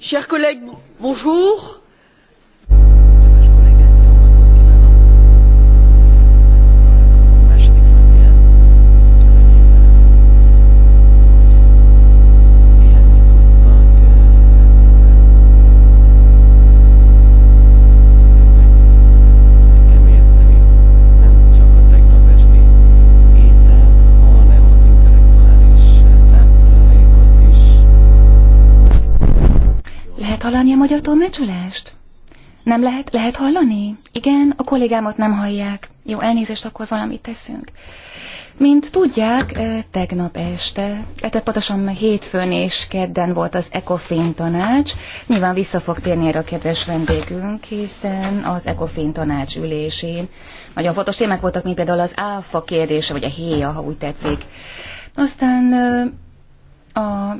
chers collègues bonjour. magyar tolmácsolást? Nem lehet? Lehet hallani? Igen, a kollégámat nem hallják. Jó, elnézést, akkor valamit teszünk. Mint tudják, tegnap este, e, tehát pontosan hétfőn és kedden volt az ECOFIN tanács. Nyilván vissza fog térni erre a kedves vendégünk, hiszen az ECOFIN tanács ülésén nagyon fontos témák voltak, mint például az áfa kérdése, vagy a héja, ha úgy tetszik. Aztán a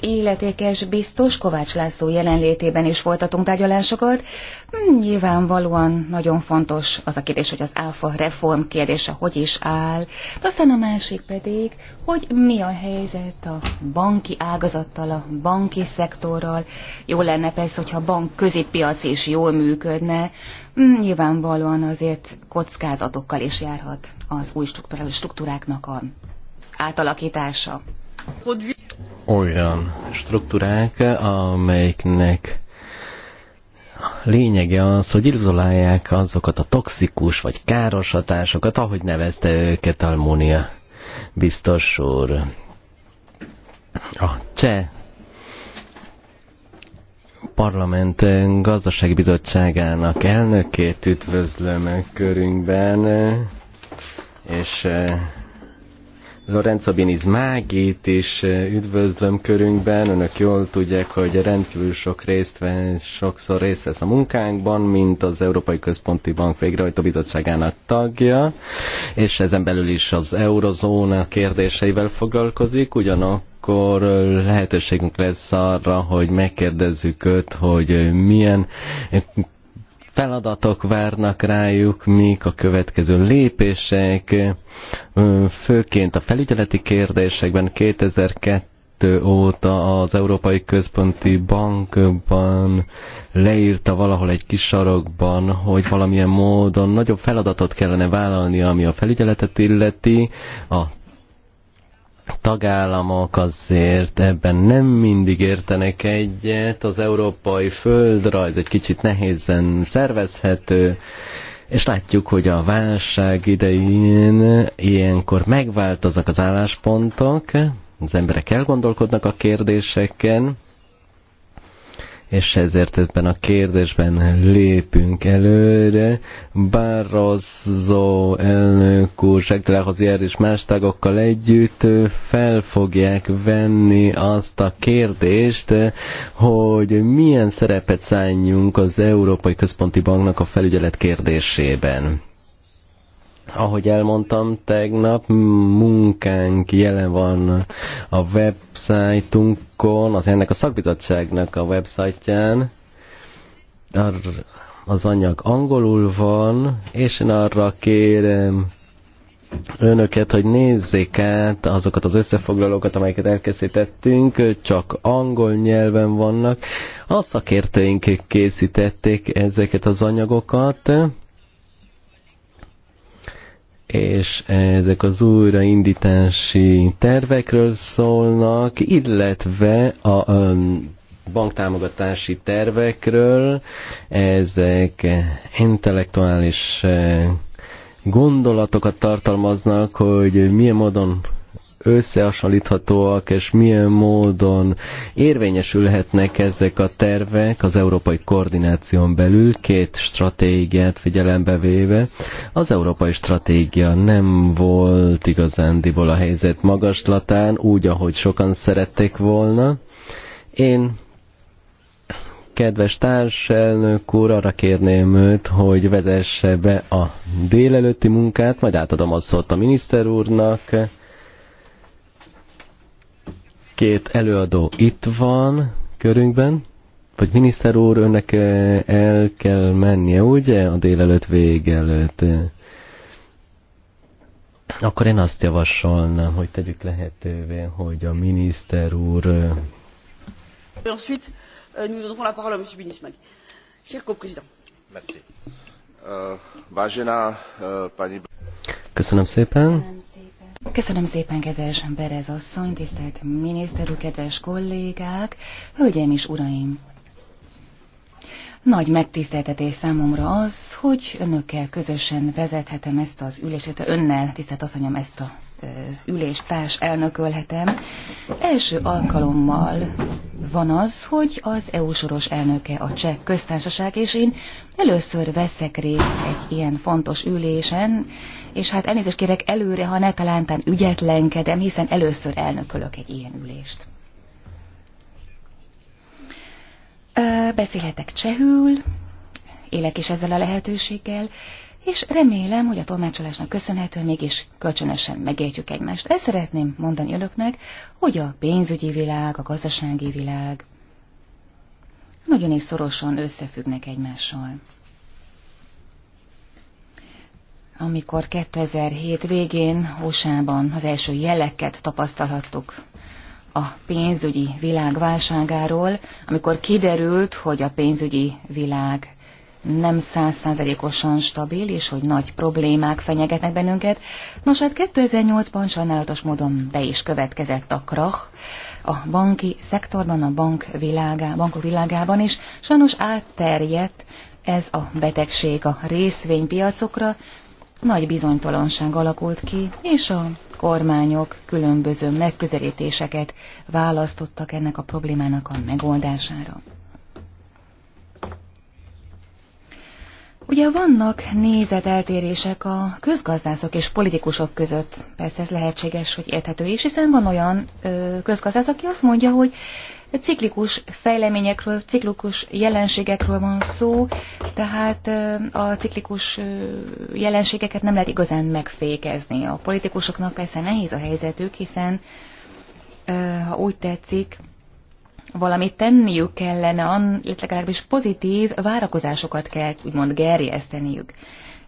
illetékes biztos Kovács László jelenlétében is folytatunk tárgyalásokat. Hmm, nyilvánvalóan nagyon fontos az a kérdés, hogy az ÁFA reform kérdése hogy is áll, de aztán a másik pedig, hogy mi a helyzet a banki ágazattal, a banki szektorral. Jó lenne persze, hogyha a bank középpiac is jól működne, hmm, nyilvánvalóan azért kockázatokkal is járhat az új struktúráknak a átalakítása. Olyan struktúrák, amelyeknek lényege az, hogy izolálják azokat a toxikus vagy káros hatásokat, ahogy nevezte őket Almónia biztos úr. A cseh parlament gazdasági bizottságának elnökét üdvözlöm körünkben, és Lorenzo Biniz Mágét is eh, üdvözlöm körünkben. Önök jól tudják, hogy rendkívül sok részt vesz, sokszor részt vesz a munkánkban, mint az Európai Központi Bank végrehajtó bizottságának tagja, és ezen belül is az eurozóna kérdéseivel foglalkozik, Ugyanakkor eh, lehetőségünk lesz arra, hogy megkérdezzük őt, hogy eh, milyen feladatok várnak rájuk, mik a következő lépések, főként a felügyeleti kérdésekben 2002 óta az Európai Központi Bankban leírta valahol egy kis sarokban, hogy valamilyen módon nagyobb feladatot kellene vállalni, ami a felügyeletet illeti, a tagállamok azért ebben nem mindig értenek egyet, az európai földrajz egy kicsit nehézen szervezhető, és látjuk, hogy a válság idején ilyenkor megváltoznak az álláspontok, az emberek elgondolkodnak a kérdéseken, és ezért ebben a kérdésben lépünk előre. Barroso elnök úr, Segdelházier és más tagokkal együtt fel fogják venni azt a kérdést, hogy milyen szerepet szálljunk az Európai Központi Banknak a felügyelet kérdésében. Ahogy elmondtam tegnap, munkánk jelen van a websájtunkon, az ennek a szakbizottságnak a websájtján. Az anyag angolul van, és én arra kérem önöket, hogy nézzék át azokat az összefoglalókat, amelyeket elkészítettünk, csak angol nyelven vannak. A szakértőink készítették ezeket az anyagokat és ezek az újraindítási tervekről szólnak, illetve a um, banktámogatási tervekről, ezek intellektuális eh, gondolatokat tartalmaznak, hogy milyen módon összehasonlíthatóak, és milyen módon érvényesülhetnek ezek a tervek az európai koordináción belül, két stratégiát figyelembe véve. Az európai stratégia nem volt igazándiból a helyzet magaslatán, úgy, ahogy sokan szerették volna. Én kedves társelnök úr, arra kérném őt, hogy vezesse be a délelőtti munkát, majd átadom a szót a miniszter úrnak két előadó itt van körünkben, vagy miniszter úr, önnek eh, el kell mennie, ugye, a délelőtt végelőtt? Akkor én azt javasolnám, hogy tegyük lehetővé, hogy a miniszter úr... Eh, ensuite, euh, nous donnerons la parole à M. Binismag. Cher co-président. Merci. Euh, vážená euh, pani... Köszönöm szépen. Köszönöm szépen, kedves Berez asszony, tisztelt miniszter úr, kedves kollégák, hölgyeim és uraim! Nagy megtiszteltetés számomra az, hogy önökkel közösen vezethetem ezt az ülését, önnel, tisztelt asszonyom, ezt a az ülést társ elnökölhetem. Első alkalommal van az, hogy az EU soros elnöke a cseh köztársaság, és én először veszek részt egy ilyen fontos ülésen, és hát elnézést kérek előre, ha ne talántán ügyetlenkedem, hiszen először elnökölök egy ilyen ülést. Beszélhetek csehül, élek is ezzel a lehetőséggel, és remélem, hogy a tolmácsolásnak köszönhetően mégis kölcsönösen megértjük egymást. Ezt szeretném mondani önöknek, hogy a pénzügyi világ, a gazdasági világ nagyon is szorosan összefüggnek egymással amikor 2007 végén USA-ban az első jeleket tapasztalhattuk a pénzügyi világ válságáról, amikor kiderült, hogy a pénzügyi világ nem százszázalékosan stabil, és hogy nagy problémák fenyegetnek bennünket. Nos, hát 2008-ban sajnálatos módon be is következett a krach a banki szektorban, a bank világá, bankok világában, is. sajnos átterjedt ez a betegség a részvénypiacokra, nagy bizonytalanság alakult ki, és a kormányok különböző megközelítéseket választottak ennek a problémának a megoldására. Ugye vannak nézeteltérések a közgazdászok és politikusok között. Persze ez lehetséges, hogy érthető is, hiszen van olyan ö, közgazdász, aki azt mondja, hogy Ciklikus fejleményekről, ciklikus jelenségekről van szó, tehát a ciklikus jelenségeket nem lehet igazán megfékezni. A politikusoknak persze nehéz a helyzetük, hiszen ha úgy tetszik, valamit tenniük kellene, legalábbis pozitív várakozásokat kell úgymond gerjeszteniük.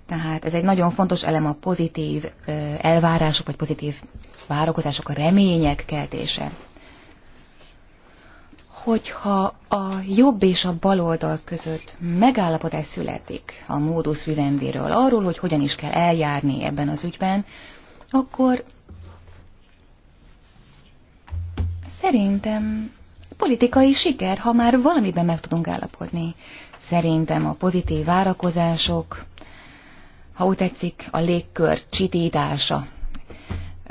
Tehát ez egy nagyon fontos elem a pozitív elvárások, vagy pozitív várakozások, a remények keltése hogyha a jobb és a baloldal között megállapodás születik a módusz vivendéről, arról, hogy hogyan is kell eljárni ebben az ügyben, akkor szerintem politikai siker, ha már valamiben meg tudunk állapodni. Szerintem a pozitív várakozások, ha úgy tetszik, a légkör csitítása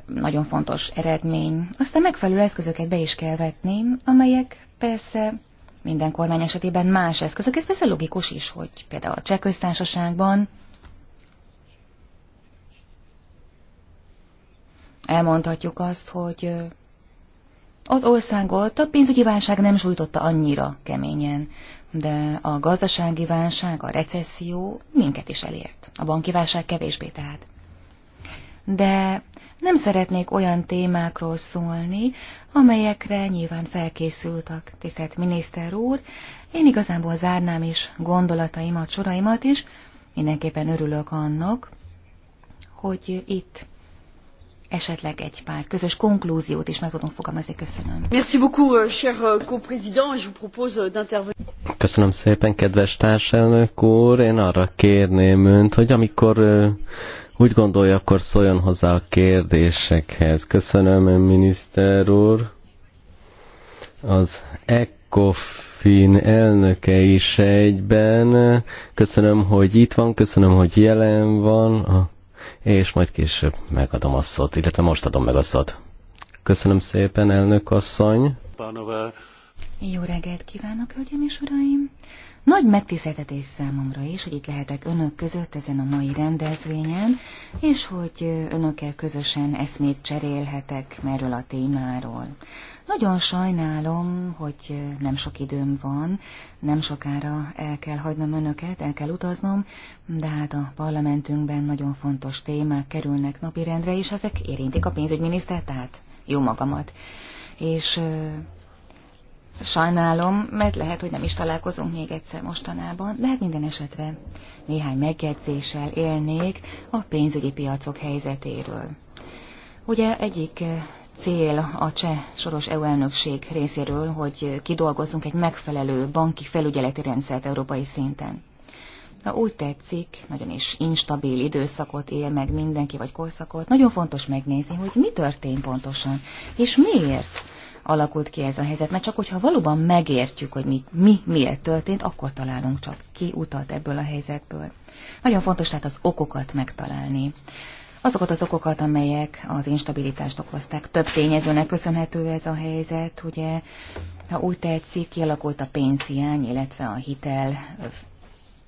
nagyon fontos eredmény. Aztán megfelelő eszközöket be is kell vetni, amelyek Persze minden kormány esetében más eszközök, ez persze logikus is, hogy például a cseh köztársaságban elmondhatjuk azt, hogy az országot a pénzügyi válság nem sújtotta annyira keményen, de a gazdasági válság, a recesszió minket is elért. A banki válság kevésbé tehát de nem szeretnék olyan témákról szólni, amelyekre nyilván felkészültek, tisztelt miniszter úr. Én igazából zárnám is gondolataimat, soraimat is. Mindenképpen örülök annak, hogy itt esetleg egy pár közös konklúziót is meg tudunk fogalmazni. Köszönöm. Merci beaucoup, euh, cher euh, co-président. Je vous propose euh, d'intervenir. Köszönöm szépen, kedves társelnök úr. Én arra kérném önt, hogy amikor úgy gondolja, akkor szóljon hozzá a kérdésekhez. Köszönöm, miniszter úr. Az ECOFIN elnöke is egyben. Köszönöm, hogy itt van, köszönöm, hogy jelen van, és majd később megadom a szót, illetve most adom meg a szót. Köszönöm szépen, elnök asszony. Jó reggelt kívánok, hölgyeim és uraim! Nagy megtiszteltetés számomra is, hogy itt lehetek önök között ezen a mai rendezvényen, és hogy önökkel közösen eszmét cserélhetek erről a témáról. Nagyon sajnálom, hogy nem sok időm van, nem sokára el kell hagynom önöket, el kell utaznom, de hát a parlamentünkben nagyon fontos témák kerülnek napirendre, és ezek érintik a pénzügyminisztert, tehát jó magamat. És Sajnálom, mert lehet, hogy nem is találkozunk még egyszer mostanában, de hát minden esetre néhány megjegyzéssel élnék a pénzügyi piacok helyzetéről. Ugye egyik eh, cél a cseh soros EU elnökség részéről, hogy kidolgozzunk egy megfelelő banki felügyeleti rendszert európai szinten. Ha úgy tetszik, nagyon is instabil időszakot él meg mindenki, vagy korszakot, nagyon fontos megnézni, hogy mi történt pontosan, és miért alakult ki ez a helyzet, mert csak hogyha valóban megértjük, hogy mi, mi miért történt, akkor találunk csak ki utat ebből a helyzetből. Nagyon fontos tehát az okokat megtalálni. Azokat az okokat, amelyek az instabilitást okozták. Több tényezőnek köszönhető ez a helyzet, ugye, ha úgy tetszik, kialakult a pénzhiány, illetve a hitel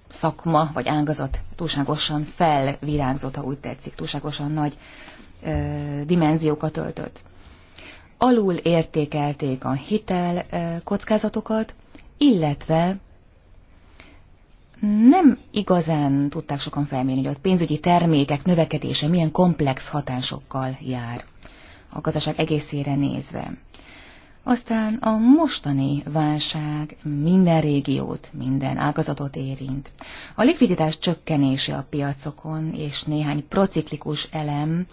szakma vagy ágazat túlságosan felvirágzott, ha úgy tetszik, túlságosan nagy ö, dimenziókat öltött alul értékelték a hitel kockázatokat, illetve nem igazán tudták sokan felmérni, hogy a pénzügyi termékek növekedése milyen komplex hatásokkal jár a gazdaság egészére nézve. Aztán a mostani válság minden régiót, minden ágazatot érint. A likviditás csökkenése a piacokon és néhány prociklikus elem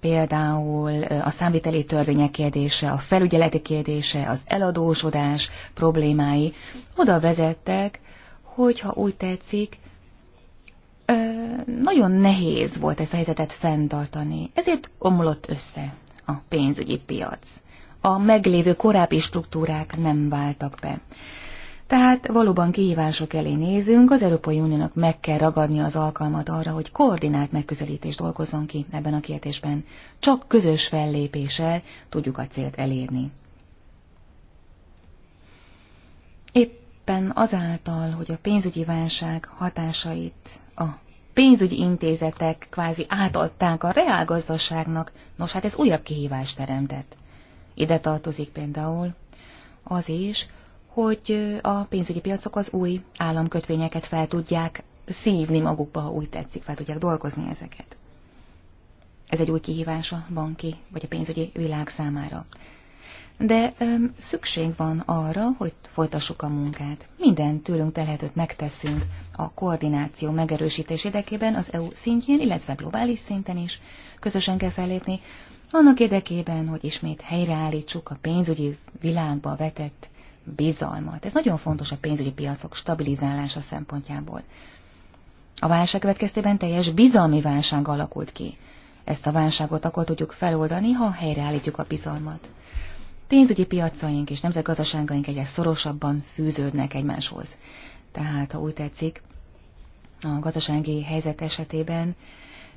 például a számviteli törvények kérdése, a felügyeleti kérdése, az eladósodás problémái oda vezettek, hogyha úgy tetszik, nagyon nehéz volt ezt a helyzetet fenntartani. Ezért omlott össze a pénzügyi piac. A meglévő korábbi struktúrák nem váltak be. Tehát valóban kihívások elé nézünk, az Európai Uniónak meg kell ragadni az alkalmat arra, hogy koordinált megközelítést dolgozzon ki ebben a kérdésben. Csak közös fellépéssel tudjuk a célt elérni. Éppen azáltal, hogy a pénzügyi válság hatásait a pénzügyi intézetek kvázi átadták a reálgazdaságnak, nos hát ez újabb kihívást teremtett. Ide tartozik például az is, hogy a pénzügyi piacok az új államkötvényeket fel tudják szívni magukba, ha úgy tetszik, fel tudják dolgozni ezeket. Ez egy új kihívás a banki vagy a pénzügyi világ számára. De öm, szükség van arra, hogy folytassuk a munkát. Minden tőlünk telhetőt megteszünk a koordináció megerősítés érdekében az EU szintjén, illetve globális szinten is. Közösen kell fellépni annak érdekében, hogy ismét helyreállítsuk a pénzügyi világba vetett bizalmat. Ez nagyon fontos a pénzügyi piacok stabilizálása szempontjából. A válság következtében teljes bizalmi válság alakult ki. Ezt a válságot akkor tudjuk feloldani, ha helyreállítjuk a bizalmat. Pénzügyi piacaink és nemzetgazdaságaink egyre szorosabban fűződnek egymáshoz. Tehát, ha úgy tetszik, a gazdasági helyzet esetében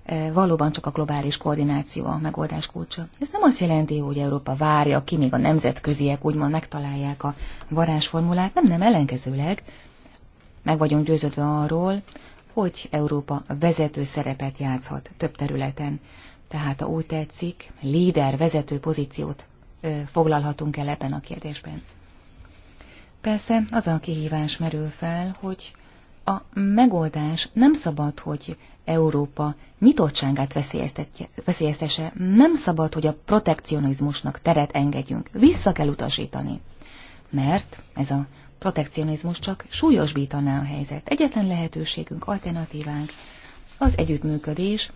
E, valóban csak a globális koordináció a megoldás kulcsa. Ez nem azt jelenti, hogy Európa várja ki, míg a nemzetköziek úgymond megtalálják a varázsformulát, nem, nem, ellenkezőleg meg vagyunk győződve arról, hogy Európa vezető szerepet játszhat több területen. Tehát, ha úgy tetszik, líder vezető pozíciót ö, foglalhatunk el ebben a kérdésben. Persze az a kihívás merül fel, hogy a megoldás nem szabad, hogy Európa nyitottságát veszélyeztesse, nem szabad, hogy a protekcionizmusnak teret engedjünk, vissza kell utasítani. Mert ez a protekcionizmus csak súlyosbítaná a helyzet. Egyetlen lehetőségünk, alternatívánk az együttműködés,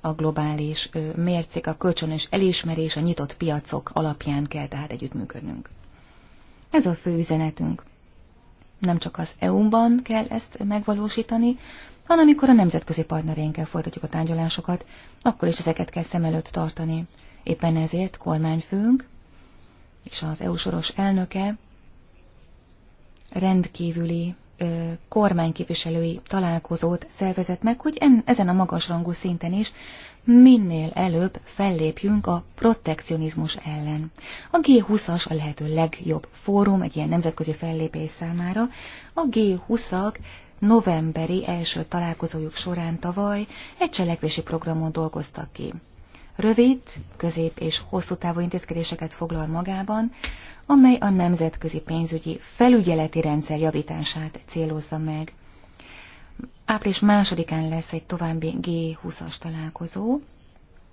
a globális mércék, a kölcsönös elismerés, a nyitott piacok alapján kell tehát együttműködnünk. Ez a fő üzenetünk nem csak az EU-ban kell ezt megvalósítani, hanem amikor a nemzetközi partnerénkkel folytatjuk a tárgyalásokat, akkor is ezeket kell szem előtt tartani. Éppen ezért kormányfőnk és az EU soros elnöke rendkívüli kormányképviselői találkozót szervezett meg, hogy en, ezen a magas rangú szinten is minél előbb fellépjünk a protekcionizmus ellen. A G20-as a lehető legjobb fórum egy ilyen nemzetközi fellépés számára. A G20-ak novemberi első találkozójuk során tavaly egy cselekvési programon dolgoztak ki. Rövid, közép és hosszú távú intézkedéseket foglal magában, amely a nemzetközi pénzügyi felügyeleti rendszer javítását célozza meg április másodikán lesz egy további G20-as találkozó.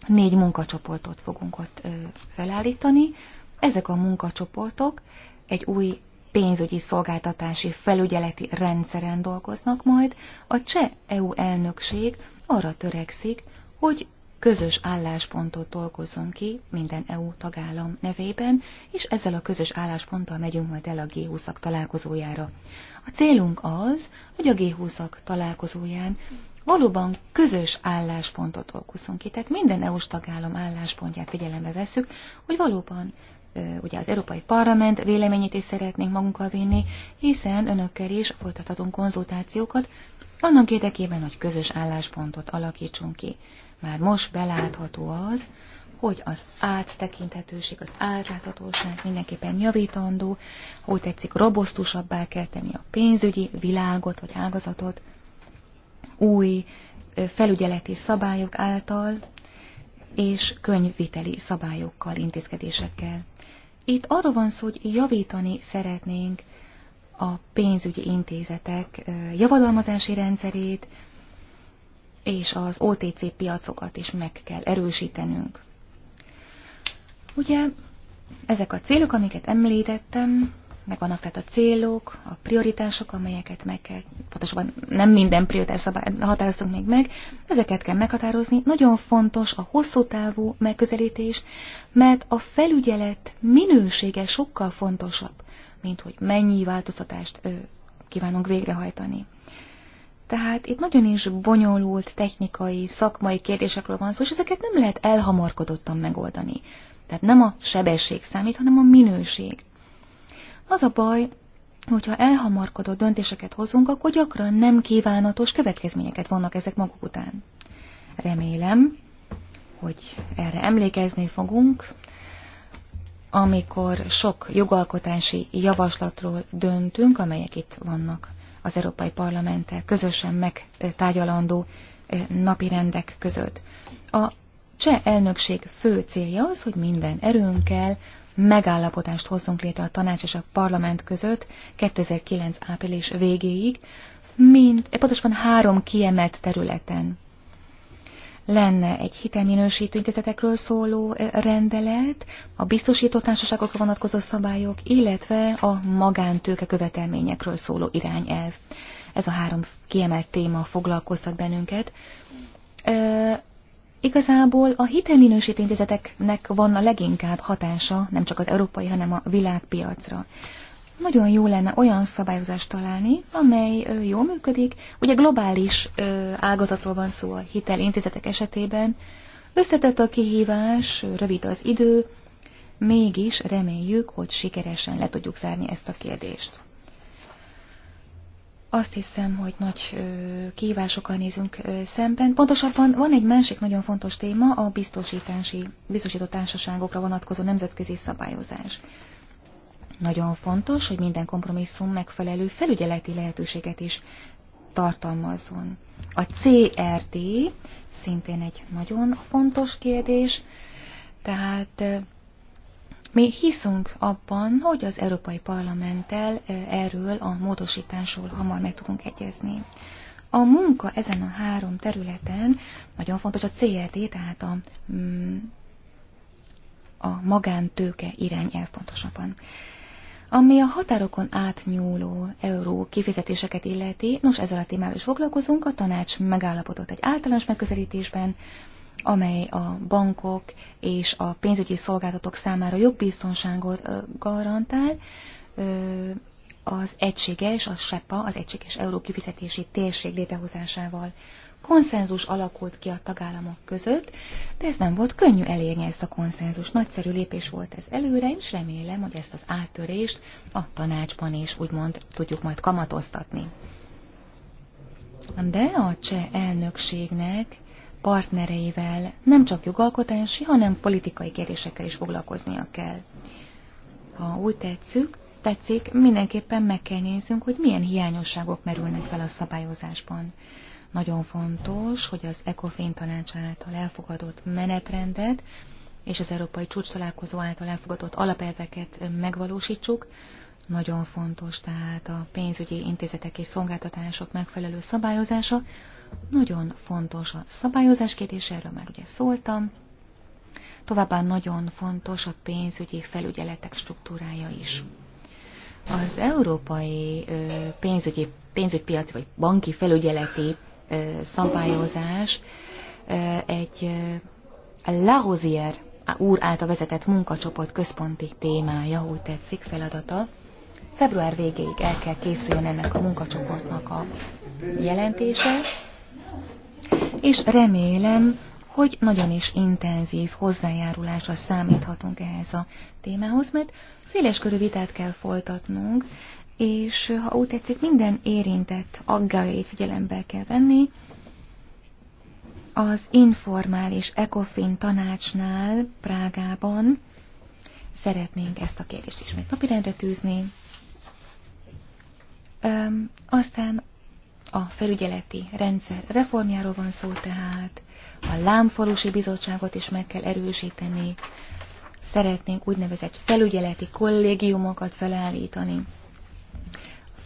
Négy munkacsoportot fogunk ott felállítani. Ezek a munkacsoportok egy új pénzügyi szolgáltatási felügyeleti rendszeren dolgoznak majd. A cseh EU elnökség arra törekszik, hogy közös álláspontot dolgozzon ki minden EU tagállam nevében, és ezzel a közös állásponttal megyünk majd el a G20-ak találkozójára. A célunk az, hogy a G20-ak találkozóján valóban közös álláspontot dolgozzon ki, tehát minden EU-s tagállam álláspontját figyelembe veszük, hogy valóban ugye az Európai Parlament véleményét is szeretnénk magunkkal vinni, hiszen önökkel is folytathatunk konzultációkat, annak érdekében, hogy közös álláspontot alakítsunk ki már most belátható az, hogy az áttekinthetőség, az átláthatóság mindenképpen javítandó, hogy tetszik, robosztusabbá kell tenni a pénzügyi világot vagy ágazatot új felügyeleti szabályok által és könyvviteli szabályokkal, intézkedésekkel. Itt arról van szó, hogy javítani szeretnénk a pénzügyi intézetek javadalmazási rendszerét, és az OTC piacokat is meg kell erősítenünk. Ugye ezek a célok, amiket említettem, meg vannak tehát a célok, a prioritások, amelyeket meg kell, pontosabban nem minden prioritás határoztunk még meg, ezeket kell meghatározni. Nagyon fontos a hosszú távú megközelítés, mert a felügyelet minősége sokkal fontosabb, mint hogy mennyi változtatást kívánunk végrehajtani. Tehát itt nagyon is bonyolult technikai, szakmai kérdésekről van szó, és ezeket nem lehet elhamarkodottan megoldani. Tehát nem a sebesség számít, hanem a minőség. Az a baj, hogyha elhamarkodott döntéseket hozunk, akkor gyakran nem kívánatos következményeket vannak ezek maguk után. Remélem, hogy erre emlékezni fogunk, amikor sok jogalkotási javaslatról döntünk, amelyek itt vannak az Európai Parlamenttel közösen megtárgyalandó napi rendek között. A cseh elnökség fő célja az, hogy minden erőnkkel megállapodást hozzunk létre a tanács és a parlament között 2009. április végéig, mint eh, pontosan három kiemelt területen lenne egy hitelminősítő intézetekről szóló rendelet, a biztosító társaságokra vonatkozó szabályok, illetve a magántőke követelményekről szóló irányelv. Ez a három kiemelt téma foglalkoztat bennünket. E, igazából a hitelminősítő intézeteknek van a leginkább hatása nem csak az európai, hanem a világpiacra nagyon jó lenne olyan szabályozást találni, amely jól működik. Ugye globális ágazatról van szó a hitelintézetek esetében. Összetett a kihívás, rövid az idő, mégis reméljük, hogy sikeresen le tudjuk zárni ezt a kérdést. Azt hiszem, hogy nagy kihívásokkal nézünk szemben. Pontosabban van egy másik nagyon fontos téma, a biztosítási, biztosított társaságokra vonatkozó nemzetközi szabályozás. Nagyon fontos, hogy minden kompromisszum megfelelő felügyeleti lehetőséget is tartalmazzon. A CRT szintén egy nagyon fontos kérdés, tehát eh, mi hiszünk abban, hogy az Európai Parlamenttel eh, erről a módosításról hamar meg tudunk egyezni. A munka ezen a három területen nagyon fontos a CRD, tehát a, mm, a magántőke irányelv pontosabban. Ami a határokon átnyúló euró kifizetéseket illeti, nos ezzel a témával is foglalkozunk, a tanács megállapodott egy általános megközelítésben, amely a bankok és a pénzügyi szolgáltatók számára jobb biztonságot garantál, az egységes, a SEPA, az egységes euró kifizetési térség létrehozásával konszenzus alakult ki a tagállamok között, de ez nem volt könnyű elérni ezt a konszenzus. Nagyszerű lépés volt ez előre, és remélem, hogy ezt az áttörést a tanácsban is úgymond tudjuk majd kamatoztatni. De a cseh elnökségnek partnereivel nem csak jogalkotási, hanem politikai kérdésekkel is foglalkoznia kell. Ha úgy tetszük, tetszik, mindenképpen meg kell néznünk, hogy milyen hiányosságok merülnek fel a szabályozásban. Nagyon fontos, hogy az ECOFIN tanács által elfogadott menetrendet és az Európai Csúcs találkozó által elfogadott alapelveket megvalósítsuk. Nagyon fontos tehát a pénzügyi intézetek és szolgáltatások megfelelő szabályozása. Nagyon fontos a szabályozás kérdése, erről már ugye szóltam. Továbbá nagyon fontos a pénzügyi felügyeletek struktúrája is. Az európai pénzügyi, pénzügypiaci vagy banki felügyeleti szabályozás egy Larozier úr által vezetett munkacsoport központi témája, úgy tetszik, feladata. Február végéig el kell készüljön ennek a munkacsoportnak a jelentése, és remélem, hogy nagyon is intenzív hozzájárulásra számíthatunk ehhez a témához, mert széles körű vitát kell folytatnunk, és eh, ha úgy tetszik, minden érintett aggájait figyelembe kell venni. Az informális ECOFIN tanácsnál Prágában szeretnénk ezt a kérdést ismét napirendre tűzni. Öm, aztán a felügyeleti rendszer reformjáról van szó tehát, a lámfalusi bizottságot is meg kell erősíteni, szeretnénk úgynevezett felügyeleti kollégiumokat felállítani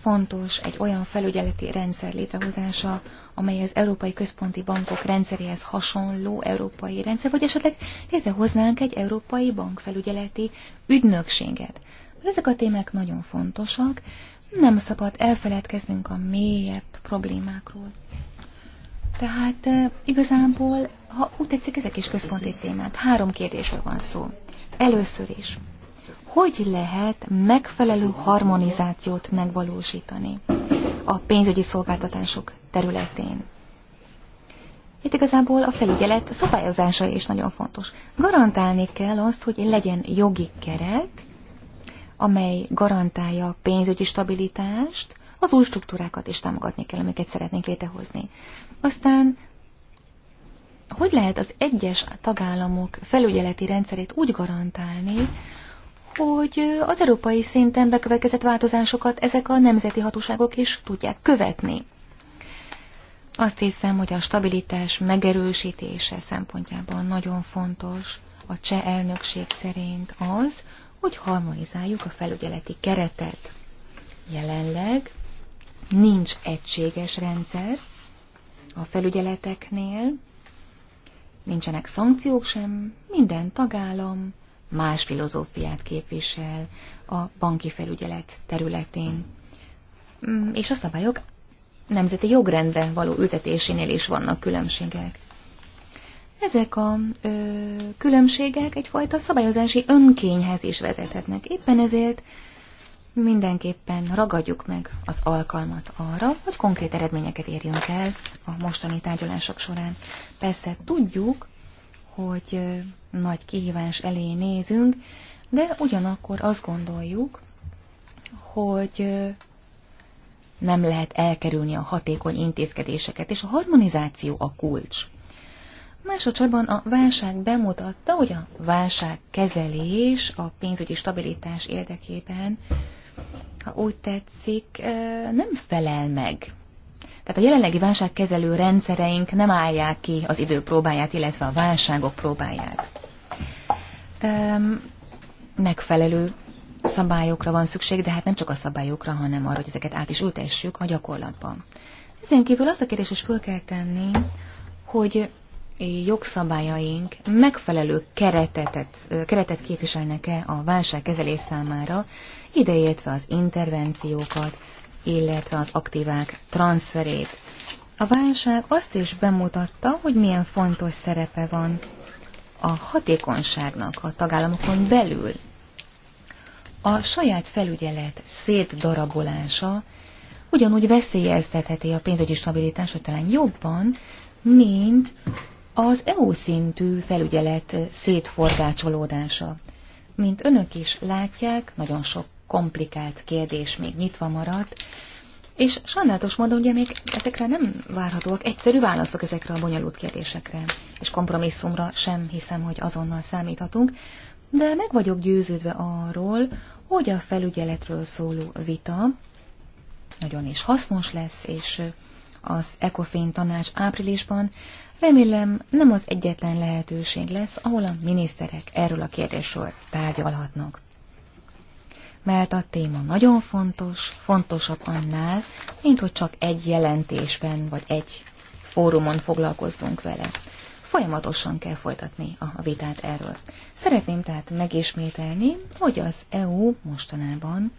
fontos egy olyan felügyeleti rendszer létrehozása, amely az Európai Központi Bankok rendszeréhez hasonló európai rendszer, vagy esetleg létrehoznánk egy európai bankfelügyeleti ügynökséget. Ezek a témák nagyon fontosak, nem szabad elfeledkeznünk a mélyebb problémákról. Tehát eh, igazából, ha úgy tetszik, ezek is központi témák. Három kérdésről van szó. Először is, hogy lehet megfelelő harmonizációt megvalósítani a pénzügyi szolgáltatások területén. Itt igazából a felügyelet szabályozása is nagyon fontos. Garantálni kell azt, hogy legyen jogi keret, amely garantálja a pénzügyi stabilitást, az új struktúrákat is támogatni kell, amiket szeretnénk létrehozni. Aztán hogy lehet az egyes tagállamok felügyeleti rendszerét úgy garantálni, hogy az európai szinten bekövetkezett változásokat ezek a nemzeti hatóságok is tudják követni. Azt hiszem, hogy a stabilitás megerősítése szempontjában nagyon fontos a cseh elnökség szerint az, hogy harmonizáljuk a felügyeleti keretet. Jelenleg nincs egységes rendszer a felügyeleteknél, nincsenek szankciók sem, minden tagállam más filozófiát képvisel a banki felügyelet területén. Mm, és a szabályok nemzeti jogrendben való ültetésénél is vannak különbségek. Ezek a ö, különbségek egyfajta szabályozási önkényhez is vezethetnek. Éppen ezért mindenképpen ragadjuk meg az alkalmat arra, hogy konkrét eredményeket érjünk el a mostani tárgyalások során. Persze tudjuk, hogy nagy kihívás elé nézünk, de ugyanakkor azt gondoljuk, hogy nem lehet elkerülni a hatékony intézkedéseket, és a harmonizáció a kulcs. Másodszorban a válság bemutatta, hogy a kezelés, a pénzügyi stabilitás érdekében, ha úgy tetszik, nem felel meg tehát a jelenlegi válságkezelő rendszereink nem állják ki az idő próbáját, illetve a válságok próbáját. megfelelő szabályokra van szükség, de hát nem csak a szabályokra, hanem arra, hogy ezeket át is ültessük a gyakorlatban. Ezen kívül azt a kérdést is föl kell tenni, hogy jogszabályaink megfelelő keretetet, keretet képviselnek-e a válságkezelés számára, ideértve az intervenciókat, illetve az aktívák transferét. A válság azt is bemutatta, hogy milyen fontos szerepe van a hatékonyságnak a tagállamokon belül. A saját felügyelet szétdarabolása ugyanúgy veszélyeztetheti a pénzügyi stabilitást, hogy talán jobban, mint az EU szintű felügyelet szétforgácsolódása. Mint önök is látják, nagyon sok komplikált kérdés még nyitva maradt, és sajnálatos módon ugye még ezekre nem várhatóak egyszerű válaszok ezekre a bonyolult kérdésekre, és kompromisszumra sem hiszem, hogy azonnal számíthatunk, de meg vagyok győződve arról, hogy a felügyeletről szóló vita nagyon is hasznos lesz, és az ECOFIN tanács áprilisban remélem nem az egyetlen lehetőség lesz, ahol a miniszterek erről a kérdésről tárgyalhatnak mert a téma nagyon fontos, fontosabb annál, mint hogy csak egy jelentésben vagy egy fórumon foglalkozzunk vele. Folyamatosan kell folytatni a vitát erről. Szeretném tehát megismételni, hogy az EU mostanában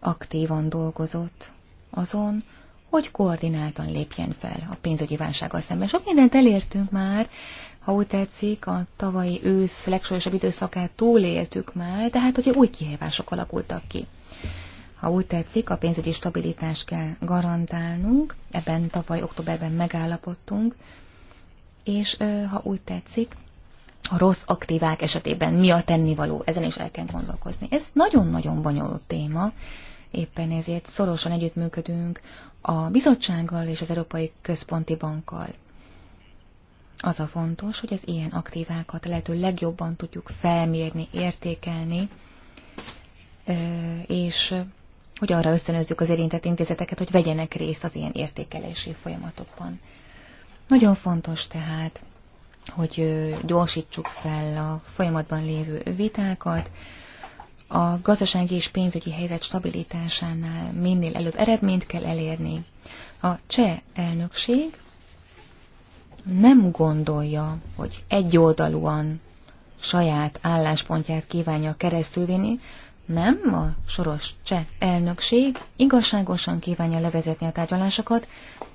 aktívan dolgozott azon, hogy koordináltan lépjen fel a pénzügyi válsággal szemben. Sok mindent elértünk már, ha úgy tetszik, a tavalyi ősz legsúlyosabb időszakát túléltük már, tehát hogy új kihívások alakultak ki. Ha úgy tetszik, a pénzügyi stabilitást kell garantálnunk, ebben tavaly októberben megállapodtunk, és ha úgy tetszik, a rossz aktívák esetében mi a tennivaló, ezen is el kell gondolkozni. Ez nagyon-nagyon bonyolult téma, éppen ezért szorosan együttműködünk a bizottsággal és az Európai Központi Bankkal. Az a fontos, hogy az ilyen aktívákat lehető legjobban tudjuk felmérni, értékelni, és hogy arra összönözzük az érintett intézeteket, hogy vegyenek részt az ilyen értékelési folyamatokban. Nagyon fontos tehát, hogy gyorsítsuk fel a folyamatban lévő vitákat, a gazdasági és pénzügyi helyzet stabilitásánál minél előbb eredményt kell elérni. A cseh elnökség nem gondolja, hogy egyoldalúan saját álláspontját kívánja keresztülvinni, nem a soros cseh elnökség igazságosan kívánja levezetni a tárgyalásokat,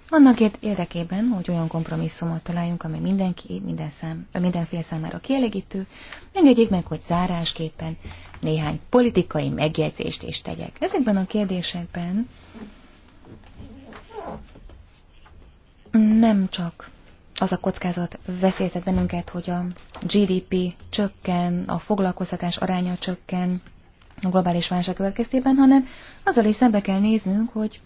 annak érdekében, hogy olyan kompromisszumot találjunk, ami mindenki, minden szám, mindenféle számára kielégítő, engedjék meg, hogy zárásképpen néhány politikai megjegyzést is tegyek. Ezekben a kérdésekben nem csak az a kockázat veszélyeztet bennünket, hogy a GDP csökken, a foglalkoztatás aránya csökken a globális válság következtében, hanem azzal is szembe kell néznünk, hogy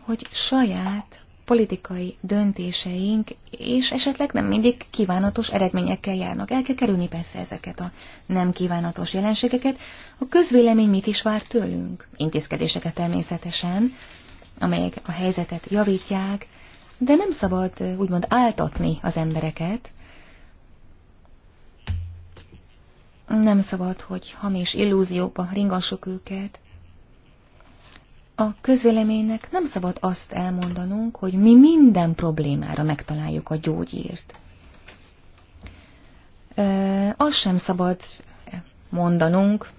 hogy saját politikai döntéseink, és esetleg nem mindig kívánatos eredményekkel járnak. El kell kerülni persze ezeket a nem kívánatos jelenségeket. A közvélemény mit is vár tőlünk? Intézkedéseket természetesen, amelyek a helyzetet javítják, de nem szabad úgymond áltatni az embereket. Nem szabad, hogy hamis illúzióba ringassuk őket. A közvéleménynek nem szabad azt elmondanunk, hogy mi minden problémára megtaláljuk a gyógyírt. E, azt sem szabad mondanunk,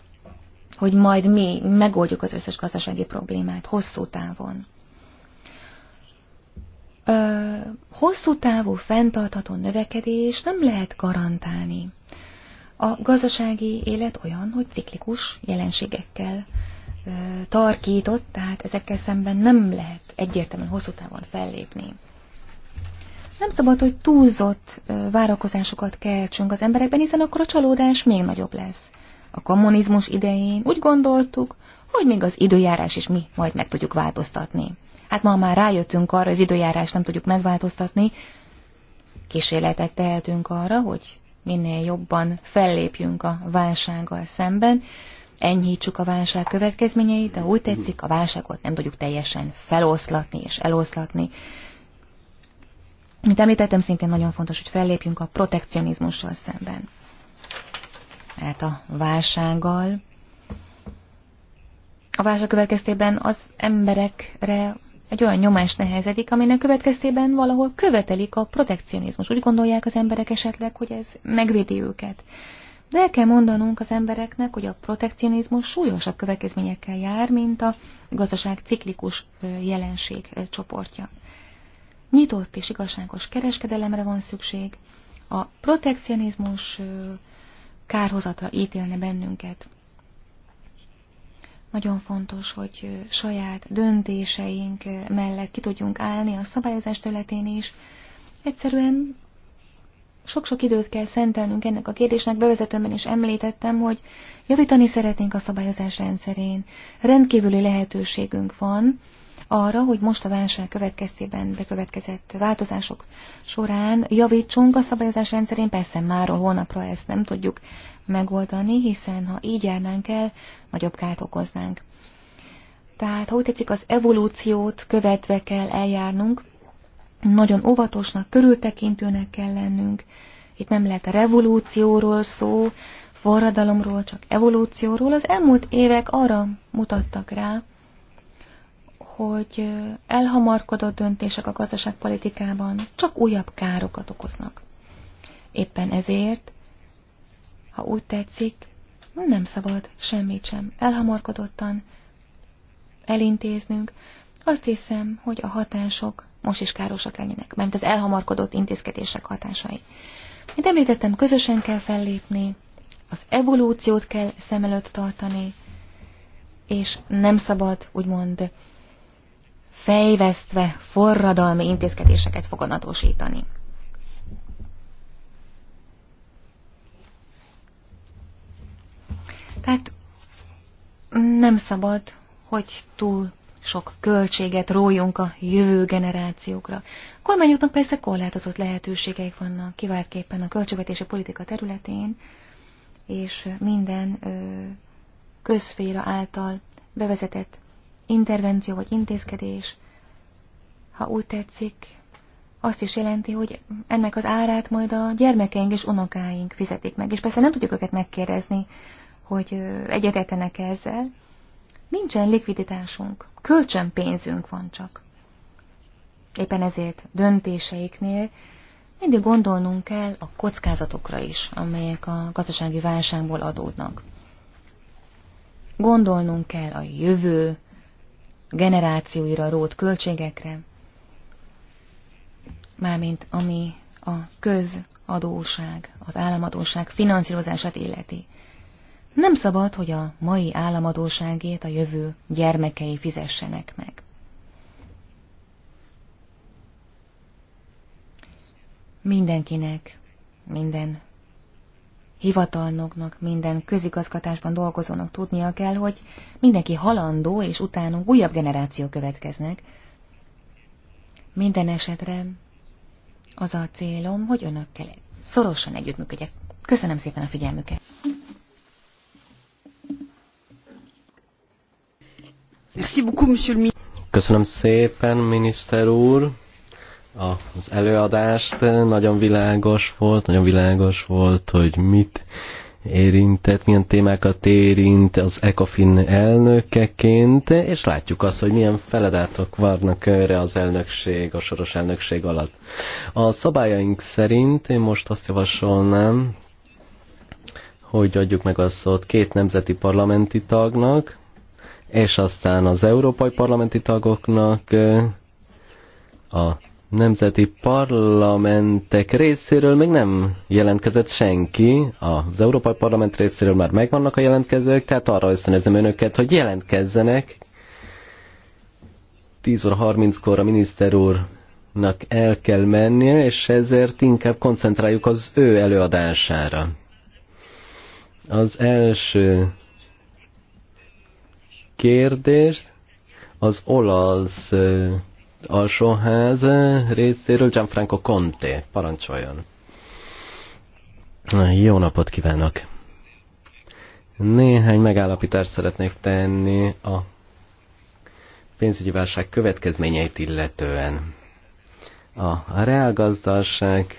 hogy majd mi megoldjuk az összes gazdasági problémát hosszú távon. Ö, hosszú távú fenntartható növekedés nem lehet garantálni. A gazdasági élet olyan, hogy ciklikus jelenségekkel ö, tarkított, tehát ezekkel szemben nem lehet egyértelműen hosszú távon fellépni. Nem szabad, hogy túlzott várakozásokat keltsünk az emberekben, hiszen akkor a csalódás még nagyobb lesz a kommunizmus idején úgy gondoltuk, hogy még az időjárás is mi majd meg tudjuk változtatni. Hát ma már rájöttünk arra, az időjárás nem tudjuk megváltoztatni, kísérletet tehetünk arra, hogy minél jobban fellépjünk a válsággal szemben, enyhítsük a válság következményeit, de úgy tetszik, a válságot nem tudjuk teljesen feloszlatni és eloszlatni. Mint említettem, szintén nagyon fontos, hogy fellépjünk a protekcionizmussal szemben tehát a válsággal. A válság következtében az emberekre egy olyan nyomás nehezedik, aminek következtében valahol követelik a protekcionizmus. Úgy gondolják az emberek esetleg, hogy ez megvédi őket. De el kell mondanunk az embereknek, hogy a protekcionizmus súlyosabb következményekkel jár, mint a gazdaság ciklikus jelenség csoportja. Nyitott és igazságos kereskedelemre van szükség. A protekcionizmus kárhozatra ítélne bennünket. Nagyon fontos, hogy saját döntéseink mellett ki tudjunk állni a szabályozás területén is. Egyszerűen sok-sok időt kell szentelnünk ennek a kérdésnek, Bevezetőben is említettem, hogy javítani szeretnénk a szabályozás rendszerén. Rendkívüli lehetőségünk van, arra, hogy most a válság következtében bekövetkezett változások során javítsunk a szabályozás rendszerén, persze már holnapra ezt nem tudjuk megoldani, hiszen ha így járnánk el, nagyobb kárt okoznánk. Tehát, ha úgy tetszik, az evolúciót követve kell eljárnunk, nagyon óvatosnak, körültekintőnek kell lennünk. Itt nem lehet a revolúcióról szó, forradalomról, csak evolúcióról. Az elmúlt évek arra mutattak rá, hogy elhamarkodott döntések a gazdaságpolitikában csak újabb károkat okoznak. Éppen ezért, ha úgy tetszik, nem szabad semmit sem elhamarkodottan elintéznünk. Azt hiszem, hogy a hatások most is károsak lennének, mert az elhamarkodott intézkedések hatásai. Mint említettem, közösen kell fellépni, az evolúciót kell szem előtt tartani, és nem szabad, úgymond, fejvesztve forradalmi intézkedéseket foganatosítani. Tehát nem szabad, hogy túl sok költséget rójunk a jövő generációkra. A kormányoknak persze korlátozott lehetőségeik vannak, kiváltképpen a költségvetési politika területén, és minden ö, közféra által bevezetett intervenció vagy intézkedés, ha úgy tetszik, azt is jelenti, hogy ennek az árát majd a gyermekeink és unokáink fizetik meg. És persze nem tudjuk őket megkérdezni, hogy egyetetenek -e ezzel. Nincsen likviditásunk, kölcsönpénzünk van csak. Éppen ezért döntéseiknél mindig gondolnunk kell a kockázatokra is, amelyek a gazdasági válságból adódnak. Gondolnunk kell a jövő generációira rót költségekre, mármint ami a közadóság, az államadóság finanszírozását illeti. Nem szabad, hogy a mai államadóságét a jövő gyermekei fizessenek meg. Mindenkinek, minden hivatalnoknak, minden közigazgatásban dolgozónak tudnia kell, hogy mindenki halandó, és utánunk újabb generáció következnek. Minden esetre az a célom, hogy önökkel szorosan együttműködjek. Köszönöm szépen a figyelmüket! Köszönöm szépen, miniszter úr! az előadást. Nagyon világos volt, nagyon világos volt, hogy mit érintett, milyen témákat érint az ECOFIN elnökeként, és látjuk azt, hogy milyen feladatok várnak erre az elnökség, a soros elnökség alatt. A szabályaink szerint én most azt javasolnám, hogy adjuk meg a szót két nemzeti parlamenti tagnak, és aztán az európai parlamenti tagoknak, a nemzeti parlamentek részéről még nem jelentkezett senki, az Európai Parlament részéről már megvannak a jelentkezők, tehát arra összenezem önöket, hogy jelentkezzenek. 10 óra 30-kor a miniszter úrnak el kell mennie, és ezért inkább koncentráljuk az ő előadására. Az első kérdést az olasz alsóház részéről Gianfranco Conte. Parancsoljon. Jó napot kívánok! Néhány megállapítást szeretnék tenni a pénzügyi válság következményeit illetően. A reálgazdaság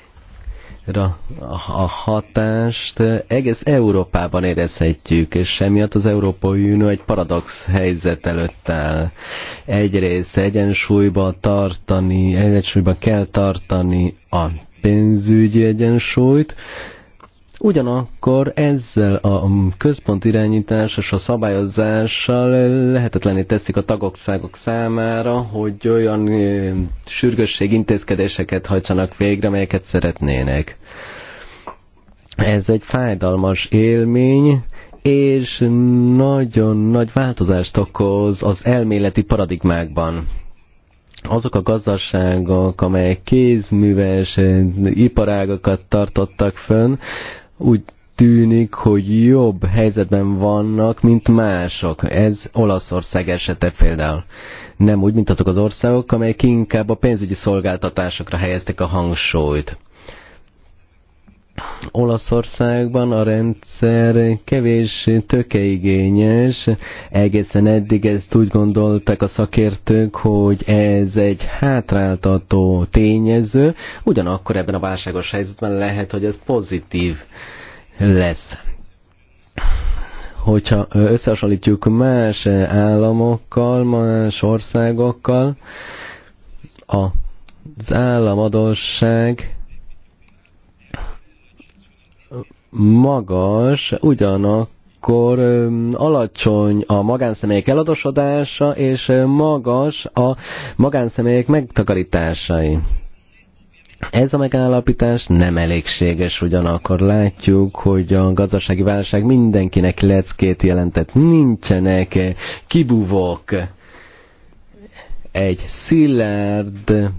a hatást egész Európában érezhetjük, és emiatt az Európai Unió egy paradox helyzet előtt áll. Egyrészt egyensúlyba tartani, egyensúlyba kell tartani a pénzügyi egyensúlyt, Ugyanakkor ezzel a központ irányítás és a szabályozással lehetetlené teszik a tagokszágok számára, hogy olyan sürgősség intézkedéseket hajtsanak végre, melyeket szeretnének. Ez egy fájdalmas élmény, és nagyon nagy változást okoz az elméleti paradigmákban azok a gazdaságok, amelyek kézműves iparágokat tartottak fönn, úgy tűnik, hogy jobb helyzetben vannak, mint mások. Ez Olaszország esete például. Nem úgy, mint azok az országok, amelyek inkább a pénzügyi szolgáltatásokra helyeztek a hangsúlyt. Olaszországban a rendszer kevés tökeigényes, egészen eddig ezt úgy gondolták a szakértők, hogy ez egy hátráltató tényező, ugyanakkor ebben a válságos helyzetben lehet, hogy ez pozitív lesz hogyha összehasonlítjuk más államokkal, más országokkal, az államadóság magas, ugyanakkor alacsony a magánszemélyek eladósodása, és magas a magánszemélyek megtakarításai. Ez a megállapítás nem elégséges, ugyanakkor látjuk, hogy a gazdasági válság mindenkinek leckét jelentett. Nincsenek kibúvók. Egy szilárd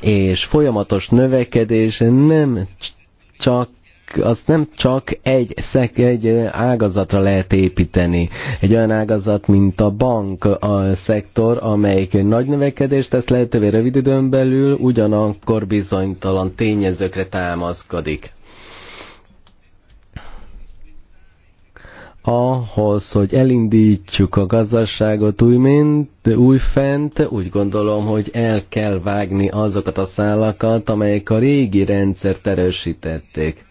és folyamatos növekedés nem csak azt nem csak egy, szek, egy ágazatra lehet építeni. Egy olyan ágazat, mint a bank a szektor, amelyik nagy növekedést tesz lehetővé rövid időn belül, ugyanakkor bizonytalan tényezőkre támaszkodik. ahhoz, hogy elindítsuk a gazdaságot új fent, úgy gondolom, hogy el kell vágni azokat a szálakat, amelyek a régi rendszert erősítették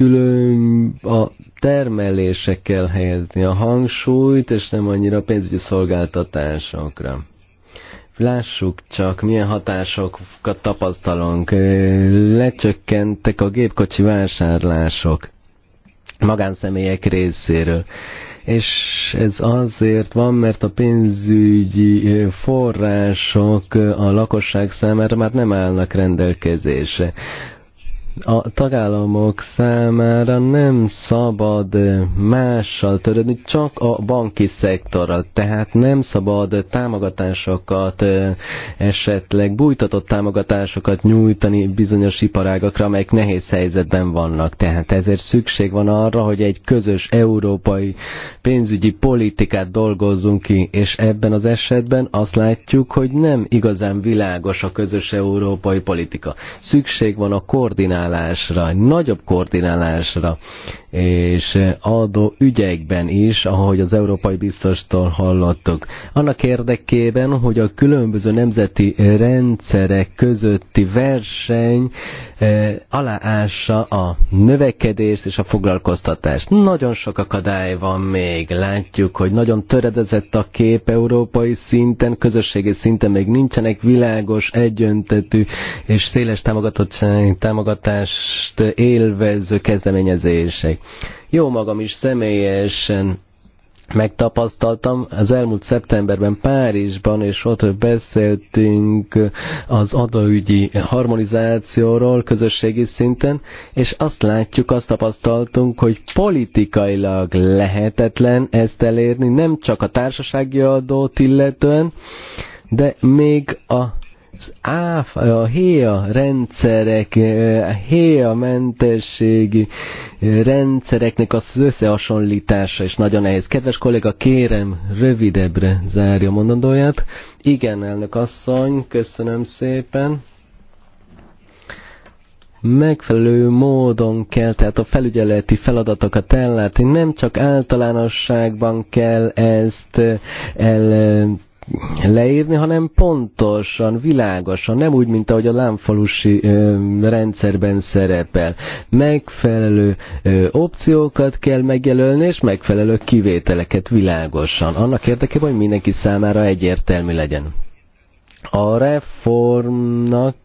külön a termelések kell helyezni a hangsúlyt, és nem annyira a pénzügyi szolgáltatásokra. Lássuk csak, milyen hatásokat tapasztalunk. Lecsökkentek a gépkocsi vásárlások magánszemélyek részéről. És ez azért van, mert a pénzügyi források a lakosság számára már nem állnak rendelkezésre a tagállamok számára nem szabad mással törődni, csak a banki szektorral. Tehát nem szabad támogatásokat, esetleg bújtatott támogatásokat nyújtani bizonyos iparágakra, amelyek nehéz helyzetben vannak. Tehát ezért szükség van arra, hogy egy közös európai pénzügyi politikát dolgozzunk ki, és ebben az esetben azt látjuk, hogy nem igazán világos a közös európai politika. Szükség van a koordináció koordinálásra, nagyobb koordinálásra és adó ügyekben is, ahogy az Európai Biztostól hallottuk. Annak érdekében, hogy a különböző nemzeti rendszerek közötti verseny eh, aláássa a növekedést és a foglalkoztatást. Nagyon sok akadály van még. Látjuk, hogy nagyon töredezett a kép európai szinten, közösségi szinten még nincsenek világos, egyöntetű és széles támogatást élvező kezdeményezések jó magam is személyesen megtapasztaltam. Az elmúlt szeptemberben Párizsban, és ott beszéltünk az adóügyi harmonizációról közösségi szinten, és azt látjuk, azt tapasztaltunk, hogy politikailag lehetetlen ezt elérni, nem csak a társasági adót illetően, de még a az áfa, a héja rendszerek, a héja mentességi rendszereknek az összehasonlítása is nagyon nehéz. Kedves kolléga, kérem, rövidebbre zárja mondandóját. Igen, elnök asszony, köszönöm szépen megfelelő módon kell, tehát a felügyeleti feladatokat ellátni. Nem csak általánosságban kell ezt el leírni, hanem pontosan, világosan, nem úgy, mint ahogy a lámfalusi ö, rendszerben szerepel. Megfelelő ö, opciókat kell megjelölni, és megfelelő kivételeket világosan. Annak érdekében, hogy mindenki számára egyértelmű legyen. A reformnak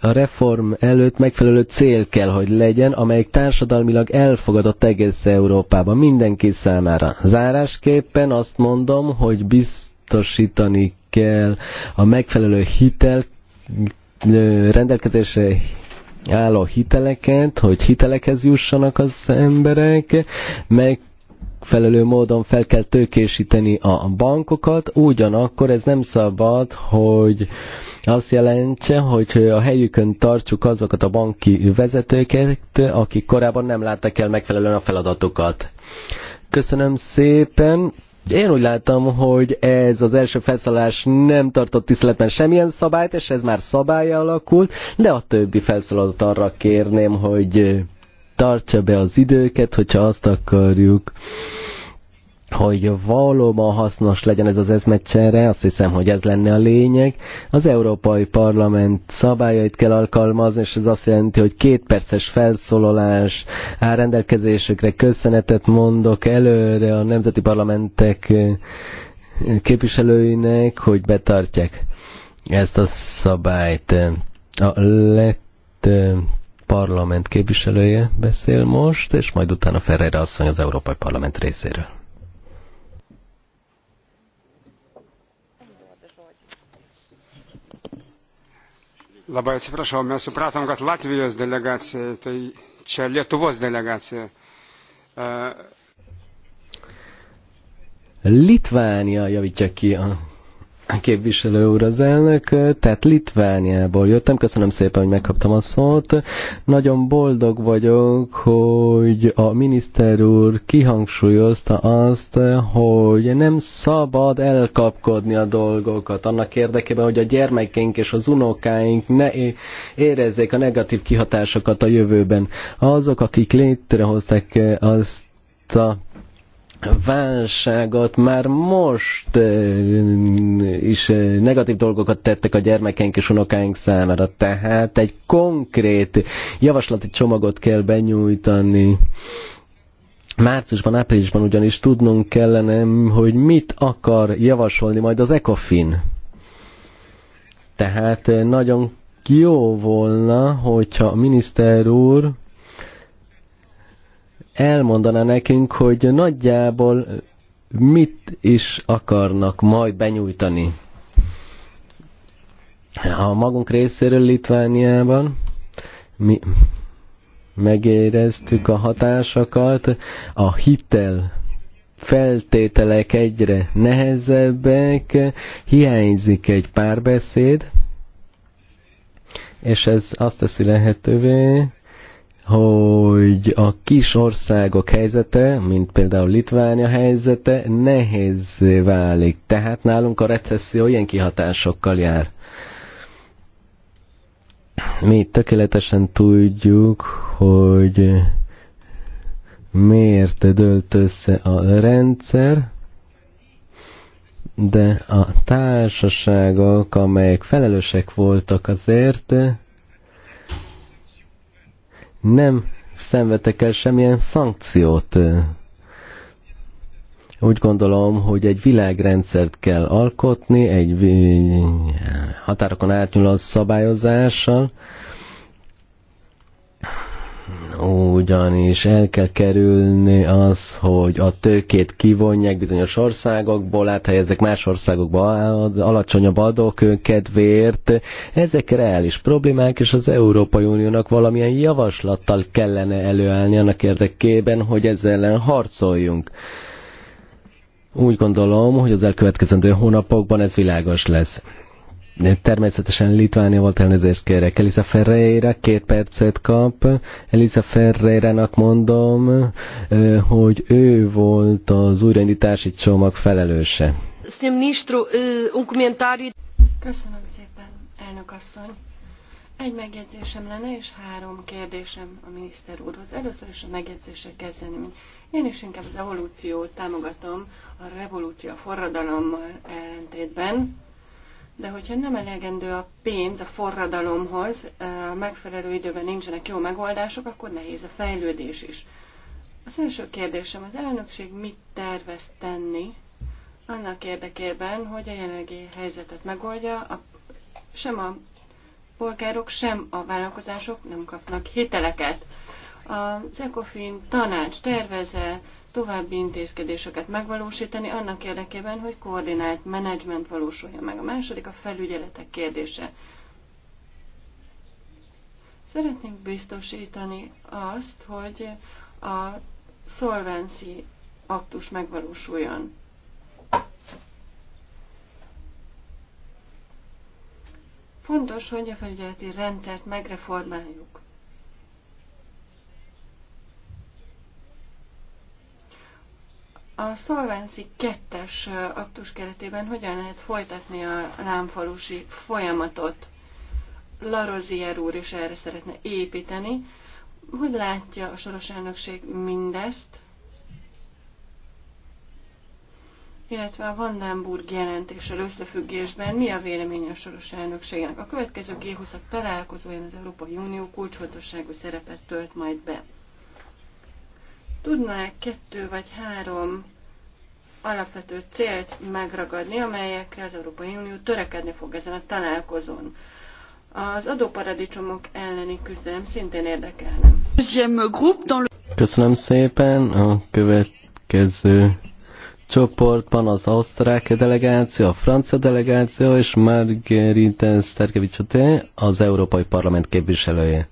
a reform előtt megfelelő cél kell, hogy legyen, amelyik társadalmilag elfogadott egész Európában, mindenki számára. Zárásképpen azt mondom, hogy biz biztosítani kell a megfelelő hitel rendelkezésre álló hiteleket, hogy hitelekhez jussanak az emberek, meg megfelelő módon fel kell tőkésíteni a bankokat, ugyanakkor ez nem szabad, hogy azt jelentse, hogy a helyükön tartsuk azokat a banki vezetőket, akik korábban nem láttak el megfelelően a feladatokat. Köszönöm szépen! Én úgy látom, hogy ez az első felszólás nem tartott tiszteletben semmilyen szabályt, és ez már szabály alakult, de a többi felszólalót arra kérném, hogy tartsa be az időket, hogyha azt akarjuk, hogy valóban hasznos legyen ez az ezmecsere, azt hiszem, hogy ez lenne a lényeg. Az Európai Parlament szabályait kell alkalmazni, és ez azt jelenti, hogy két perces felszólalás rendelkezésükre. Köszönetet mondok előre a nemzeti parlamentek eh, képviselőinek, hogy betartják ezt a szabályt. A lett eh, parlament képviselője beszél most, és majd utána Ferreira asszony az Európai Parlament részéről. labai atsiprašau mes supratom kad latvijos delegacija tai čia lietuvos delegáció. E, Litvánia javítja ki a képviselő úr az elnök, tehát Litvániából jöttem, köszönöm szépen, hogy megkaptam a szót. Nagyon boldog vagyok, hogy a miniszter úr kihangsúlyozta azt, hogy nem szabad elkapkodni a dolgokat annak érdekében, hogy a gyermekeink és az unokáink ne érezzék a negatív kihatásokat a jövőben. Azok, akik létrehozták azt a válságot már most eh, is eh, negatív dolgokat tettek a gyermekeink és unokáink számára. Tehát egy konkrét javaslati csomagot kell benyújtani. Márciusban, áprilisban ugyanis tudnunk kellene, hogy mit akar javasolni majd az ECOFIN. Tehát eh, nagyon jó volna, hogyha a miniszter úr elmondaná nekünk, hogy nagyjából mit is akarnak majd benyújtani. A magunk részéről Litvániában mi megéreztük a hatásokat, a hitel feltételek egyre nehezebbek, hiányzik egy párbeszéd, és ez azt teszi lehetővé, hogy a kis országok helyzete, mint például Litvánia helyzete, nehéz válik. Tehát nálunk a recesszió ilyen kihatásokkal jár. Mi tökéletesen tudjuk, hogy miért dölt össze a rendszer, de a társaságok, amelyek felelősek voltak azért, nem szenvedtek el semmilyen szankciót. Úgy gondolom, hogy egy világrendszert kell alkotni, egy határokon átnyúló szabályozással, ugyanis el kell kerülni az, hogy a tőkét kivonják bizonyos országokból, áthelyezzek más országokba alacsonyabb adók kedvéért. Ezek reális problémák, és az Európai Uniónak valamilyen javaslattal kellene előállni annak érdekében, hogy ezzel ellen harcoljunk. Úgy gondolom, hogy az elkövetkezendő hónapokban ez világos lesz. Természetesen Litvánia volt, elnézést kérek. Elisa Ferreira két percet kap. Elisa Ferreirának mondom, hogy ő volt az újraindítási csomag felelőse. Um Köszönöm szépen, elnök asszony. Egy megjegyzésem lenne, és három kérdésem a miniszter úrhoz. Először is a megjegyzéssel kezdeném. Én is inkább az evolúciót támogatom a revolúció a forradalommal ellentétben de hogyha nem elegendő a pénz a forradalomhoz, a megfelelő időben nincsenek jó megoldások, akkor nehéz a fejlődés is. Az első kérdésem, az elnökség mit tervez tenni annak érdekében, hogy a jelenlegi helyzetet megoldja, a, sem a polgárok, sem a vállalkozások nem kapnak hiteleket. Az ECOFIN tanács terveze további intézkedéseket megvalósítani annak érdekében, hogy koordinált menedzsment valósuljon meg. A második a felügyeletek kérdése. Szeretnénk biztosítani azt, hogy a szolvenci aktus megvalósuljon. Fontos, hogy a felügyeleti rendszert megreformáljuk. A Solvency kettes aktus keretében hogyan lehet folytatni a lámfalusi folyamatot? Larozier úr is erre szeretne építeni. Hogy látja a soros elnökség mindezt? illetve a Vandenburg jelentéssel összefüggésben mi a vélemény a soros elnökségnek? A következő G20-ak találkozóján az Európai Unió kulcsfontosságú szerepet tölt majd be tudná kettő vagy három alapvető célt megragadni, amelyekre az Európai Unió törekedni fog ezen a találkozón. Az adóparadicsomok elleni küzdelem szintén érdekelne. Köszönöm szépen. A következő csoportban az Ausztrák delegáció, a francia delegáció és Margarita Sztergevicsoté, az Európai Parlament képviselője.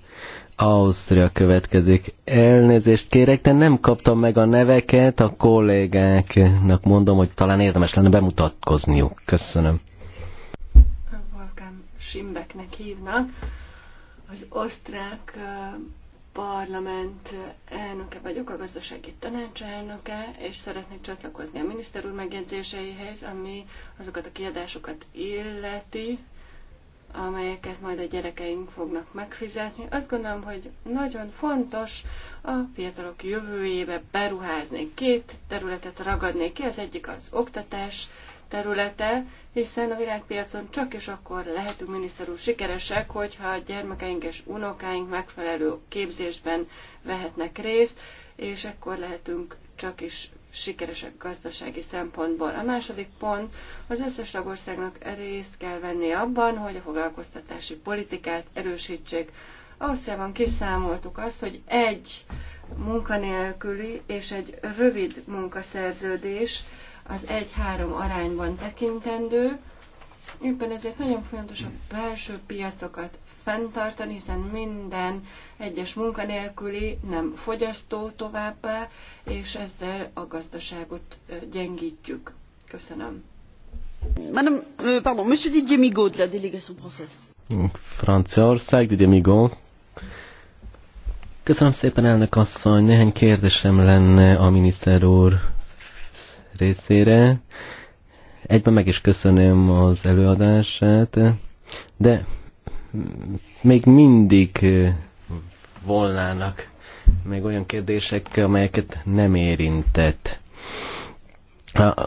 Ausztria következik. Elnézést kérek, de nem kaptam meg a neveket a kollégáknak. Mondom, hogy talán érdemes lenne bemutatkozniuk. Köszönöm. Volkán Simbeknek hívnak. Az osztrák parlament elnöke vagyok, a gazdasági tanács elnöke, és szeretnék csatlakozni a miniszter úr megjegyzéseihez, ami azokat a kiadásokat illeti, amelyeket majd a gyerekeink fognak megfizetni. Azt gondolom, hogy nagyon fontos a fiatalok jövőjébe beruházni. Két területet ragadnék ki, az egyik az oktatás területe, hiszen a világpiacon csak és akkor lehetünk miniszter úr sikeresek, hogyha a gyermekeink és unokáink megfelelő képzésben vehetnek részt, és ekkor lehetünk csak is sikeresek gazdasági szempontból. A második pont, az összes tagországnak részt kell venni abban, hogy a foglalkoztatási politikát erősítsék. Ausztriában kiszámoltuk azt, hogy egy munkanélküli és egy rövid munkaszerződés az egy-három arányban tekintendő. Éppen ezért nagyon fontos a belső piacokat fenntartani, hiszen minden egyes munkanélküli nem fogyasztó továbbá, és ezzel a gazdaságot gyengítjük. Köszönöm. Madame, euh, pardon, Monsieur Didier Migaud, de la délégation française. Mm, Franciaország, Didier Migaud. Köszönöm szépen, elnök asszony. Néhány kérdésem lenne a miniszter úr részére. Egyben meg is köszönöm az előadását, de még mindig volnának még olyan kérdések, amelyeket nem érintett. A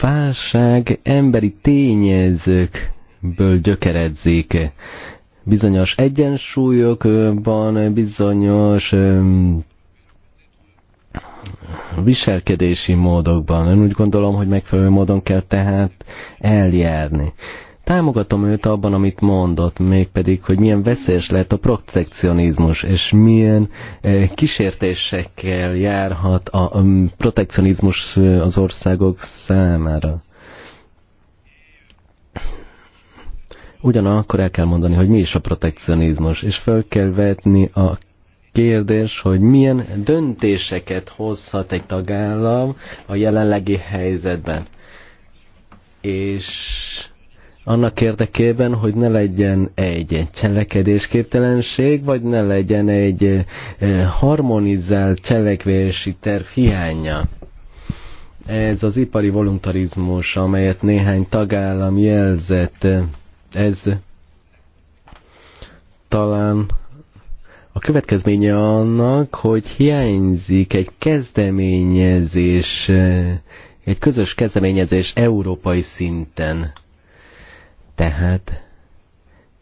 válság emberi tényezőkből gyökeredzik. Bizonyos egyensúlyokban, bizonyos viselkedési módokban. Én úgy gondolom, hogy megfelelő módon kell tehát eljárni. Támogatom őt abban, amit mondott, mégpedig, hogy milyen veszélyes lehet a protekcionizmus, és milyen eh, kísértésekkel járhat a protekcionizmus eh, az országok számára. Ugyanakkor el kell mondani, hogy mi is a protekcionizmus, és fel kell vetni a kérdés, hogy milyen döntéseket hozhat egy tagállam a jelenlegi helyzetben. És annak érdekében, hogy ne legyen egy cselekedésképtelenség, vagy ne legyen egy eh, harmonizált cselekvési terv hiánya. Ez az ipari voluntarizmus, amelyet néhány tagállam jelzett, ez talán a következménye annak, hogy hiányzik egy kezdeményezés, eh, egy közös kezdeményezés európai szinten. Tehát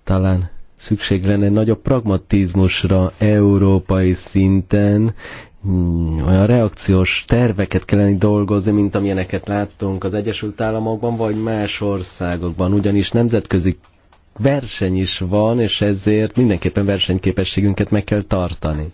talán szükség lenne nagyobb pragmatizmusra európai szinten, hmm, olyan reakciós terveket kellene dolgozni, mint amilyeneket láttunk az Egyesült Államokban, vagy más országokban, ugyanis nemzetközi verseny is van, és ezért mindenképpen versenyképességünket meg kell tartani.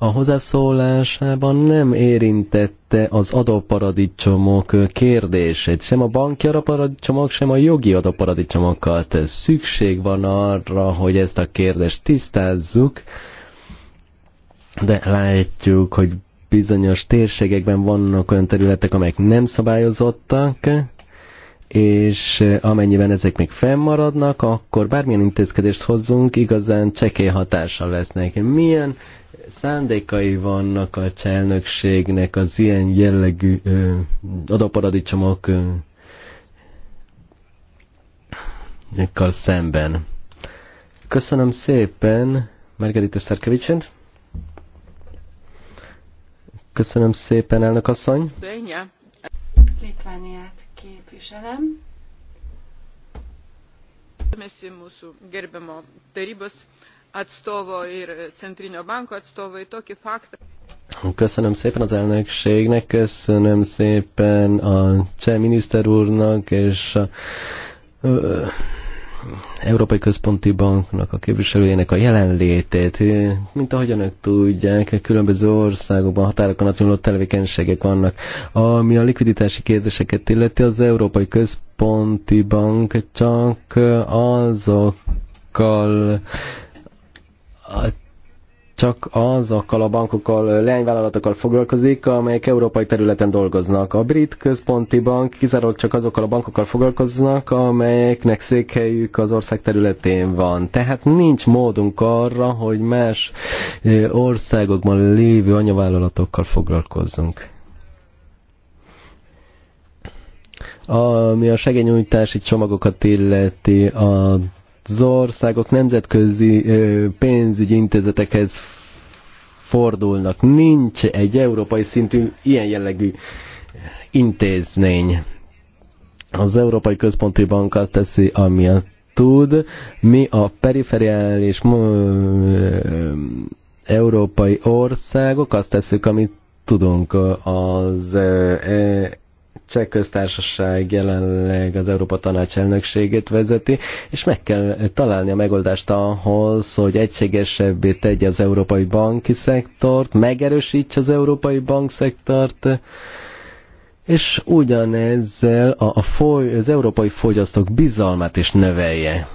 A hozzászólásában nem érintette az adóparadicsomok kérdését, sem a banki adóparadicsomok, sem a jogi adóparadicsomokat. Szükség van arra, hogy ezt a kérdést tisztázzuk, de látjuk, hogy bizonyos térségekben vannak olyan területek, amelyek nem szabályozottak, és eh, amennyiben ezek még fennmaradnak, akkor bármilyen intézkedést hozzunk, igazán csekély hatással lesznek. Milyen szándékai vannak a cselnökségnek az ilyen jellegű ö, adóparadicsomok ö, szemben? Köszönöm szépen Margarita Szerkevicsent. Köszönöm szépen, elnök asszony. Litvániát képviselem. Mesi mūsų gerbiamo tarybos atstovo ir Centrinio banko atstovo į tokį faktą. Köszönöm szépen az elnökségnek, köszönöm szépen a cseh miniszter úrnak és a Európai Központi Banknak a képviselőjének a jelenlétét. Mint ahogy önök tudják, különböző országokban határokon átnyúló tevékenységek vannak. Ami a likviditási kérdéseket illeti, az Európai Központi Bank csak azokkal csak azokkal a bankokkal, leányvállalatokkal foglalkozik, amelyek európai területen dolgoznak. A brit központi bank kizárólag csak azokkal a bankokkal foglalkoznak, amelyeknek székhelyük az ország területén van. Tehát nincs módunk arra, hogy más országokban lévő anyavállalatokkal foglalkozzunk. Ami a segényújtási csomagokat illeti, a az országok nemzetközi pénzügyi intézetekhez fordulnak. Nincs egy európai szintű ilyen jellegű intézmény. Az Európai Központi Bank azt teszi, ami a tud. Mi a periferiális európai országok azt teszük, amit tudunk az Cseh köztársaság jelenleg az Európa Tanács elnökségét vezeti, és meg kell találni a megoldást ahhoz, hogy egységesebbé tegye az európai banki szektort, megerősítse az európai bankszektort, és ugyanezzel a, a foly, az európai fogyasztók bizalmát is növelje.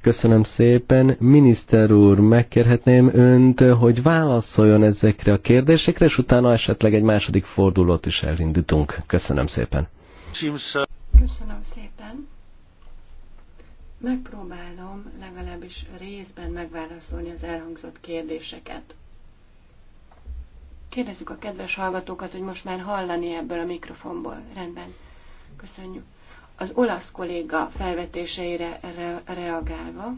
Köszönöm szépen. Miniszter úr, megkérhetném önt, hogy válaszoljon ezekre a kérdésekre, és utána esetleg egy második fordulót is elindítunk. Köszönöm szépen. Köszönöm szépen. Megpróbálom legalábbis részben megválaszolni az elhangzott kérdéseket. Kérdezzük a kedves hallgatókat, hogy most már hallani ebből a mikrofonból. Rendben. Köszönjük az olasz kolléga felvetéseire re- reagálva,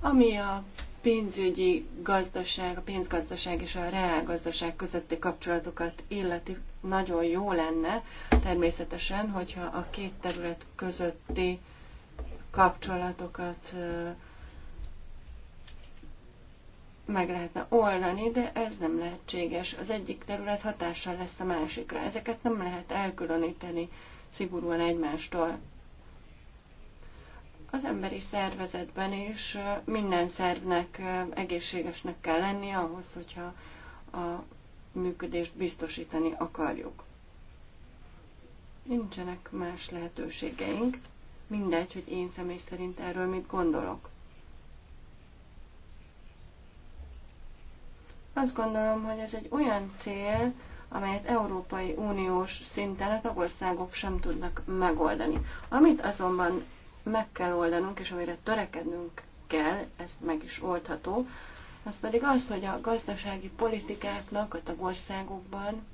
ami a pénzügyi gazdaság, a pénzgazdaság és a reálgazdaság közötti kapcsolatokat illeti nagyon jó lenne természetesen, hogyha a két terület közötti kapcsolatokat meg lehetne oldani, de ez nem lehetséges. Az egyik terület hatással lesz a másikra. Ezeket nem lehet elkülöníteni szigorúan egymástól. Az emberi szervezetben is minden szervnek egészségesnek kell lenni ahhoz, hogyha a működést biztosítani akarjuk. Nincsenek más lehetőségeink, mindegy, hogy én személy szerint erről mit gondolok. Azt gondolom, hogy ez egy olyan cél, amelyet Európai Uniós szinten a tagországok sem tudnak megoldani. Amit azonban meg kell oldanunk, és amire törekednünk kell, ezt meg is oldható, az pedig az, hogy a gazdasági politikáknak a tagországokban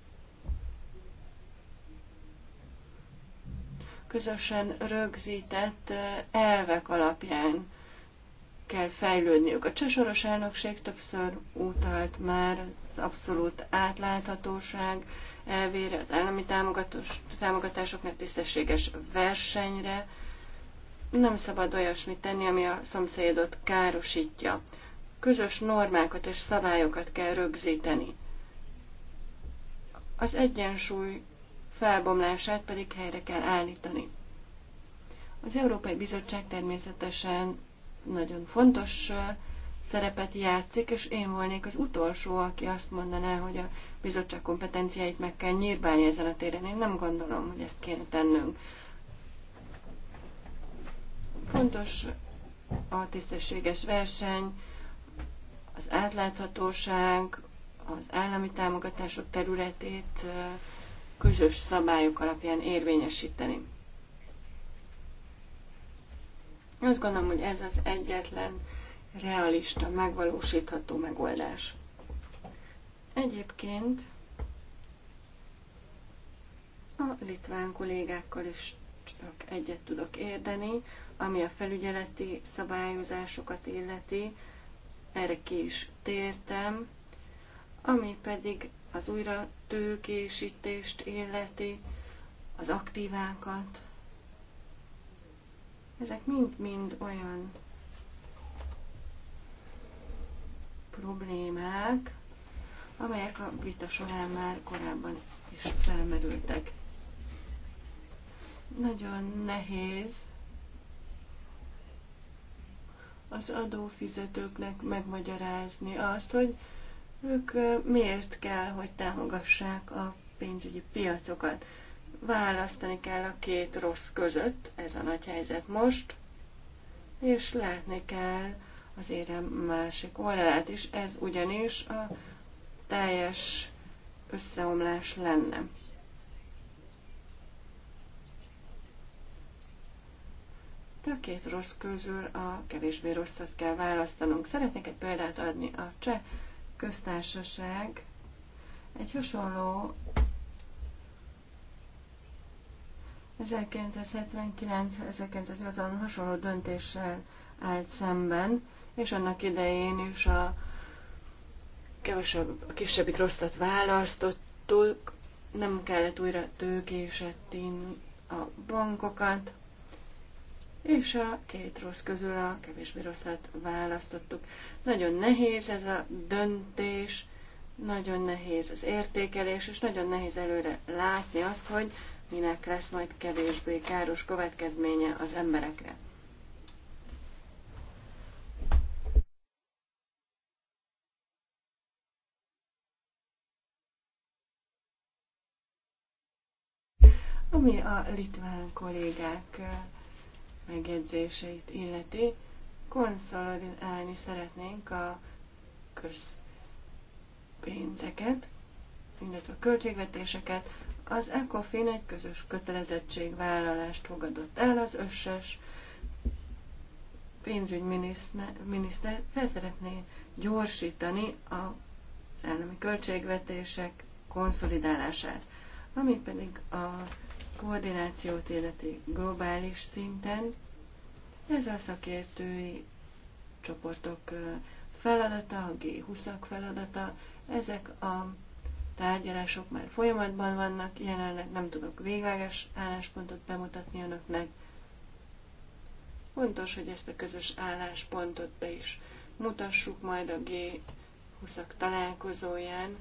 közösen rögzített eh, elvek alapján kell fejlődniük. A csosoros elnökség többször utalt már az abszolút átláthatóság elvére, az állami támogatásoknak tisztességes versenyre. Nem szabad olyasmit tenni, ami a szomszédot károsítja. Közös normákat és szabályokat kell rögzíteni. Az egyensúly felbomlását pedig helyre kell állítani. Az Európai Bizottság természetesen nagyon fontos szerepet játszik, és én volnék az utolsó, aki azt mondaná, hogy a bizottság kompetenciáit meg kell nyírbálni ezen a téren. Én nem gondolom, hogy ezt kéne tennünk. Fontos a tisztességes verseny, az átláthatóság, az állami támogatások területét közös szabályok alapján érvényesíteni. Azt gondolom, hogy ez az egyetlen realista, megvalósítható megoldás. Egyébként a litván kollégákkal is csak egyet tudok érdeni, ami a felügyeleti szabályozásokat illeti, erre ki is tértem, ami pedig az újra tőkésítést illeti, az aktívákat, ezek mind-mind olyan problémák, amelyek a vita során már korábban is felmerültek. Nagyon nehéz az adófizetőknek megmagyarázni azt, hogy ők miért kell, hogy támogassák a pénzügyi piacokat választani kell a két rossz között, ez a nagy helyzet most, és látni kell az érem másik oldalát is, ez ugyanis a teljes összeomlás lenne. A két rossz közül a kevésbé rosszat kell választanunk. Szeretnék egy példát adni. A cseh köztársaság egy hasonló 1979-1980 hasonló döntéssel állt szemben, és annak idején is a, kevesebb, a kisebbik rosszat választottuk, nem kellett újra tőkésett a bankokat, és a két rossz közül a kevésbé rosszat választottuk. Nagyon nehéz ez a döntés, nagyon nehéz az értékelés, és nagyon nehéz előre látni azt, hogy minek lesz majd kevésbé káros következménye az emberekre. Ami a litván kollégák megjegyzéseit illeti, konszolidálni szeretnénk a közpénzeket, illetve a költségvetéseket, az ECOFIN egy közös kötelezettségvállalást fogadott el, az összes pénzügyminiszter fel szeretné gyorsítani az állami költségvetések konszolidálását, ami pedig a koordinációt illeti globális szinten. Ez a szakértői csoportok feladata, a G20-ak feladata, ezek a tárgyalások már folyamatban vannak, jelenleg nem tudok végleges álláspontot bemutatni önöknek. Fontos, hogy ezt a közös álláspontot be is mutassuk majd a G20-ak találkozóján.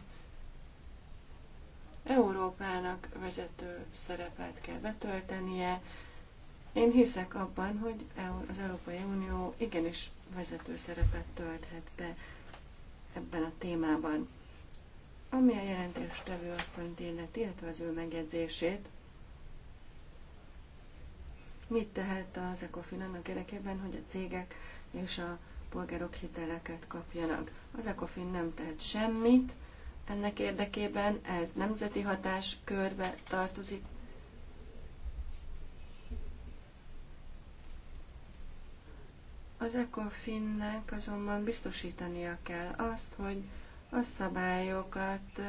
Európának vezető szerepet kell betöltenie. Én hiszek abban, hogy az Európai Unió igenis vezető szerepet tölthet be ebben a témában. Ami a tevő asszonyt illeti, illetve az ő megjegyzését, mit tehet az ECOFIN annak érdekében, hogy a cégek és a polgárok hiteleket kapjanak? Az ECOFIN nem tehet semmit, ennek érdekében ez nemzeti hatás körbe tartozik. Az ECOFIN-nek azonban biztosítania kell azt, hogy a szabályokat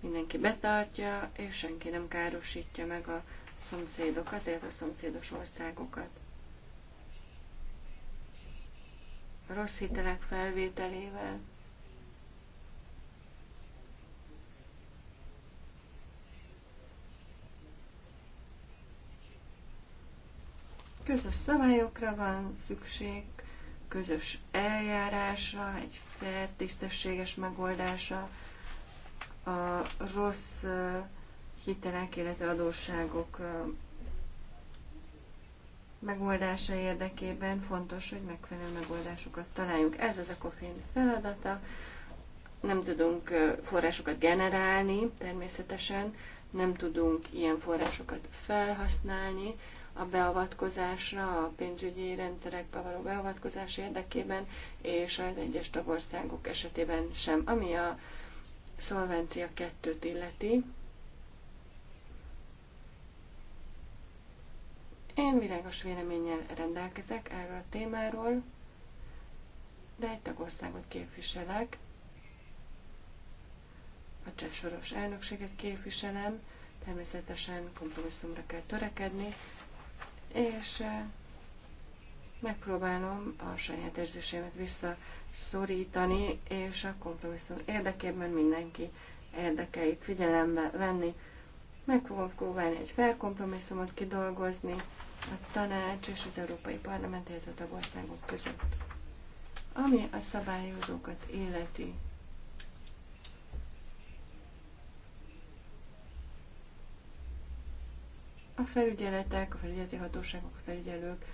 mindenki betartja, és senki nem károsítja meg a szomszédokat, illetve a szomszédos országokat. A rossz hitelek felvételével közös szabályokra van szükség, közös eljárása, egy fair, tisztességes a rossz hitelek, illetve adósságok megoldása érdekében fontos, hogy megfelelő megoldásokat találjunk. Ez az a koffein feladata. Nem tudunk forrásokat generálni, természetesen nem tudunk ilyen forrásokat felhasználni, a beavatkozásra, a pénzügyi rendszerekbe való beavatkozás érdekében, és az egyes tagországok esetében sem, ami a szolvencia kettőt illeti. Én világos véleménnyel rendelkezek erről a témáról, de egy tagországot képviselek, a cseh soros elnökséget képviselem, természetesen kompromisszumra kell törekedni, és megpróbálom a saját érzésémet visszaszorítani, és a kompromisszum érdekében mindenki érdekeit figyelembe venni. Meg fogom próbálni egy felkompromisszumot kidolgozni a tanács és az Európai Parlament, illetve a tagországok között. Ami a szabályozókat illeti, A felügyeletek, a felügyeleti hatóságok, a felügyelők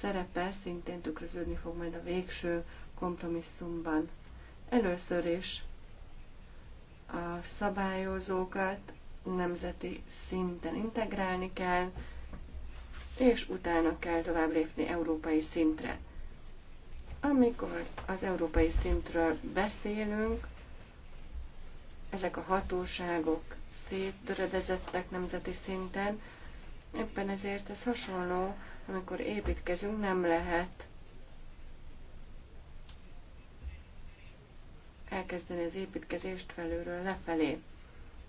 szerepe szintén tükröződni fog majd a végső kompromisszumban. Először is a szabályozókat nemzeti szinten integrálni kell, és utána kell tovább lépni európai szintre. Amikor az európai szintről beszélünk, ezek a hatóságok széttöredezettek nemzeti szinten, Éppen ezért ez hasonló, amikor építkezünk, nem lehet elkezdeni az építkezést felülről lefelé.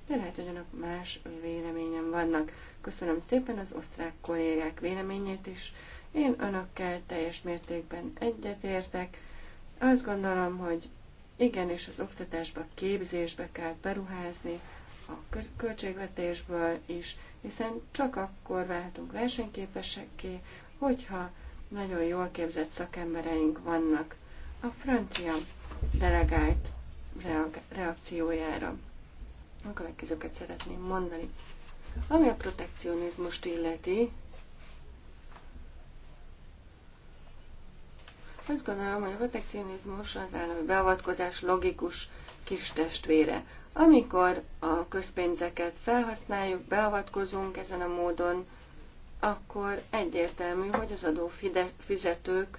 De lehet, hogy önök más véleményem vannak. Köszönöm szépen az osztrák kollégák véleményét is. Én önökkel teljes mértékben egyetértek. Azt gondolom, hogy igenis az oktatásba, képzésbe kell beruházni, a költségvetésből is, hiszen csak akkor váltunk versenyképesekké, hogyha nagyon jól képzett szakembereink vannak a francia delegált reakciójára. A következőket szeretném mondani. Ami a protekcionizmust illeti, azt gondolom, hogy a protekcionizmus az állami beavatkozás logikus kis testvére. Amikor a közpénzeket felhasználjuk, beavatkozunk ezen a módon, akkor egyértelmű, hogy az adófizetők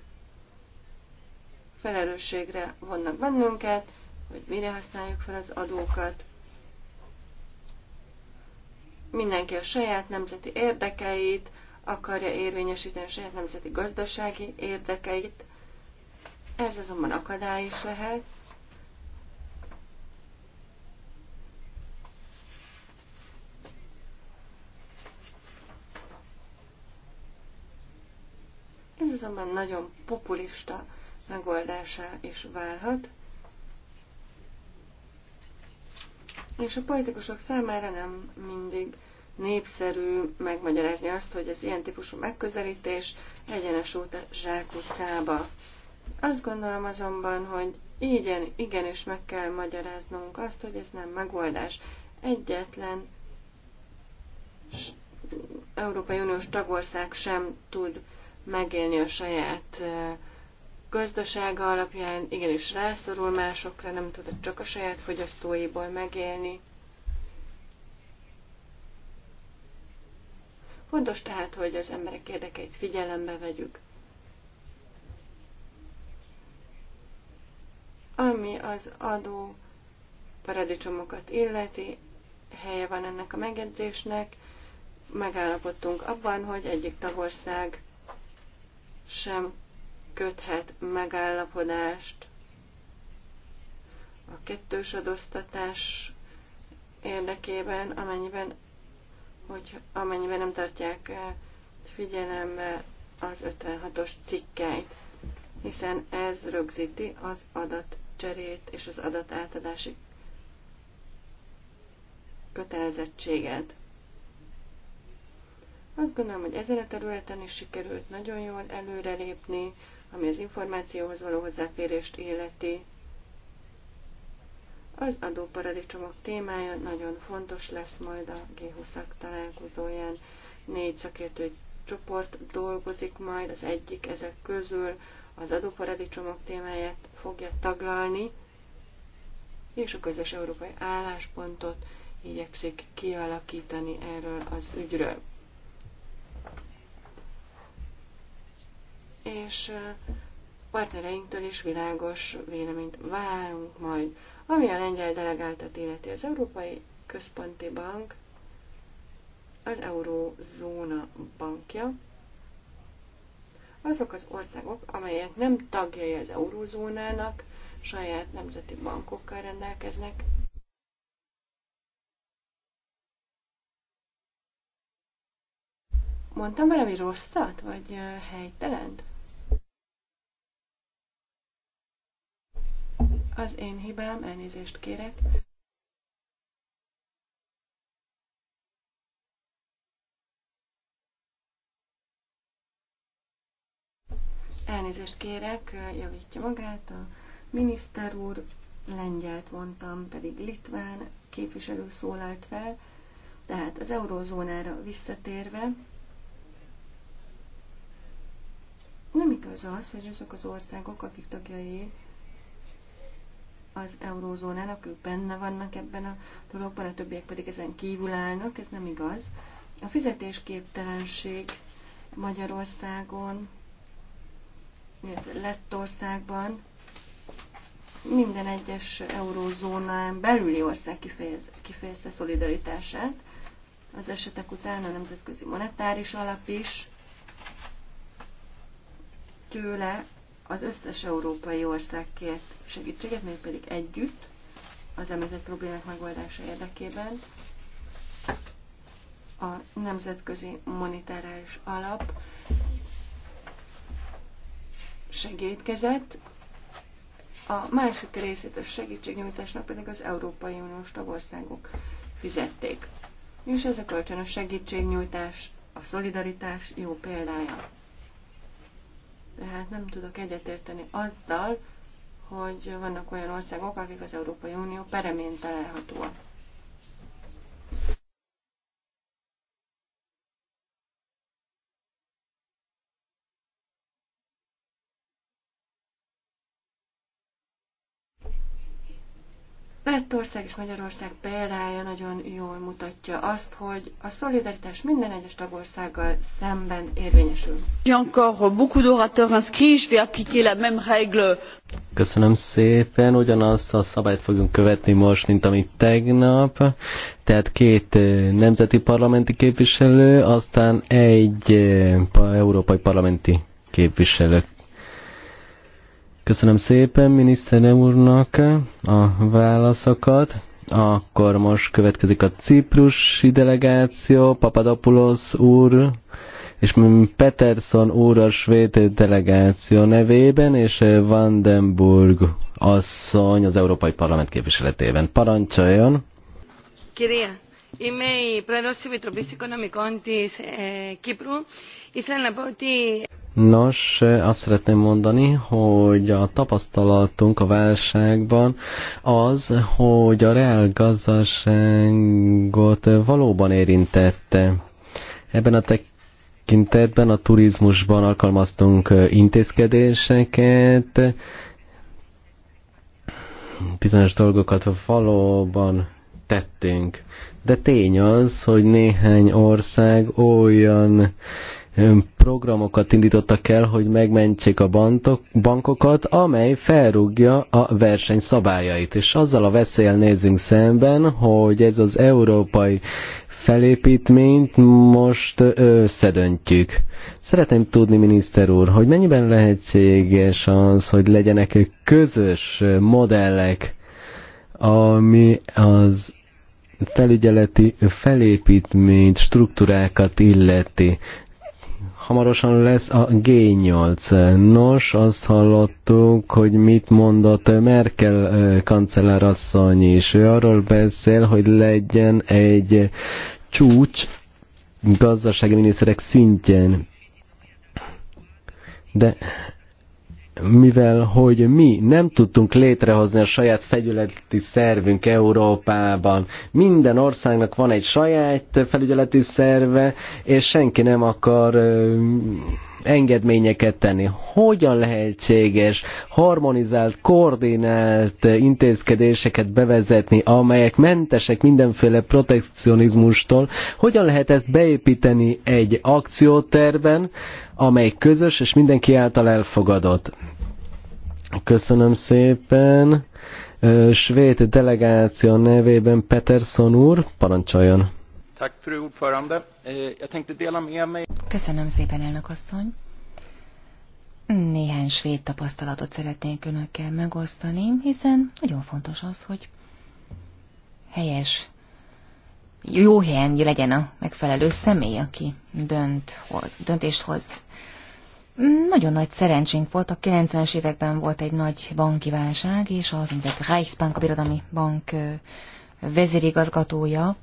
felelősségre vonnak bennünket, hogy mire használjuk fel az adókat. Mindenki a saját nemzeti érdekeit akarja érvényesíteni, a saját nemzeti gazdasági érdekeit. Ez azonban akadály is lehet, Ez azonban nagyon populista megoldásá is válhat, és a politikusok számára nem mindig népszerű megmagyarázni azt, hogy az ilyen típusú megközelítés egyenes út a zsákutcába. Azt gondolom azonban, hogy igen, igenis meg kell magyaráznunk azt, hogy ez nem megoldás. Egyetlen Európai Uniós tagország sem tud megélni a saját gazdasága alapján, igenis rászorul másokra, nem tud csak a saját fogyasztóiból megélni. Fontos tehát, hogy az emberek érdekeit figyelembe vegyük. Ami az adó paradicsomokat illeti, helye van ennek a megjegyzésnek. Megállapodtunk abban, hogy egyik tagország sem köthet megállapodást a kettős adóztatás érdekében, amennyiben, hogy amennyiben nem tartják eh, figyelembe az 56-os cikkeit, hiszen ez rögzíti az adatcserét és az adatátadási kötelezettséget. Azt gondolom, hogy ezen a területen is sikerült nagyon jól előrelépni, ami az információhoz való hozzáférést életi. Az adóparadicsomok témája nagyon fontos lesz majd a g 20 találkozóján. Négy szakértő csoport dolgozik majd, az egyik ezek közül az adóparadicsomok témáját fogja taglalni, és a közös európai álláspontot igyekszik kialakítani erről az ügyről. és partnereinktől is világos véleményt várunk majd. Ami a lengyel delegáltat illeti az Európai Központi Bank, az Eurózóna bankja, azok az országok, amelyek nem tagjai az Eurózónának, saját nemzeti bankokkal rendelkeznek, Mondtam valami rosszat, vagy helytelent? Az én hibám, elnézést kérek. Elnézést kérek, javítja magát a miniszter úr, lengyelt mondtam, pedig litván képviselő szólalt fel, tehát az eurózónára visszatérve, nem igaz az, hogy azok az országok, akik tagjai az eurózónának, ők benne vannak ebben a dologban, a többiek pedig ezen kívül állnak, ez nem igaz. A fizetésképtelenség Magyarországon, Lettországban minden egyes eurózónán belüli ország kifejez, kifejezte szolidaritását. Az esetek után a Nemzetközi Monetáris Alap is tőle az összes európai ország kért segítséget, még pedig együtt az említett problémák megoldása érdekében. A Nemzetközi Monetáris Alap segítkezett, a másik részét a segítségnyújtásnak pedig az Európai Uniós tagországok fizették. És ez a kölcsönös segítségnyújtás, a szolidaritás jó példája. Tehát nem tudok egyetérteni azzal, hogy vannak olyan országok, akik az Európai Unió peremén találhatóak. Lettország és Magyarország példája nagyon jól mutatja azt, hogy a szolidaritás minden egyes tagországgal szemben érvényesül. Köszönöm szépen, ugyanazt a szabályt fogunk követni most, mint amit tegnap. Tehát két eh, nemzeti parlamenti képviselő, aztán egy eh, európai parlamenti képviselő. Köszönöm szépen miniszter úrnak a válaszokat. Akkor most következik a ciprusi delegáció, Papadopoulos úr és Peterson úr a svéd delegáció nevében, és Vandenburg asszony az Európai Parlament képviseletében. Parancsoljon! Kiria! Είμαι η πρόεδρος της Επιτροπής Οικονομικών της ε, Κύπρου. Ήθελα να πω ότι... Nos, azt szeretném mondani, hogy a tapasztalatunk a válságban az, hogy a reál gazdaságot valóban érintette. Ebben a tekintetben a turizmusban alkalmaztunk intézkedéseket, bizonyos dolgokat valóban tettünk de tény az, hogy néhány ország olyan programokat indítottak el, hogy megmentsék a bantok, bankokat, amely felrúgja a verseny szabályait. És azzal a veszélyel nézünk szemben, hogy ez az európai felépítményt most összedöntjük. Szeretném tudni, miniszter úr, hogy mennyiben lehetséges az, hogy legyenek közös modellek, ami az felügyeleti felépítményt, struktúrákat illeti. Hamarosan lesz a G8. Nos, azt hallottuk, hogy mit mondott Merkel eh, kancellárasszony is. Ő arról beszél, hogy legyen egy csúcs gazdasági miniszterek szintjén. De mivel hogy mi nem tudtunk létrehozni a saját felügyeleti szervünk Európában. Minden országnak van egy saját felügyeleti szerve, és senki nem akar engedményeket tenni. Hogyan lehetséges harmonizált, koordinált intézkedéseket bevezetni, amelyek mentesek mindenféle protekcionizmustól? Hogyan lehet ezt beépíteni egy akcióterben, amely közös és mindenki által elfogadott? Köszönöm szépen. Svéd delegáció nevében Peterson úr, parancsoljon. Eh, Köszönöm szépen, elnök asszony. Néhány svéd tapasztalatot szeretnék önökkel megosztani, hiszen nagyon fontos az, hogy helyes, jó helyen legyen a megfelelő személy, aki dönt, döntést hoz nagyon nagy szerencsénk volt, a 90-es években volt egy nagy banki válság, és az úgynevezett Reichsbank, a Birodalmi Bank vezérigazgatója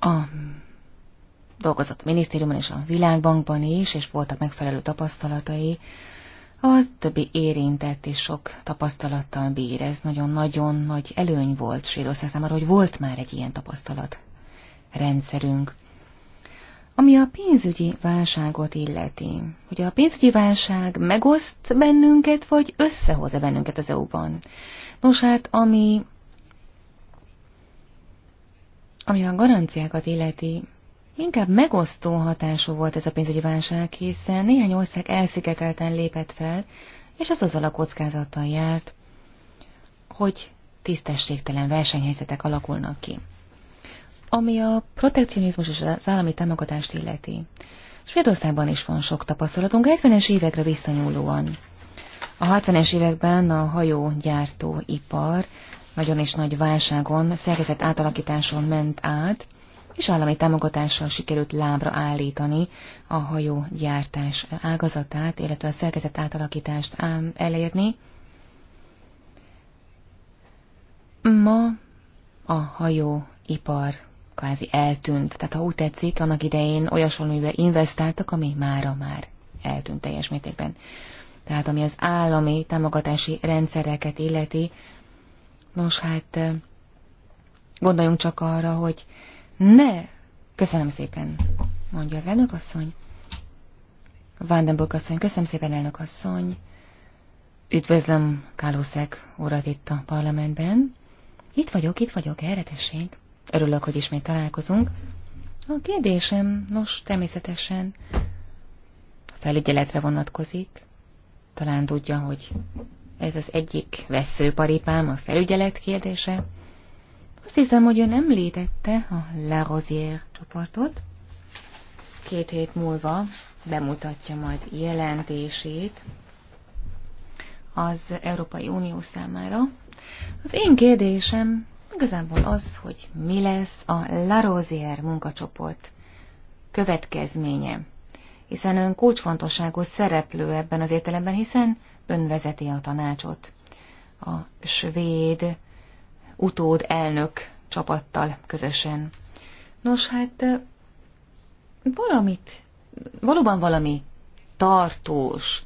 a dolgozott a minisztériumban és a világbankban is, és voltak megfelelő tapasztalatai. A többi érintett és sok tapasztalattal bír. Ez nagyon-nagyon nagy előny volt Svédország számára, hogy volt már egy ilyen tapasztalat rendszerünk. Ami a pénzügyi válságot illeti, hogy a pénzügyi válság megoszt bennünket, vagy összehozza bennünket az EU-ban. Nos hát, ami, ami a garanciákat illeti, inkább megosztó hatású volt ez a pénzügyi válság, hiszen néhány ország elszigetelten lépett fel, és az azzal a kockázattal járt, hogy tisztességtelen versenyhelyzetek alakulnak ki ami a protekcionizmus és az állami támogatást illeti. Svédországban is van sok tapasztalatunk, 70-es évekre visszanyúlóan. A 60-es években a hajógyártó ipar nagyon is nagy válságon, szerkezet átalakításon ment át, és állami támogatással sikerült lábra állítani a hajógyártás ágazatát, illetve a szerkezet átalakítást elérni. Ma a hajóipar kvázi eltűnt. Tehát ha úgy tetszik, annak idején olyasvalamiben investáltak, ami mára már eltűnt teljes mértékben. Tehát ami az állami támogatási rendszereket illeti, nos hát eh, gondoljunk csak arra, hogy ne, köszönöm szépen, mondja az elnök asszony. Vandenburg asszony, köszönöm szépen elnök asszony. Üdvözlöm Káluszek urat itt a parlamentben. Itt vagyok, itt vagyok, erre tessék. Örülök, hogy ismét találkozunk. A kérdésem, nos, természetesen a felügyeletre vonatkozik. Talán tudja, hogy ez az egyik veszőparipám, a felügyelet kérdése. Azt hiszem, hogy ő nem létette a La Rosière csoportot. Két hét múlva bemutatja majd jelentését az Európai Unió számára. Az én kérdésem igazából az, hogy mi lesz a Rosier munkacsoport következménye. Hiszen ön kulcsfontosságú szereplő ebben az értelemben, hiszen ön vezeti a tanácsot. A svéd utód elnök csapattal közösen. Nos, hát valamit, valóban valami tartós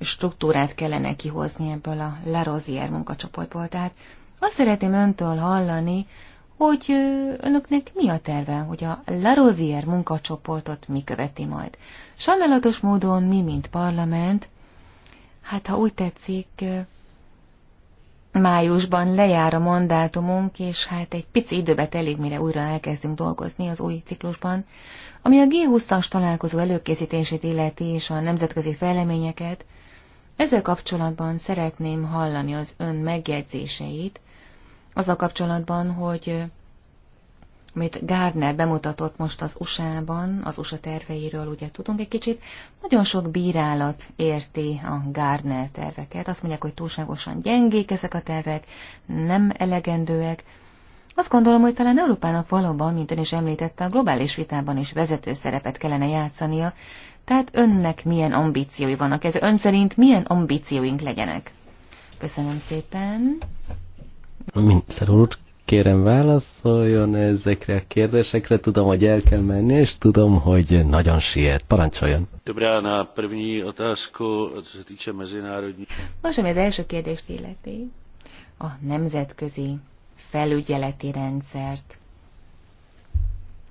struktúrát kellene kihozni ebből a Larosier munkacsoportból. Tehát azt szeretném öntől hallani, hogy önöknek mi a terve, hogy a Larozier munkacsoportot mi követi majd. Sajnálatos módon mi, mint parlament, hát ha úgy tetszik, májusban lejár a mandátumunk, és hát egy pici időbe telik, mire újra elkezdünk dolgozni az új ciklusban, ami a G20-as találkozó előkészítését illeti és a nemzetközi fejleményeket, ezzel kapcsolatban szeretném hallani az ön megjegyzéseit, azzal kapcsolatban, hogy amit Gardner bemutatott most az USA-ban, az USA terveiről ugye tudunk egy kicsit, nagyon sok bírálat érti a Gardner terveket. Azt mondják, hogy túlságosan gyengék ezek a tervek, nem elegendőek. Azt gondolom, hogy talán Európának valóban, mint ön is említette, a globális vitában is vezető szerepet kellene játszania. Tehát önnek milyen ambíciói vannak, ez ön szerint milyen ambícióink legyenek? Köszönöm szépen. Miniszter úr, kérem válaszoljon ezekre a kérdésekre. Tudom, hogy el kell menni, és tudom, hogy nagyon siet. Parancsoljon. Dobrá, na první otázku, co se týče mezinárodní. Nos, ami az első kérdést illeti, a nemzetközi felügyeleti rendszert,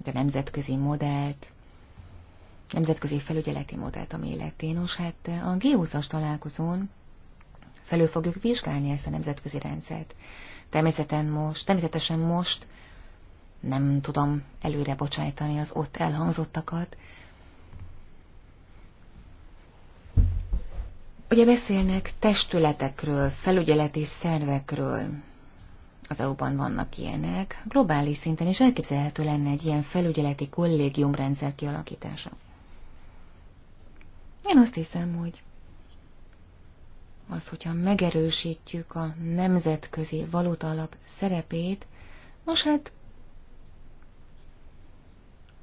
de nemzetközi modellt, nemzetközi felügyeleti modellt, ami életén. Nos, hát a G20-as találkozón felül fogjuk vizsgálni ezt a nemzetközi rendszert. Természeten most, természetesen most nem tudom előre bocsájtani az ott elhangzottakat. Ugye beszélnek testületekről, felügyeleti szervekről. Az EU-ban vannak ilyenek. Globális szinten is elképzelhető lenne egy ilyen felügyeleti kollégiumrendszer kialakítása. Én azt hiszem, hogy az, hogyha megerősítjük a nemzetközi valuta alap szerepét, nos hát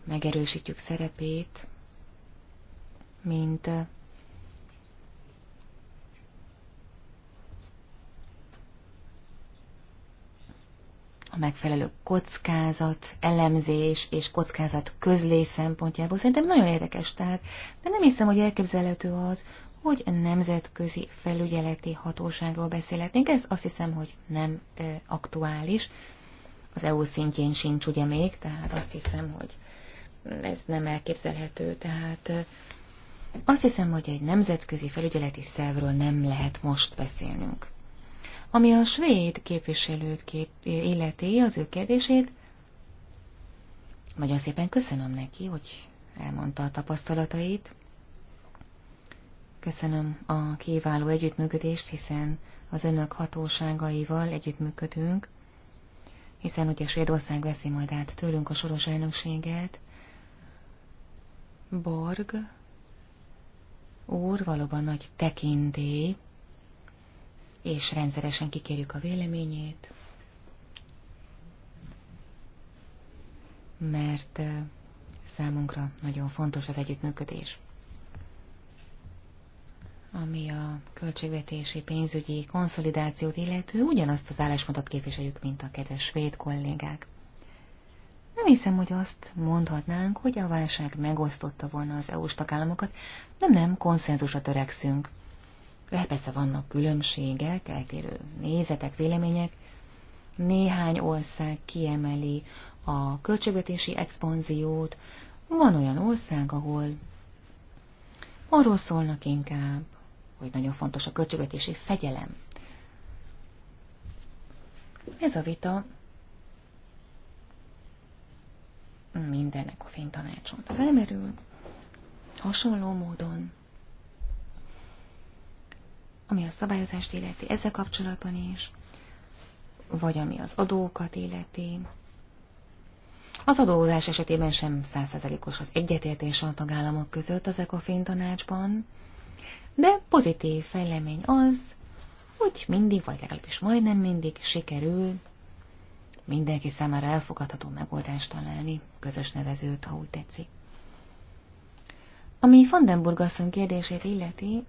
megerősítjük szerepét, mint a megfelelő kockázat, elemzés és kockázat közlés szempontjából szerintem nagyon érdekes. Tehát, de nem hiszem, hogy elképzelhető az, hogy nemzetközi felügyeleti hatóságról beszélhetnénk. Ez azt hiszem, hogy nem e, aktuális. Az EU szintjén sincs ugye még, tehát azt hiszem, hogy ez nem elképzelhető. Tehát e, azt hiszem, hogy egy nemzetközi felügyeleti szervről nem lehet most beszélnünk. Ami a svéd képviselőt kép, illeti az ő kérdését, nagyon szépen köszönöm neki, hogy elmondta a tapasztalatait. Köszönöm a kiváló együttműködést, hiszen az önök hatóságaival együttműködünk, hiszen ugye Svédország veszi majd át tőlünk a soros elnökséget. Borg úr valóban nagy tekintély, és rendszeresen kikérjük a véleményét, mert számunkra nagyon fontos az együttműködés ami a költségvetési pénzügyi konszolidációt illető, ugyanazt az álláspontot képviseljük, mint a kedves svéd kollégák. Nem hiszem, hogy azt mondhatnánk, hogy a válság megosztotta volna az EU-s tagállamokat, nem, nem, konszenzusra törekszünk. Hát persze vannak különbségek, eltérő nézetek, vélemények. Néhány ország kiemeli a költségvetési expanziót, van olyan ország, ahol arról szólnak inkább, hogy nagyon fontos a költségvetési fegyelem. Ez a vita mindennek a fénytanácson felmerül, hasonló módon, ami a szabályozást illeti ezzel kapcsolatban is, vagy ami az adókat illeti. Az adózás esetében sem százszerzelékos az egyetértés a tagállamok között az ECOFIN tanácsban, de pozitív fejlemény az, hogy mindig, vagy legalábbis majdnem mindig sikerül mindenki számára elfogadható megoldást találni, közös nevezőt, ha úgy tetszik. Ami Vandenburg asszony kérdését illeti,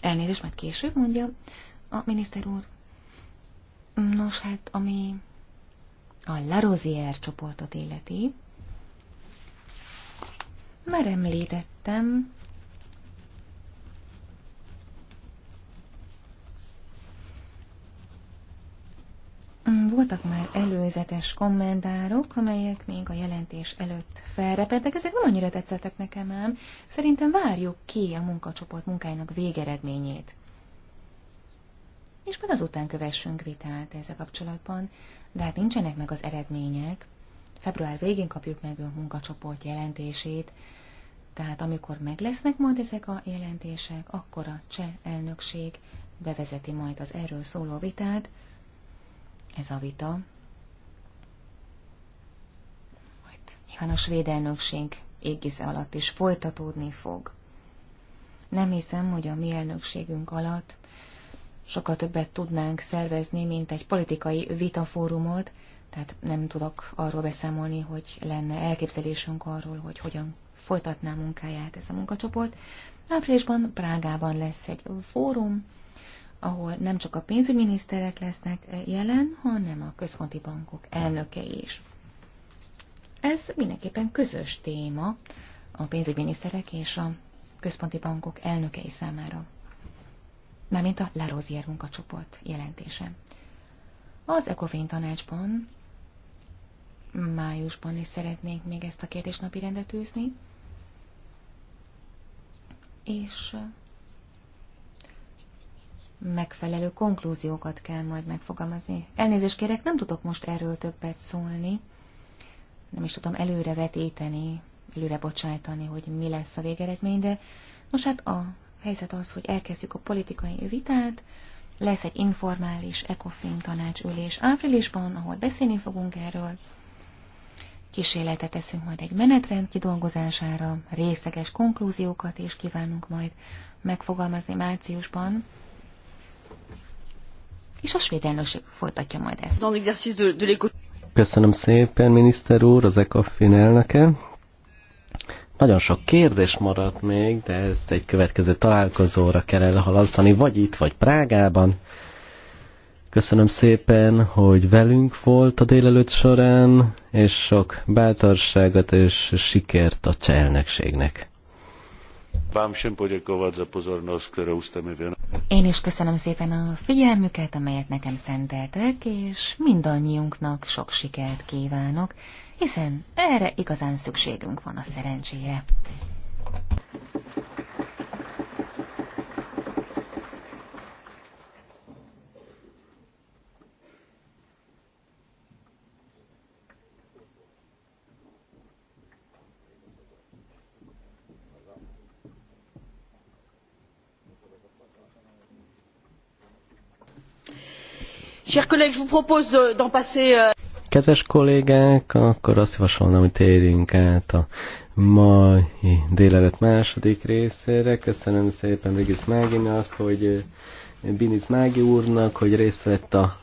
Elnézést, majd később mondja a miniszter úr. Nos, hát ami a Larosier csoportot illeti, már említettem, Voltak már előzetes kommentárok, amelyek még a jelentés előtt felrepedtek. Ezek nem annyira tetszettek nekem ám. Szerintem várjuk ki a munkacsoport munkájának végeredményét. És majd azután kövessünk vitát ezzel kapcsolatban. De hát nincsenek meg az eredmények február végén kapjuk meg a munkacsoport jelentését, tehát amikor meg lesznek majd ezek a jelentések, akkor a cseh elnökség bevezeti majd az erről szóló vitát. Ez a vita. Majd nyilván a svéd elnökség égisze alatt is folytatódni fog. Nem hiszem, hogy a mi elnökségünk alatt sokkal többet tudnánk szervezni, mint egy politikai vitafórumot, tehát nem tudok arról beszámolni, hogy lenne elképzelésünk arról, hogy hogyan folytatná munkáját ez a munkacsoport. Áprilisban Prágában lesz egy fórum, ahol nem csak a pénzügyminiszterek lesznek jelen, hanem a központi bankok elnökei is. Ez mindenképpen közös téma a pénzügyminiszterek és a központi bankok elnökei számára. Mármint a Lerozier munkacsoport jelentése. Az ECOFIN tanácsban májusban is szeretnénk még ezt a kérdést rendet űzni. És uh, megfelelő konklúziókat kell majd megfogalmazni. Elnézést kérek, nem tudok most erről többet szólni. Nem is tudom előre vetíteni, előre bocsájtani, hogy mi lesz a végeredmény, de most hát a helyzet az, hogy elkezdjük a politikai vitát, lesz egy informális ECOFIN tanácsülés áprilisban, ahol beszélni fogunk erről, Kísérletet teszünk majd egy menetrend kidolgozására, részleges konklúziókat is kívánunk majd megfogalmazni márciusban. És a svéd elnökség folytatja majd ezt. Köszönöm szépen, miniszter úr, az ECOFIN elnöke. Nagyon sok kérdés maradt még, de ezt egy következő találkozóra kell elhalasztani, vagy itt, vagy Prágában. Köszönöm szépen, hogy velünk volt a délelőtt során, és sok bátorságot és sikert a cselnökségnek. Én is köszönöm szépen a figyelmüket, amelyet nekem szenteltek, és mindannyiunknak sok sikert kívánok, hiszen erre igazán szükségünk van a szerencsére. Chers collègues, je vous propose d'en passer... Euh, Kedves kollégák, akkor azt javasolnám, hogy térjünk át a mai délelőtt második részére. Köszönöm szépen Vigis Máginak, hogy eh, Binis Mági úrnak, hogy részt vett a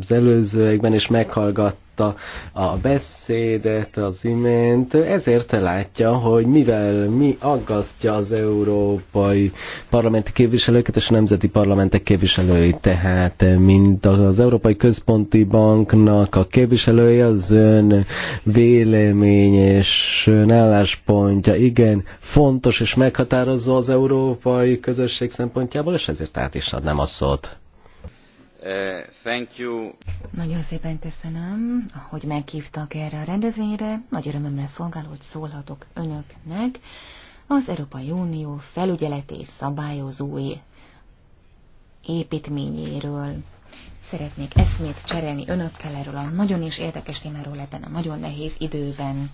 az előzőekben, és meghallgatta a beszédet az imént, ezért látja, hogy mivel mi aggasztja az európai parlamenti képviselőket és a nemzeti parlamentek képviselői, tehát mint az Európai Központi Banknak a képviselője, az ön vélemény és ön álláspontja igen fontos és meghatározó az európai közösség szempontjából, és ezért át is adnám a szót. Uh, thank you. Nagyon szépen köszönöm, hogy meghívtak erre a rendezvényre. Nagy örömömre szolgál, hogy szólhatok önöknek. Az Európai Unió felügyeleti és szabályozói építményéről szeretnék eszmét cserélni önökkel erről a nagyon is érdekes témáról ebben a nagyon nehéz időben.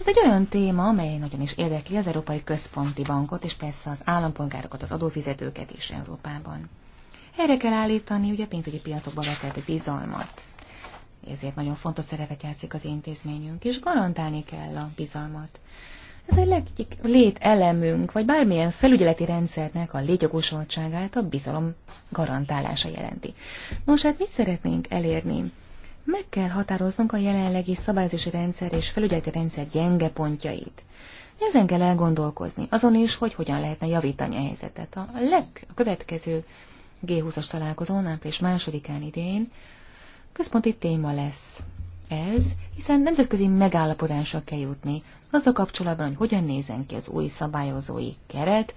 Ez egy olyan téma, amely nagyon is érdekli az Európai Központi Bankot, és persze az állampolgárokat, az adófizetőket is Európában. Erre kell állítani ugye a pénzügyi piacokba vetett bizalmat. Ezért nagyon fontos szerepet játszik az intézményünk, és garantálni kell a bizalmat. Ez egy egyik lételemünk, vagy bármilyen felügyeleti rendszernek a létjogosultságát a bizalom garantálása jelenti. Most, hát mit szeretnénk elérni? Meg kell határoznunk a jelenlegi szabályozási rendszer és felügyeleti rendszer gyenge pontjait. Ezen kell elgondolkozni, azon is, hogy hogyan lehetne javítani a helyzetet. A legkövetkező G20-as találkozón április másodikán idén központi téma lesz ez, hiszen nemzetközi megállapodásra kell jutni azzal kapcsolatban, hogy hogyan nézen ki az új szabályozói keret,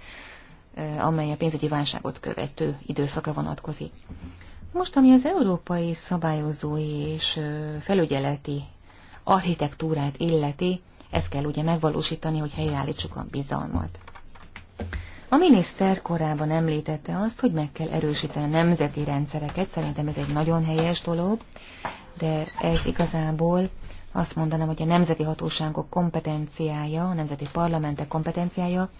eh, amely a pénzügyi válságot követő időszakra vonatkozik. Most, ami az európai szabályozói és eh, felügyeleti architektúrát illeti, ezt kell ugye megvalósítani, hogy helyreállítsuk a bizalmat. A miniszter korábban említette azt, hogy meg kell erősíteni a nemzeti rendszereket. Szerintem ez egy nagyon helyes dolog, de ez igazából azt mondanám, hogy a nemzeti hatóságok kompetenciája, a nemzeti parlamentek kompetenciája.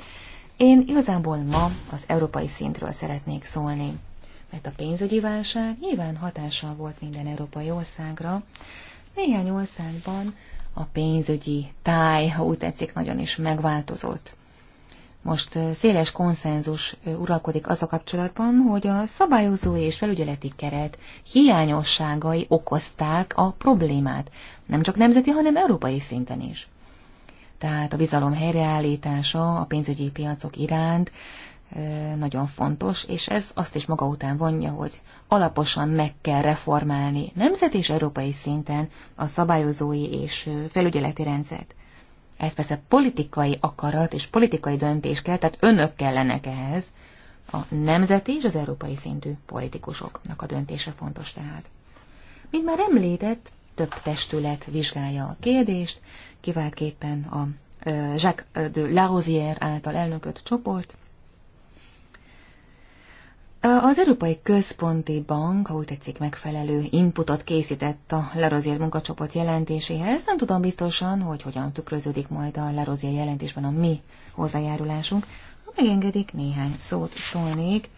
Én igazából ma az európai szintről szeretnék szólni, mert a pénzügyi válság nyilván hatással volt minden európai országra. Néhány országban a pénzügyi táj, ha úgy tetszik, nagyon is megváltozott. Most széles konszenzus uralkodik az a kapcsolatban, hogy a szabályozó és felügyeleti keret hiányosságai okozták a problémát, nem csak nemzeti, hanem európai szinten is. Tehát a bizalom helyreállítása a pénzügyi piacok iránt nagyon fontos, és ez azt is maga után vonja, hogy alaposan meg kell reformálni nemzet és európai szinten a szabályozói és felügyeleti rendszert. Ez persze politikai akarat és politikai döntés kell, tehát önök kellenek ehhez. A nemzeti és az európai szintű politikusoknak a döntése fontos tehát. Mint már említett, több testület vizsgálja a kérdést, kiváltképpen a Jacques de Larosière által elnökött csoport, az Európai Központi Bank, ha úgy tetszik, megfelelő inputot készített a Lerozier munkacsoport jelentéséhez. Nem tudom biztosan, hogy hogyan tükröződik majd a Lerozier jelentésben a mi hozzájárulásunk. Ha megengedik, néhány szót szólnék.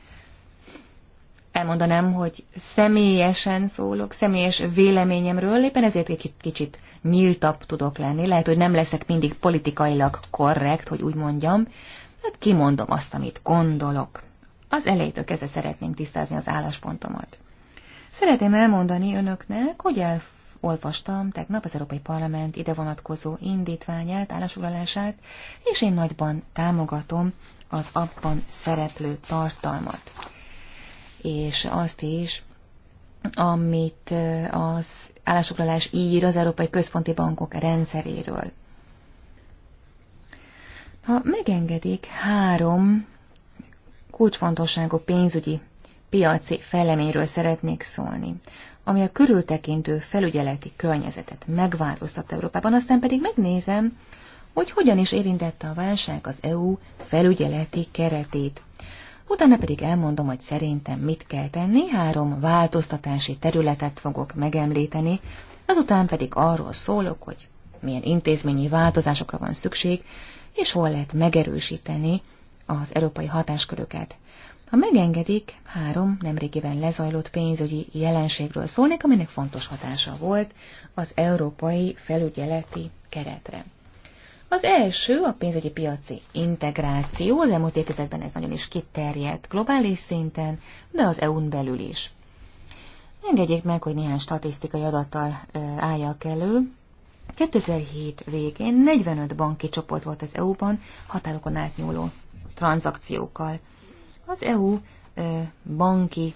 Elmondanám, hogy személyesen szólok, személyes véleményemről, éppen ezért egy kicsit nyíltabb tudok lenni. Lehet, hogy nem leszek mindig politikailag korrekt, hogy úgy mondjam, hát kimondom azt, amit gondolok az elejétől kezdve szeretném tisztázni az álláspontomat. Szeretném elmondani önöknek, hogy elolvastam tegnap az Európai Parlament ide vonatkozó indítványát, állásfoglalását, és én nagyban támogatom az abban szereplő tartalmat. És azt is, amit az állásfoglalás ír az Európai Központi Bankok rendszeréről. Ha megengedik, három kulcsfontosságú pénzügyi piaci fejleményről szeretnék szólni, ami a körültekintő felügyeleti környezetet megváltoztatta Európában, aztán pedig megnézem, hogy hogyan is érintette a válság az EU felügyeleti keretét. Utána pedig elmondom, hogy szerintem mit kell tenni, három változtatási területet fogok megemlíteni, azután pedig arról szólok, hogy milyen intézményi változásokra van szükség, és hol lehet megerősíteni az európai hatásköröket. Ha megengedik, három nemrégiben lezajlott pénzügyi jelenségről szólnék, aminek fontos hatása volt az európai felügyeleti keretre. Az első a pénzügyi piaci integráció, az elmúlt évtizedben ez nagyon is kiterjedt globális szinten, de az EU-n belül is. Engedjék meg, hogy néhány statisztikai adattal álljak elő. 2007 végén 45 banki csoport volt az EU-ban, határokon átnyúló tranzakciókkal. Az EU banki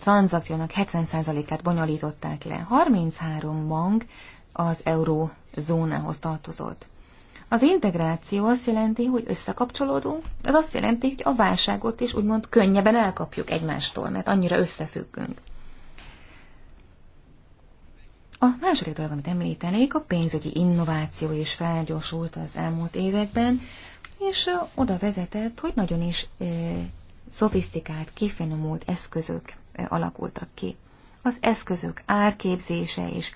tranzakciónak 70%-át bonyolították le. 33 bank az eurózónához tartozott. Az integráció azt jelenti, hogy összekapcsolódunk, ez azt jelenti, hogy a válságot is úgymond könnyebben elkapjuk egymástól, mert annyira összefüggünk. A második dolog, amit említenék, a pénzügyi innováció is felgyorsult az elmúlt években és oda vezetett, hogy nagyon is szofisztikált, kifinomult eszközök alakultak ki. Az eszközök árképzése és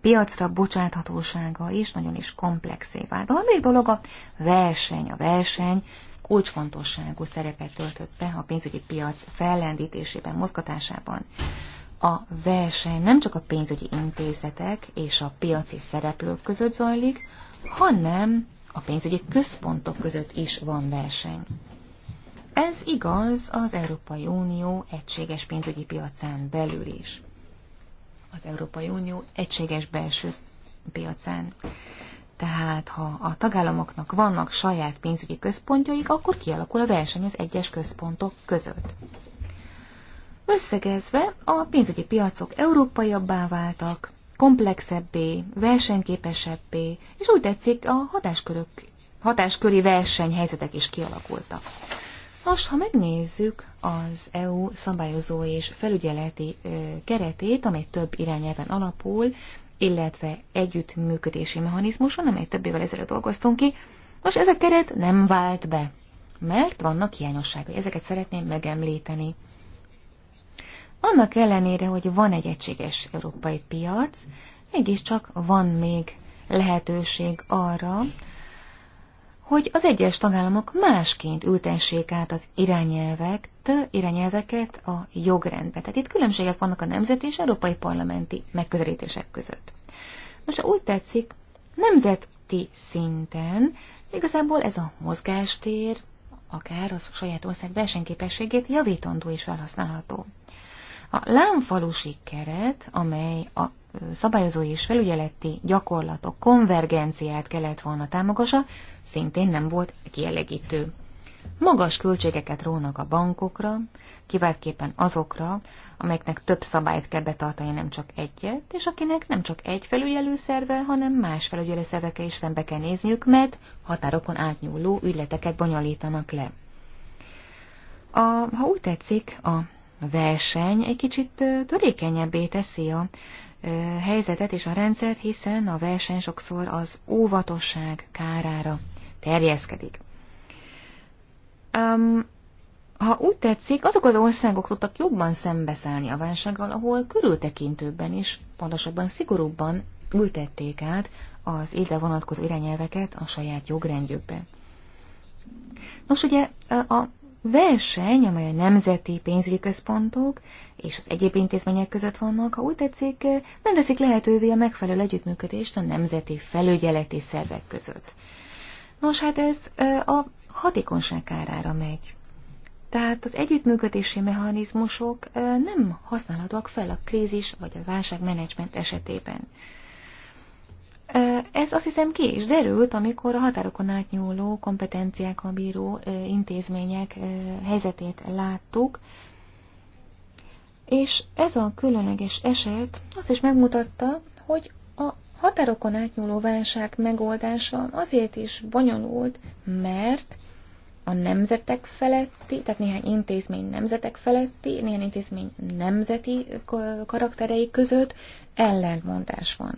piacra bocsáthatósága is nagyon is komplexé vált. A harmadik dolog a verseny. A verseny kulcsfontosságú szerepet töltött be a pénzügyi piac fellendítésében, mozgatásában. A verseny nem csak a pénzügyi intézetek és a piaci szereplők között zajlik, hanem a pénzügyi központok között is van verseny. Ez igaz az Európai Unió egységes pénzügyi piacán belül is. Az Európai Unió egységes belső piacán. Tehát, ha a tagállamoknak vannak saját pénzügyi központjaik, akkor kialakul a verseny az egyes központok között. Összegezve a pénzügyi piacok európaiabbá váltak, komplexebbé, versenyképesebbé, és úgy tetszik, a hatáskörök, hatásköri versenyhelyzetek is kialakultak. Nos, ha megnézzük az EU szabályozó és felügyeleti keretét, amely több irányelven alapul, illetve együttműködési mechanizmuson, amely több évvel ezelőtt dolgoztunk ki, most ez a keret nem vált be, mert vannak hiányosságai. Ezeket szeretném megemlíteni. Annak ellenére, hogy van egy egységes európai piac, mégiscsak van még lehetőség arra, hogy az egyes tagállamok másként ültessék át az irányelveket, irányelveket a jogrendbe. Tehát itt különbségek vannak a nemzeti és európai parlamenti megközelítések között. Most, ha úgy tetszik, nemzeti szinten igazából ez a mozgástér, akár az saját ország versenyképességét javítandó és felhasználható. A lámfalusi keret, amely a szabályozói és felügyeleti gyakorlatok konvergenciát kellett volna támogassa, szintén nem volt kielégítő. Magas költségeket rónak a bankokra, kiváltképpen azokra, amelyeknek több szabályt kell betartani, nem csak egyet, és akinek nem csak egy szerve, hanem más szerveke is szembe kell nézniük, mert határokon átnyúló ügyleteket bonyolítanak le. A, ha úgy tetszik, a verseny egy kicsit törékenyebbé teszi a helyzetet és a rendszert, hiszen a verseny sokszor az óvatosság kárára terjeszkedik. Um, ha úgy tetszik, azok az országok tudtak jobban szembeszállni a válsággal, ahol körültekintőbben és pontosabban szigorúbban ültették át az ide vonatkozó irányelveket a saját jogrendjükbe. Nos, ugye a verseny, amely a nemzeti pénzügyi központok és az egyéb intézmények között vannak, ha úgy tetszik, nem teszik lehetővé a megfelelő együttműködést a nemzeti felügyeleti szervek között. Nos, hát ez a hatékonyság árára megy. Tehát az együttműködési mechanizmusok nem használhatóak fel a krízis vagy a válságmenedzsment esetében. Ez azt hiszem ki is derült, amikor a határokon átnyúló kompetenciákkal bíró intézmények helyzetét láttuk, és ez a különleges eset azt is megmutatta, hogy a határokon átnyúló válság megoldása azért is bonyolult, mert a nemzetek feletti, tehát néhány intézmény nemzetek feletti, néhány intézmény nemzeti karakterei között ellentmondás van.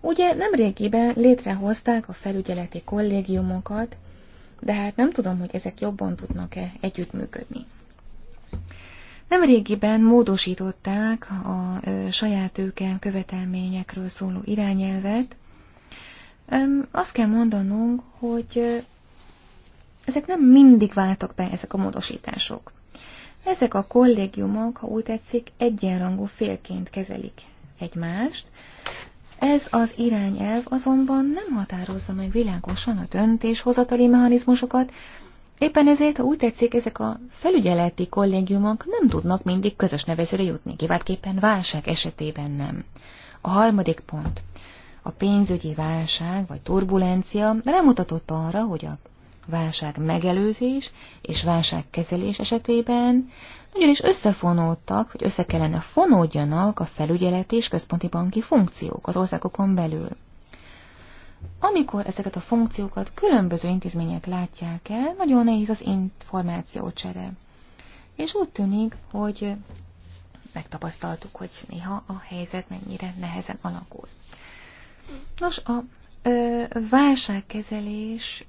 Ugye nem régiben létrehozták a felügyeleti kollégiumokat, de hát nem tudom, hogy ezek jobban tudnak-e együttműködni. Nem régiben módosították a saját őke követelményekről szóló irányelvet. Azt kell mondanunk, hogy ezek nem mindig váltak be, ezek a módosítások. Ezek a kollégiumok, ha úgy tetszik, egyenrangú félként kezelik egymást, ez az irányelv azonban nem határozza meg világosan a döntéshozatali mechanizmusokat, éppen ezért, ha úgy tetszik, ezek a felügyeleti kollégiumok nem tudnak mindig közös nevezőre jutni, kiváltképpen válság esetében nem. A harmadik pont. A pénzügyi válság vagy turbulencia rámutatott arra, hogy a válság megelőzés és válságkezelés esetében nagyon is összefonódtak, hogy össze kellene fonódjanak a felügyeleti és központi banki funkciók az országokon belül. Amikor ezeket a funkciókat különböző intézmények látják el, nagyon nehéz az információcsere. És úgy tűnik, hogy megtapasztaltuk, hogy néha a helyzet mennyire nehezen alakul. Nos, a ö, válságkezelés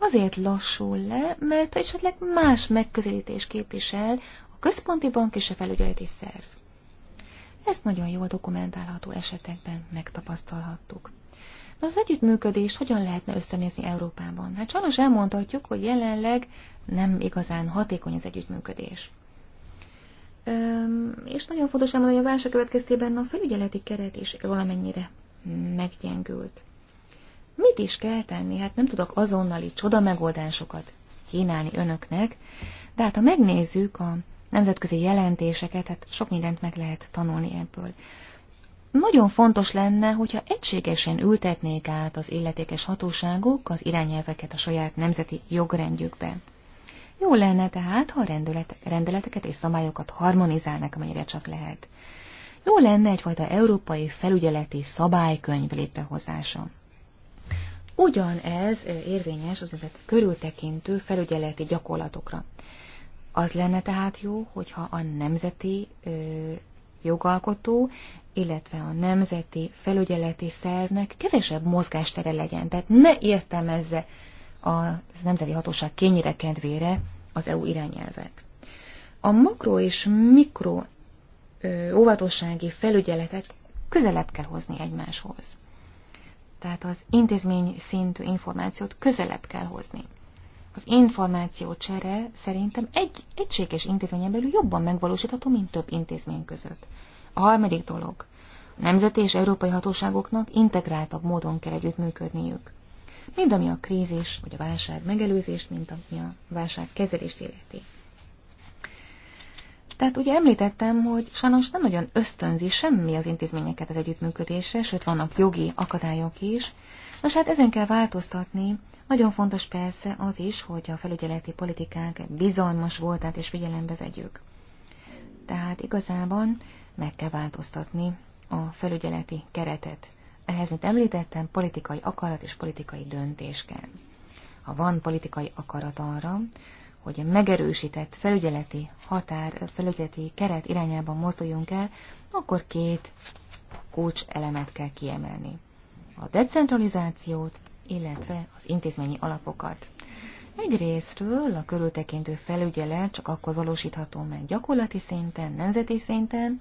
azért lassul le, mert esetleg más megközelítés képvisel a központi bank és a felügyeleti szerv. Ezt nagyon jól dokumentálható esetekben megtapasztalhattuk. Na az együttműködés hogyan lehetne összenézni Európában? Hát sajnos elmondhatjuk, hogy jelenleg nem igazán hatékony az együttműködés. Üm, és nagyon fontos elmondani, hogy a válság következtében a felügyeleti keret is valamennyire meggyengült. Mit is kell tenni? Hát nem tudok azonnali csoda megoldásokat kínálni önöknek, de hát ha megnézzük a nemzetközi jelentéseket, hát sok mindent meg lehet tanulni ebből. Nagyon fontos lenne, hogyha egységesen ültetnék át az illetékes hatóságok az irányelveket a saját nemzeti jogrendjükbe. Jó lenne tehát, ha a rendelet, rendeleteket és szabályokat harmonizálnak, amennyire csak lehet. Jó lenne egyfajta európai felügyeleti szabálykönyv létrehozása. Ugyanez érvényes az ezek körültekintő felügyeleti gyakorlatokra. Az lenne tehát jó, hogyha a nemzeti ö, jogalkotó, illetve a nemzeti felügyeleti szervnek kevesebb mozgástere legyen. Tehát ne értelmezze a nemzeti hatóság kényére kedvére az EU irányelvet. A makro és mikro ö, óvatossági felügyeletet közelebb kell hozni egymáshoz. Tehát az intézmény szintű információt közelebb kell hozni. Az információ csere szerintem egy egységes intézményen belül jobban megvalósítható, mint több intézmény között. A harmadik dolog. A nemzeti és európai hatóságoknak integráltabb módon kell együttműködniük. Mind ami a krízis vagy a válság megelőzést, mint ami a válság kezelést illeti. Tehát ugye említettem, hogy sajnos nem nagyon ösztönzi semmi az intézményeket az együttműködésre, sőt vannak jogi akadályok is. Nos hát ezen kell változtatni. Nagyon fontos persze az is, hogy a felügyeleti politikák bizalmas voltát és figyelembe vegyük. Tehát igazában meg kell változtatni a felügyeleti keretet. Ehhez, mint említettem, politikai akarat és politikai döntés kell. Ha van politikai akarat arra, hogy a megerősített felügyeleti határ, felügyeleti keret irányában mozduljunk el, akkor két kulcs elemet kell kiemelni. A decentralizációt, illetve az intézményi alapokat. Egyrésztről a körültekintő felügyelet csak akkor valósítható meg gyakorlati szinten, nemzeti szinten,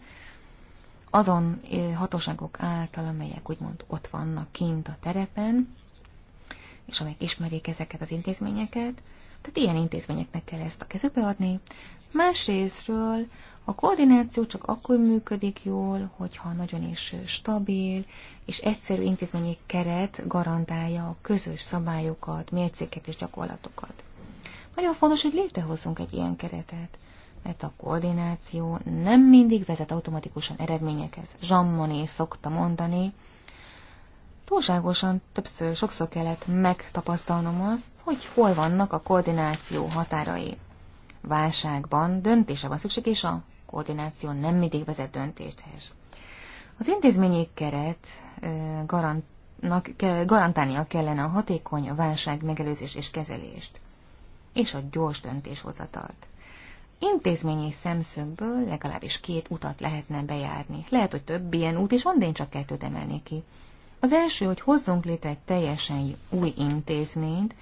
azon eh, hatóságok által, amelyek úgymond ott vannak kint a terepen, és amelyek ismerik ezeket az intézményeket, tehát ilyen intézményeknek kell ezt a kezükbe adni. Másrésztről a koordináció csak akkor működik jól, hogyha nagyon is stabil és egyszerű intézményi keret garantálja a közös szabályokat, mércéket és gyakorlatokat. Nagyon fontos, hogy létrehozzunk egy ilyen keretet, mert a koordináció nem mindig vezet automatikusan eredményekhez. Zsammoné szokta mondani, túlságosan többször, sokszor kellett megtapasztalnom azt, hogy hol vannak a koordináció határai. Válságban döntése van szükség, és a koordináció nem mindig vezet döntéshez. Az intézményi keret garantálnia kellene a hatékony válság megelőzés és kezelést, és a gyors döntéshozatalt. Intézményi szemszögből legalábbis két utat lehetne bejárni. Lehet, hogy több ilyen út is van, de én csak kettőt emelnék ki. Az első, hogy hozzunk létre egy teljesen új intézményt,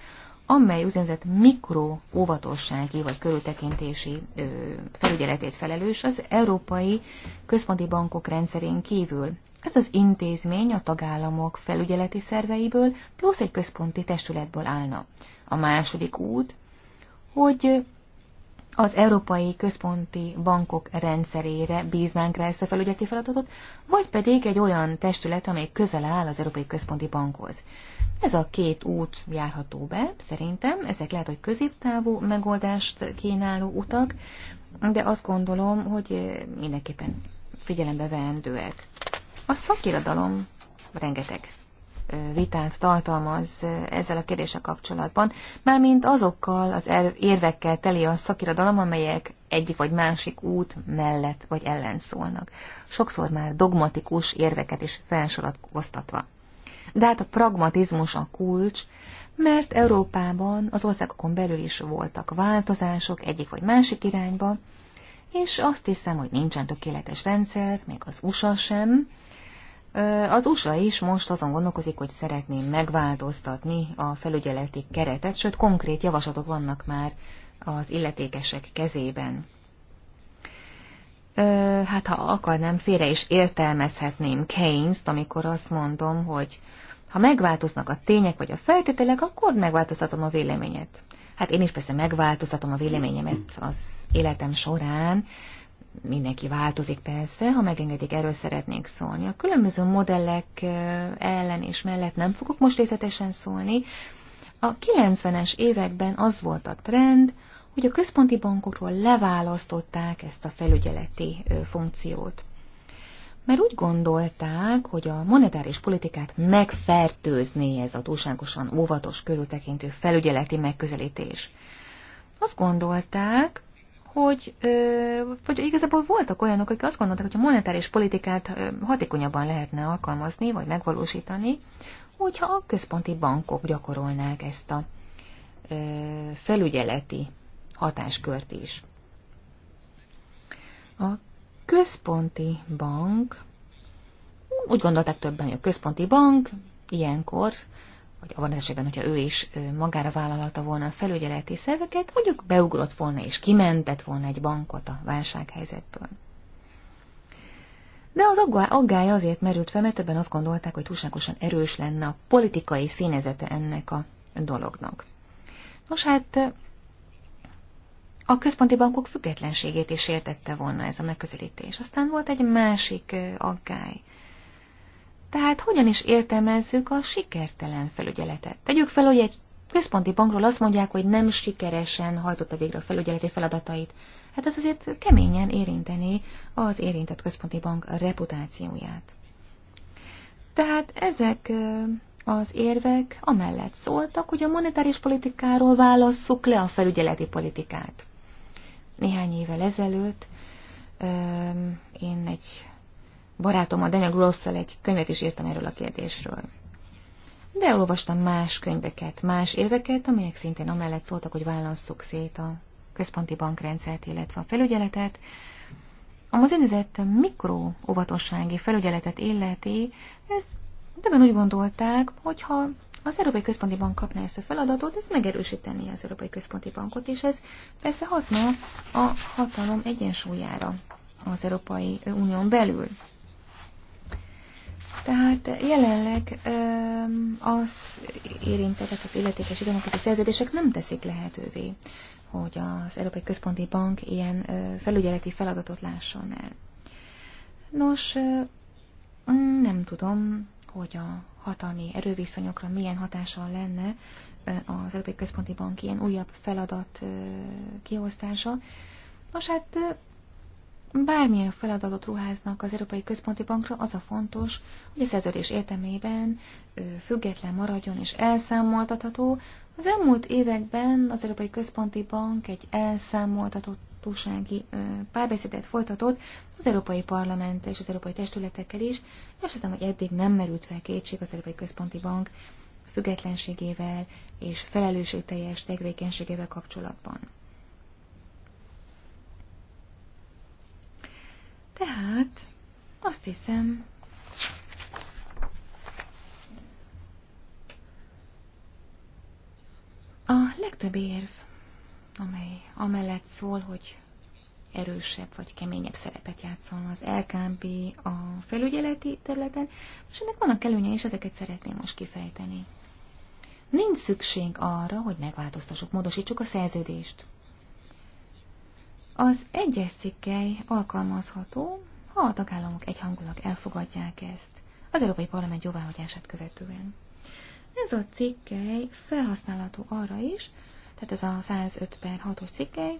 amely úgynevezett mikro óvatossági vagy körültekintési ö, felügyeletét felelős az Európai Központi Bankok rendszerén kívül. Ez az intézmény a tagállamok felügyeleti szerveiből plusz egy központi testületből állna. A második út, hogy az Európai Központi Bankok rendszerére bíznánk rá ezt a felügyeleti feladatot, vagy pedig egy olyan testület, amely közel áll az Európai Központi Bankhoz. Ez a két út járható be, szerintem. Ezek lehet, hogy középtávú megoldást kínáló utak, de azt gondolom, hogy mindenképpen figyelembe veendőek. A szakirodalom rengeteg vitát tartalmaz ezzel a kérdéssel kapcsolatban, mármint azokkal az érvekkel teli a szakirodalom, amelyek egyik vagy másik út mellett vagy ellen szólnak. Sokszor már dogmatikus érveket is felsoratkoztatva. De hát a pragmatizmus a kulcs, mert Európában az országokon belül is voltak változások egyik vagy másik irányba, és azt hiszem, hogy nincsen tökéletes rendszer, még az USA sem, az USA is most azon gondolkozik, hogy szeretné megváltoztatni a felügyeleti keretet, sőt konkrét javaslatok vannak már az illetékesek kezében. Hát ha akarnám, félre is értelmezhetném keynes amikor azt mondom, hogy ha megváltoznak a tények vagy a feltételek, akkor megváltoztatom a véleményet. Hát én is persze megváltoztatom a véleményemet az életem során, mindenki változik persze, ha megengedik, erről szeretnék szólni. A különböző modellek ellen és mellett nem fogok most részletesen szólni. A 90-es években az volt a trend, hogy a központi bankokról leválasztották ezt a felügyeleti funkciót. Mert úgy gondolták, hogy a monetáris politikát megfertőzné ez a túlságosan óvatos körültekintő felügyeleti megközelítés. Azt gondolták, hogy, vagy igazából voltak olyanok, akik azt gondolták, hogy a monetáris politikát hatékonyabban lehetne alkalmazni, vagy megvalósítani, hogyha a központi bankok gyakorolnák ezt a felügyeleti hatáskört is. A központi bank, úgy gondolták többen, hogy a központi bank ilyenkor hogy abban az esetben, hogyha ő is magára vállalta volna a felügyeleti szerveket, mondjuk beugrott volna és kimentett volna egy bankot a válsághelyzetből. De az aggája azért merült fel, mert többen azt gondolták, hogy túlságosan erős lenne a politikai színezete ennek a dolognak. Nos hát, a központi bankok függetlenségét is értette volna ez a megközelítés. Aztán volt egy másik aggály. Tehát hogyan is értelmezzük a sikertelen felügyeletet? Tegyük fel, hogy egy központi bankról azt mondják, hogy nem sikeresen hajtotta végre a felügyeleti feladatait. Hát ez azért keményen érinteni az érintett központi bank reputációját. Tehát ezek az érvek amellett szóltak, hogy a monetáris politikáról válasszuk le a felügyeleti politikát. Néhány évvel ezelőtt én egy barátom a Daniel Grosszal egy könyvet is írtam erről a kérdésről. De elolvastam más könyveket, más érveket, amelyek szintén amellett szóltak, hogy válasszuk szét a központi bankrendszert, illetve a felügyeletet. Az mikro óvatossági felügyeletet illeti, ez többen úgy gondolták, hogyha az Európai Központi Bank kapná ezt a feladatot, ez megerősíteni az Európai Központi Bankot, és ez persze hatna a hatalom egyensúlyára az Európai Unión belül. Tehát jelenleg az érintetek az illetékes időnapozó szerződések nem teszik lehetővé, hogy az Európai Központi Bank ilyen felügyeleti feladatot lásson el. Nos, nem tudom, hogy a hatalmi erőviszonyokra milyen hatással lenne az Európai Központi Bank ilyen újabb feladat kiosztása. Nos, hát bármilyen feladatot ruháznak az Európai Központi Bankra, az a fontos, hogy a szerződés értelmében független maradjon és elszámoltatható. Az elmúlt években az Európai Központi Bank egy elszámoltatósági párbeszédet folytatott az Európai parlament és az Európai Testületekkel is, és azt hiszem, hogy eddig nem merült fel kétség az Európai Központi Bank függetlenségével és felelősségteljes tegvékenységével kapcsolatban. Tehát azt hiszem, a legtöbb érv, amely amellett szól, hogy erősebb vagy keményebb szerepet játszol az LKMP a felügyeleti területen, és ennek vannak előnye, és ezeket szeretném most kifejteni. Nincs szükség arra, hogy megváltoztassuk, módosítsuk a szerződést. Az egyes cikkely alkalmazható, ha a tagállamok egyhangulag elfogadják ezt, az Európai Parlament jóváhagyását követően. Ez a cikkely felhasználható arra is, tehát ez a 105 per 6-os cikkely,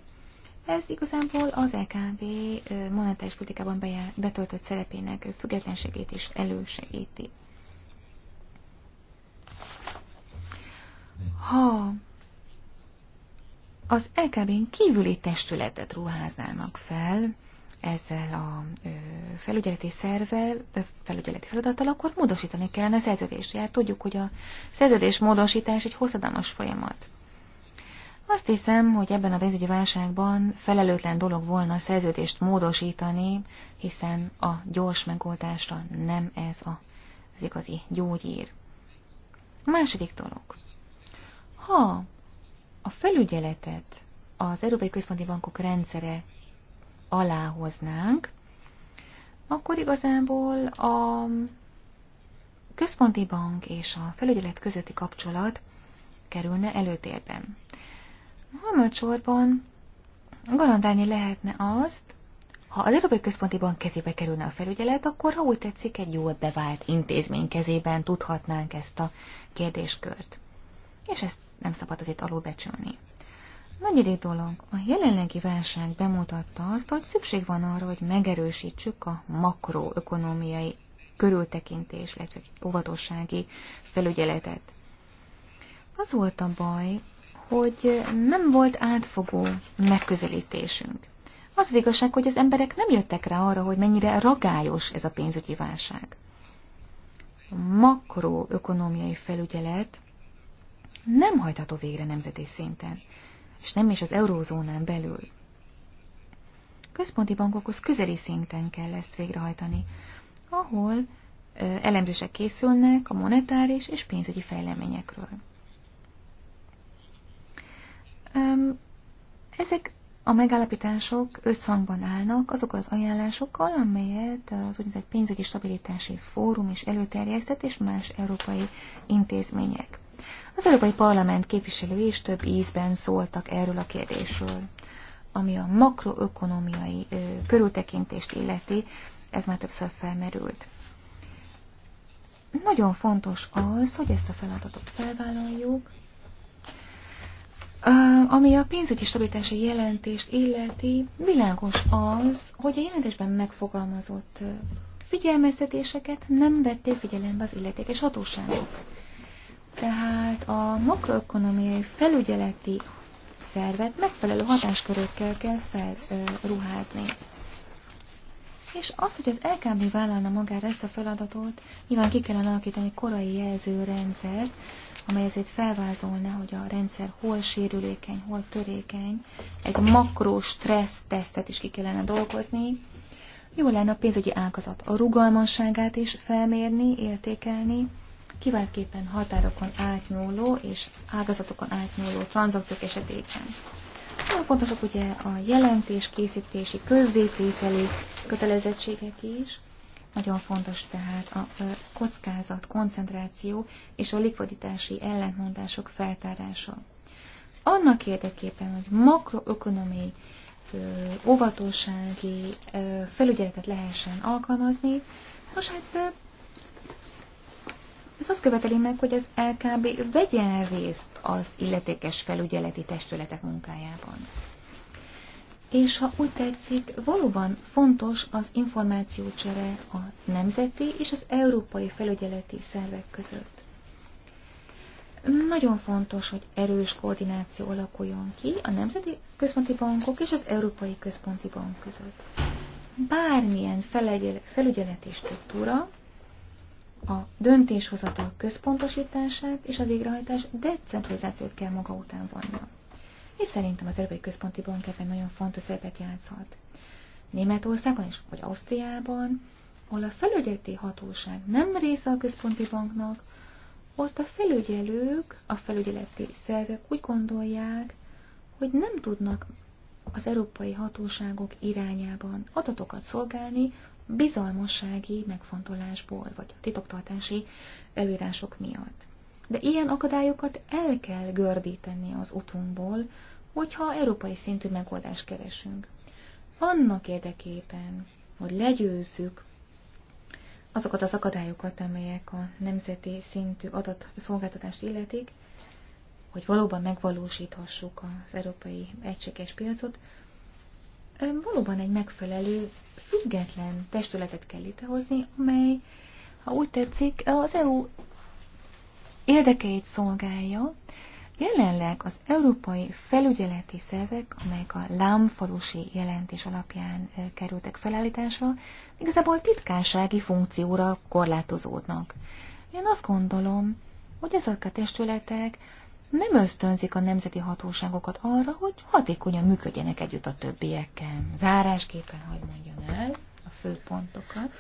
ez igazából az LKB e monetáris politikában betöltött szerepének függetlenségét is elősegíti. Ha az LKB-n kívüli testületet ruháznának fel ezzel a felügyeleti szervvel, felügyeleti feladattal, akkor módosítani kellene a szerződést. Hát tudjuk, hogy a szerződés módosítás egy hosszadalmas folyamat. Azt hiszem, hogy ebben a pénzügyi válságban felelőtlen dolog volna a szerződést módosítani, hiszen a gyors megoldásra nem ez a, az igazi gyógyír. A második dolog. Ha a felügyeletet az Európai Központi Bankok rendszere alá hoznánk, akkor igazából a központi bank és a felügyelet közötti kapcsolat kerülne előtérben. Harmadsorban garantálni lehetne azt, ha az Európai Központi Bank kezébe kerülne a felügyelet, akkor ha úgy tetszik, egy jól bevált intézmény kezében tudhatnánk ezt a kérdéskört és ezt nem szabad azért alulbecsülni. Negyedik dolog, a jelenlegi válság bemutatta azt, hogy szükség van arra, hogy megerősítsük a makroökonomiai körültekintés, illetve óvatossági felügyeletet. Az volt a baj, hogy nem volt átfogó megközelítésünk. Az, az igazság, hogy az emberek nem jöttek rá arra, hogy mennyire ragályos ez a pénzügyi válság. A makroökonomiai felügyelet nem hajtható végre nemzeti szinten, és nem is az eurózónán belül. Központi bankokhoz közeli szinten kell ezt végrehajtani, ahol ö, elemzések készülnek a monetáris és pénzügyi fejleményekről. Öm, ezek a megállapítások összhangban állnak azok az ajánlásokkal, amelyet az úgynevezett pénzügyi stabilitási fórum is előterjesztett, és más európai intézmények. Az Európai Parlament képviselői is több ízben szóltak erről a kérdésről. Ami a makroökonomiai ö, körültekintést illeti, ez már többször felmerült. Nagyon fontos az, hogy ezt a feladatot felvállaljuk, ami a pénzügyi stabilitási jelentést illeti, világos az, hogy a jelentésben megfogalmazott figyelmeztetéseket nem vették figyelembe az illetékes hatóságok. Tehát a makroökonomiai felügyeleti szervet megfelelő hatáskörökkel kell felruházni. És az, hogy az LKB vállalna magára ezt a feladatot, nyilván ki kellene alakítani egy korai jelzőrendszert, amely ezért felvázolná, hogy a rendszer hol sérülékeny, hol törékeny. Egy makró stressz tesztet is ki kellene dolgozni. Jó lenne a pénzügyi ágazat a rugalmasságát is felmérni, értékelni, kiváltképpen határokon átnyúló és ágazatokon átnyúló tranzakciók esetében. Nagyon fontosak ugye a jelentés készítési, közzétételi kötelezettségek is, nagyon fontos tehát a kockázat, koncentráció és a likviditási ellentmondások feltárása. Annak érdekében, hogy makroökonomiai óvatossági felügyeletet lehessen alkalmazni, most hát ez azt követeli meg, hogy az LKB vegyen részt az illetékes felügyeleti testületek munkájában. És ha úgy tetszik, valóban fontos az információcsere a nemzeti és az európai felügyeleti szervek között. Nagyon fontos, hogy erős koordináció alakuljon ki a nemzeti központi bankok és az európai központi bank között. Bármilyen felügyeleti struktúra, a döntéshozatal központosítását és a végrehajtás decentralizációt kell maga után vonnia. És szerintem az Európai Központi Bank ebben nagyon fontos szerepet játszhat. Németországban és vagy Ausztriában, ahol a felügyeleti hatóság nem része a központi banknak, ott a felügyelők, a felügyeleti szervek úgy gondolják, hogy nem tudnak az európai hatóságok irányában adatokat szolgálni, bizalmassági megfontolásból, vagy titoktartási előírások miatt. De ilyen akadályokat el kell gördíteni az utunkból, hogyha európai szintű megoldást keresünk. Annak érdekében, hogy legyőzzük azokat az akadályokat, amelyek a nemzeti szintű adatszolgáltatást illetik, hogy valóban megvalósíthassuk az európai egységes piacot, valóban egy megfelelő, független testületet kell létrehozni, amely, ha úgy tetszik, az EU érdekeit szolgálja. Jelenleg az európai felügyeleti szervek, amelyek a lámfalusi jelentés alapján kerültek felállításra, igazából titkársági funkcióra korlátozódnak. Én azt gondolom, hogy ezek a testületek nem ösztönzik a nemzeti hatóságokat arra, hogy hatékonyan működjenek együtt a többiekkel. Zárásképpen, hogy mondjam el, a fő pontokat.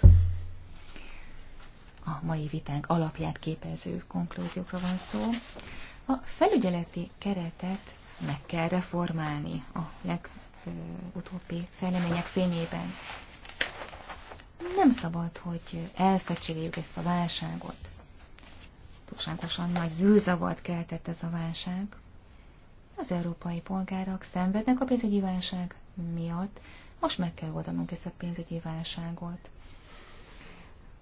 A mai vitánk alapját képező konklúziókra van szó. A felügyeleti keretet meg kell reformálni a legutóbbi fejlemények fényében. Nem szabad, hogy elfecségeljük ezt a válságot túlságosan nagy zűrzavart keltett ez a válság. Az európai polgárok szenvednek a pénzügyi válság miatt, most meg kell oldanunk ezt a pénzügyi válságot.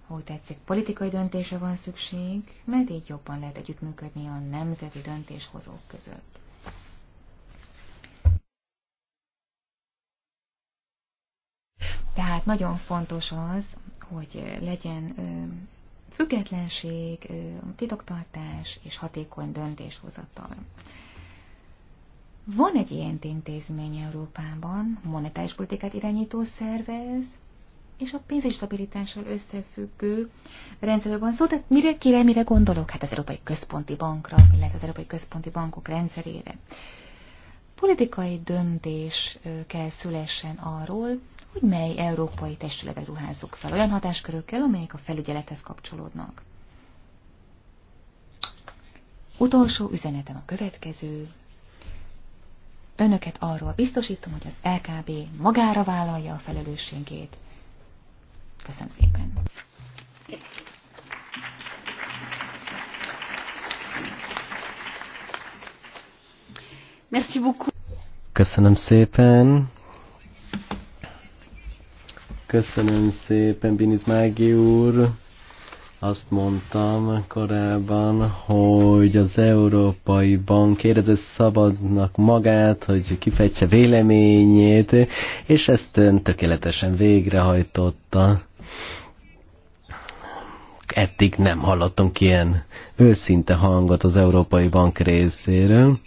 Hogy tetszik, politikai döntése van szükség, mert így jobban lehet együttműködni a nemzeti döntéshozók között. Tehát nagyon fontos az, hogy legyen függetlenség, titoktartás és hatékony döntéshozatal. Van egy ilyen intézmény Európában, monetáris politikát irányító szervez, és a pénzügyi stabilitással összefüggő rendszerről van szó, tehát mire kire, mire gondolok? Hát az Európai Központi Bankra, illetve az Európai Központi Bankok rendszerére. Politikai döntés kell szülessen arról, hogy mely európai testületet ruházzuk fel olyan hatáskörökkel, amelyek a felügyelethez kapcsolódnak. Utolsó üzenetem a következő. Önöket arról biztosítom, hogy az LKB magára vállalja a felelősségét. Köszönöm szépen! Merci beaucoup. Köszönöm szépen. Köszönöm szépen, Biniz Mági úr. Azt mondtam korábban, hogy az Európai Bank érezze szabadnak magát, hogy kifejtse véleményét, és ezt ön tökéletesen végrehajtotta. Eddig nem hallottunk ilyen őszinte hangot az Európai Bank részéről.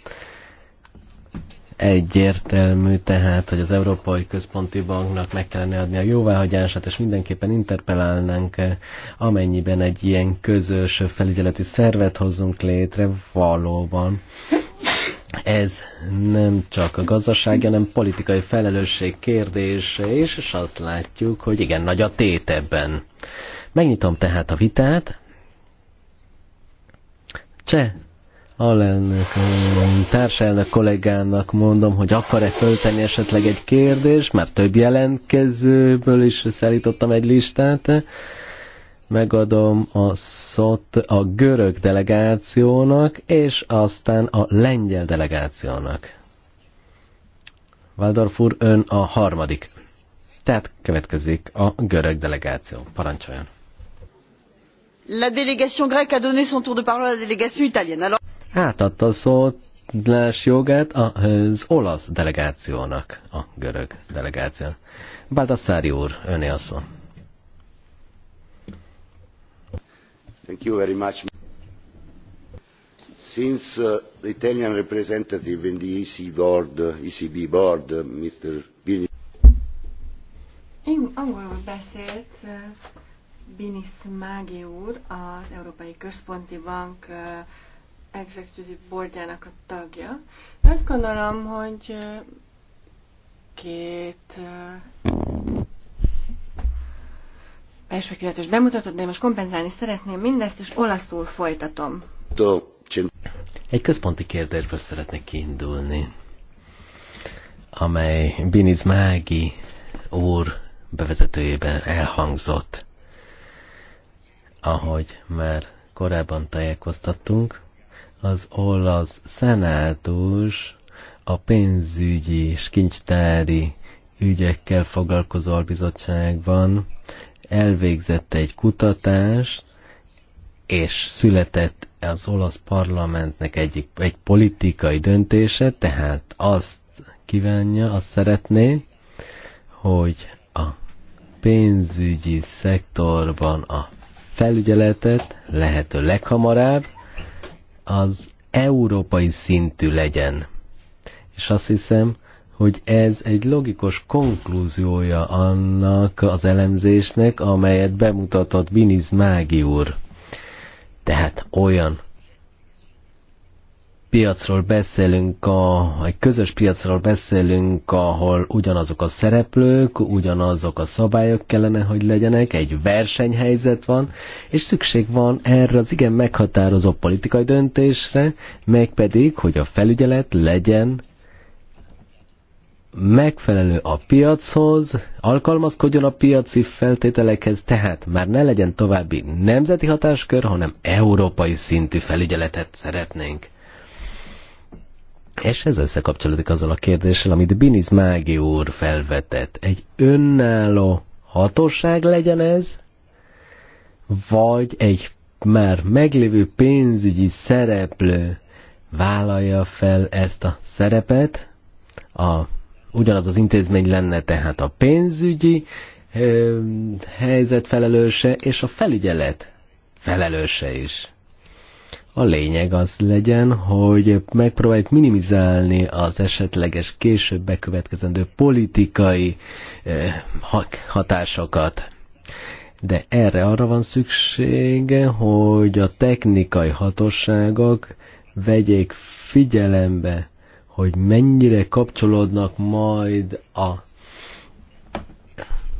Egyértelmű tehát, hogy az Európai Központi Banknak meg kellene adni a jóváhagyását, és mindenképpen interpelálnánk, amennyiben egy ilyen közös felügyeleti szervet hozzunk létre valóban. Ez nem csak a gazdasági, hanem politikai felelősség kérdése is, és azt látjuk, hogy igen, nagy a tét ebben. Megnyitom tehát a vitát. Cseh alelnök, társelnök kollégának mondom, hogy akar-e föltenni esetleg egy kérdést, mert több jelentkezőből is szállítottam egy listát. Megadom a szót a görög delegációnak, és aztán a lengyel delegációnak. Valdorf úr, ön a harmadik. Tehát következik a görög delegáció. Parancsoljon! la délégation grecque a donné son tour de parole à la délégation italienne. Alors... Átadta a szótlás jogát az olasz delegációnak, a görög delegáció. Baldassari úr, öné a szó. Thank you very much. Since uh, the Italian representative in the EC board, uh, e ECB board, uh, Mr. Bini... Én angolul beszélt, uh... Binis Mági úr, az Európai Központi Bank Executive Boardjának a tagja. Azt gondolom, hogy két perspektívetős bemutatott, de én most kompenzálni szeretném mindezt, és olaszul folytatom. Egy központi kérdésből szeretnék kiindulni, amely Binis Mági úr bevezetőjében elhangzott. Ahogy már korábban tájékoztattunk, az olasz szenátus a pénzügyi és kincstári ügyekkel foglalkozó albizottságban elvégzett egy kutatást, és született az olasz parlamentnek egyik, egy politikai döntése, tehát azt kívánja, azt szeretné, hogy a pénzügyi szektorban a felügyeletet lehető leghamarabb az európai szintű legyen. És azt hiszem, hogy ez egy logikus konklúziója annak az elemzésnek, amelyet bemutatott Biniz Mági úr. Tehát olyan piacról beszélünk, a, egy közös piacról beszélünk, ahol ugyanazok a szereplők, ugyanazok a szabályok kellene, hogy legyenek, egy versenyhelyzet van, és szükség van erre az igen meghatározó politikai döntésre, pedig hogy a felügyelet legyen megfelelő a piachoz, alkalmazkodjon a piaci feltételekhez, tehát már ne legyen további nemzeti hatáskör, hanem európai szintű felügyeletet szeretnénk. És ez összekapcsolódik azzal a kérdéssel, amit Biniz Mági úr felvetett. Egy önálló hatóság legyen ez, vagy egy már meglévő pénzügyi szereplő vállalja fel ezt a szerepet. A, ugyanaz az intézmény lenne tehát a pénzügyi ö, helyzet felelőse és a felügyelet felelőse is. A lényeg az legyen, hogy megpróbáljuk minimizálni az esetleges később bekövetkezendő politikai eh, hatásokat. De erre arra van szüksége, hogy a technikai hatóságok vegyék figyelembe, hogy mennyire kapcsolódnak majd a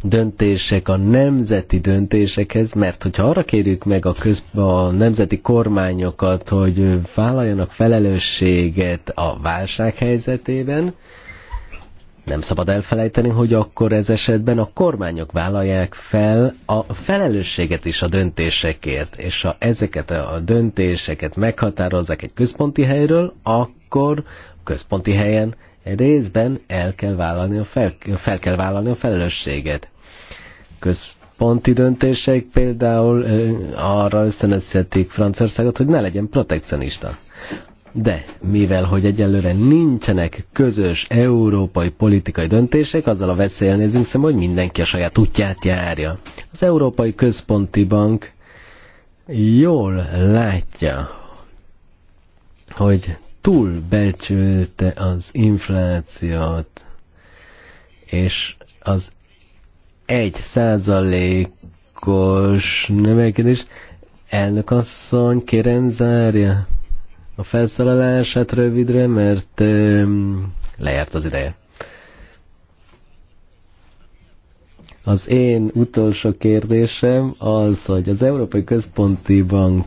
döntések a nemzeti döntésekhez, mert hogyha arra kérjük meg a, köz, a nemzeti kormányokat, hogy vállaljanak felelősséget a válság helyzetében, nem szabad elfelejteni, hogy akkor ez esetben a kormányok vállalják fel a felelősséget is a döntésekért, és ha ezeket a döntéseket meghatározzák egy központi helyről, akkor központi helyen részben el kell vállalni a fel, fel kell vállalni a felelősséget. Központi döntések például arra ösztönözhetik Franciaországot, hogy ne legyen protekcionista. De mivel, hogy egyelőre nincsenek közös európai politikai döntések, azzal a veszélyen nézünk szem, hogy mindenki a saját útját járja. Az Európai Központi Bank jól látja, hogy túlbecsülte az inflációt, és az egy százalékos növekedés. elnökasszony kérem zárja a felszólalását rövidre, mert öm, lejárt az ideje. Az én utolsó kérdésem az, hogy az Európai Központi Bank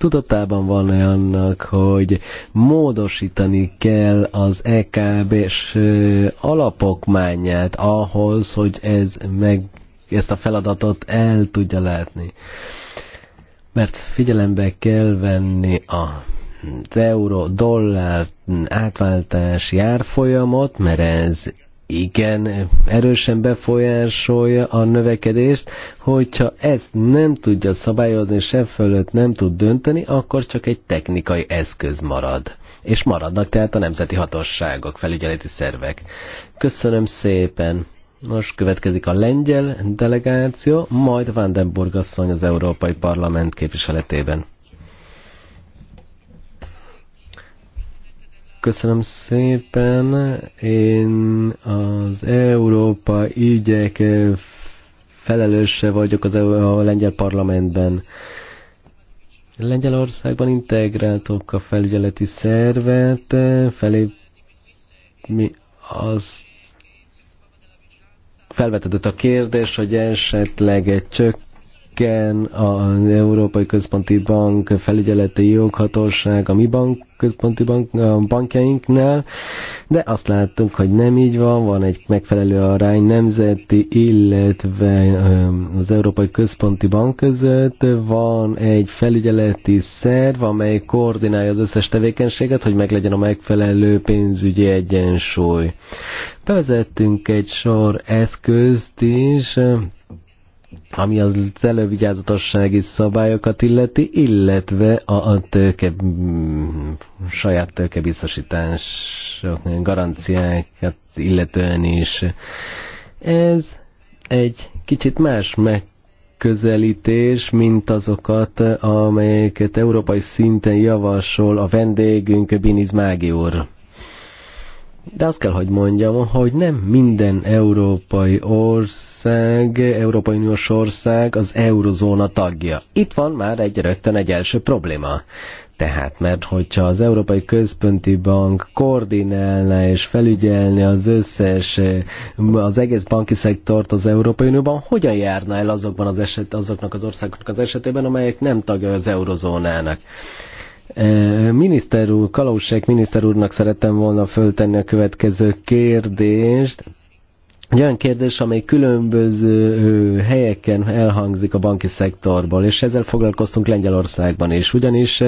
tudatában van -e annak, hogy módosítani kell az EKB-s alapokmányát ahhoz, hogy ez meg ezt a feladatot el tudja látni. Mert figyelembe kell venni a euró-dollár átváltási árfolyamot, mert ez igen erősen befolyásolja a növekedést, hogyha ezt nem tudja szabályozni, sem fölött nem tud dönteni, akkor csak egy technikai eszköz marad. És maradnak tehát a nemzeti hatóságok, felügyeleti szervek. Köszönöm szépen! Most következik a lengyel delegáció, majd Vandenburg asszony az Európai Parlament képviseletében. Köszönöm szépen. Én az Európa ügyek felelőse vagyok az a lengyel parlamentben. Lengyelországban integráltok a felügyeleti szervet, felé mi az felvetődött a kérdés, hogy esetleg csökkent igen, az Európai Központi Bank felügyeleti joghatóság a mi bank, központi bank, bankjainknál, de azt láttunk, hogy nem így van, van egy megfelelő arány nemzeti, illetve az Európai Központi Bank között van egy felügyeleti szerv, amely koordinálja az összes tevékenységet, hogy meglegyen a megfelelő pénzügyi egyensúly. Bevezettünk egy sor eszközt is, ami az elővigyázatossági szabályokat illeti, illetve a, a tőke, mm, saját tőkebiztosítások garanciákat illetően is. Ez egy kicsit más megközelítés, mint azokat, amelyeket európai szinten javasol a vendégünk Biniz Mági úr de azt kell, hogy mondjam, hogy nem minden európai ország, Európai Uniós ország az eurozóna tagja. Itt van már egy rögtön egy első probléma. Tehát, mert hogyha az Európai Központi Bank koordinálna és felügyelni az összes, az egész banki szektort az Európai Unióban, hogyan járna el azokban az eset, azoknak az országoknak az esetében, amelyek nem tagja az eurozónának? Miniszter úr, Kalausek miniszter úrnak szerettem volna föltenni a következő kérdést. Egy olyan kérdés, amely különböző helyeken elhangzik a banki szektorból, és ezzel foglalkoztunk Lengyelországban is, ugyanis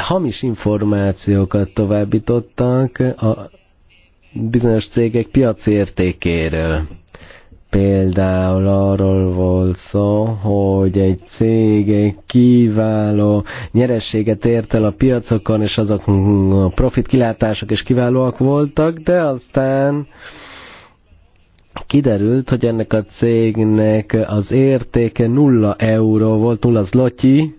hamis információkat továbbítottak a bizonyos cégek piaci értékéről. Például arról volt szó, hogy egy cég kiváló nyerességet ért el a piacokon, és azok a profit kilátások is kiválóak voltak, de aztán kiderült, hogy ennek a cégnek az értéke nulla euró volt, nulla zlotyi,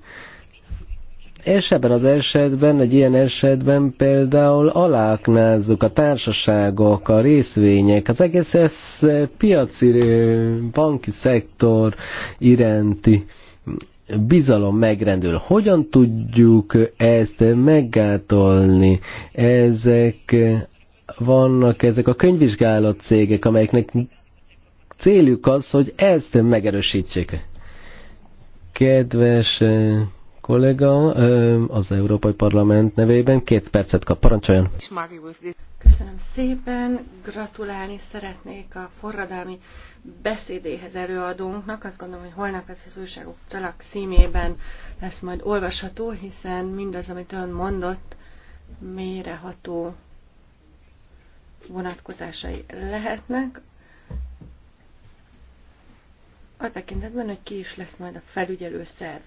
és ebben az esetben, egy ilyen esetben például aláknázzuk a társaságok, a részvények, az egész ez eh, piaci eh, banki szektor iránti bizalom megrendül. Hogyan tudjuk ezt meggátolni? Ezek eh, vannak ezek a könyvvizsgálat cégek, amelyeknek céljuk az, hogy ezt megerősítsék. Kedves kollega az Európai Parlament nevében. Két percet kap, parancsoljon. Köszönöm szépen, gratulálni szeretnék a forradalmi beszédéhez előadónknak. Azt gondolom, hogy holnap ez az újságok csalak címében lesz majd olvasható, hiszen mindaz, amit ön mondott, méreható vonatkozásai lehetnek. A tekintetben, hogy ki is lesz majd a felügyelő szerv.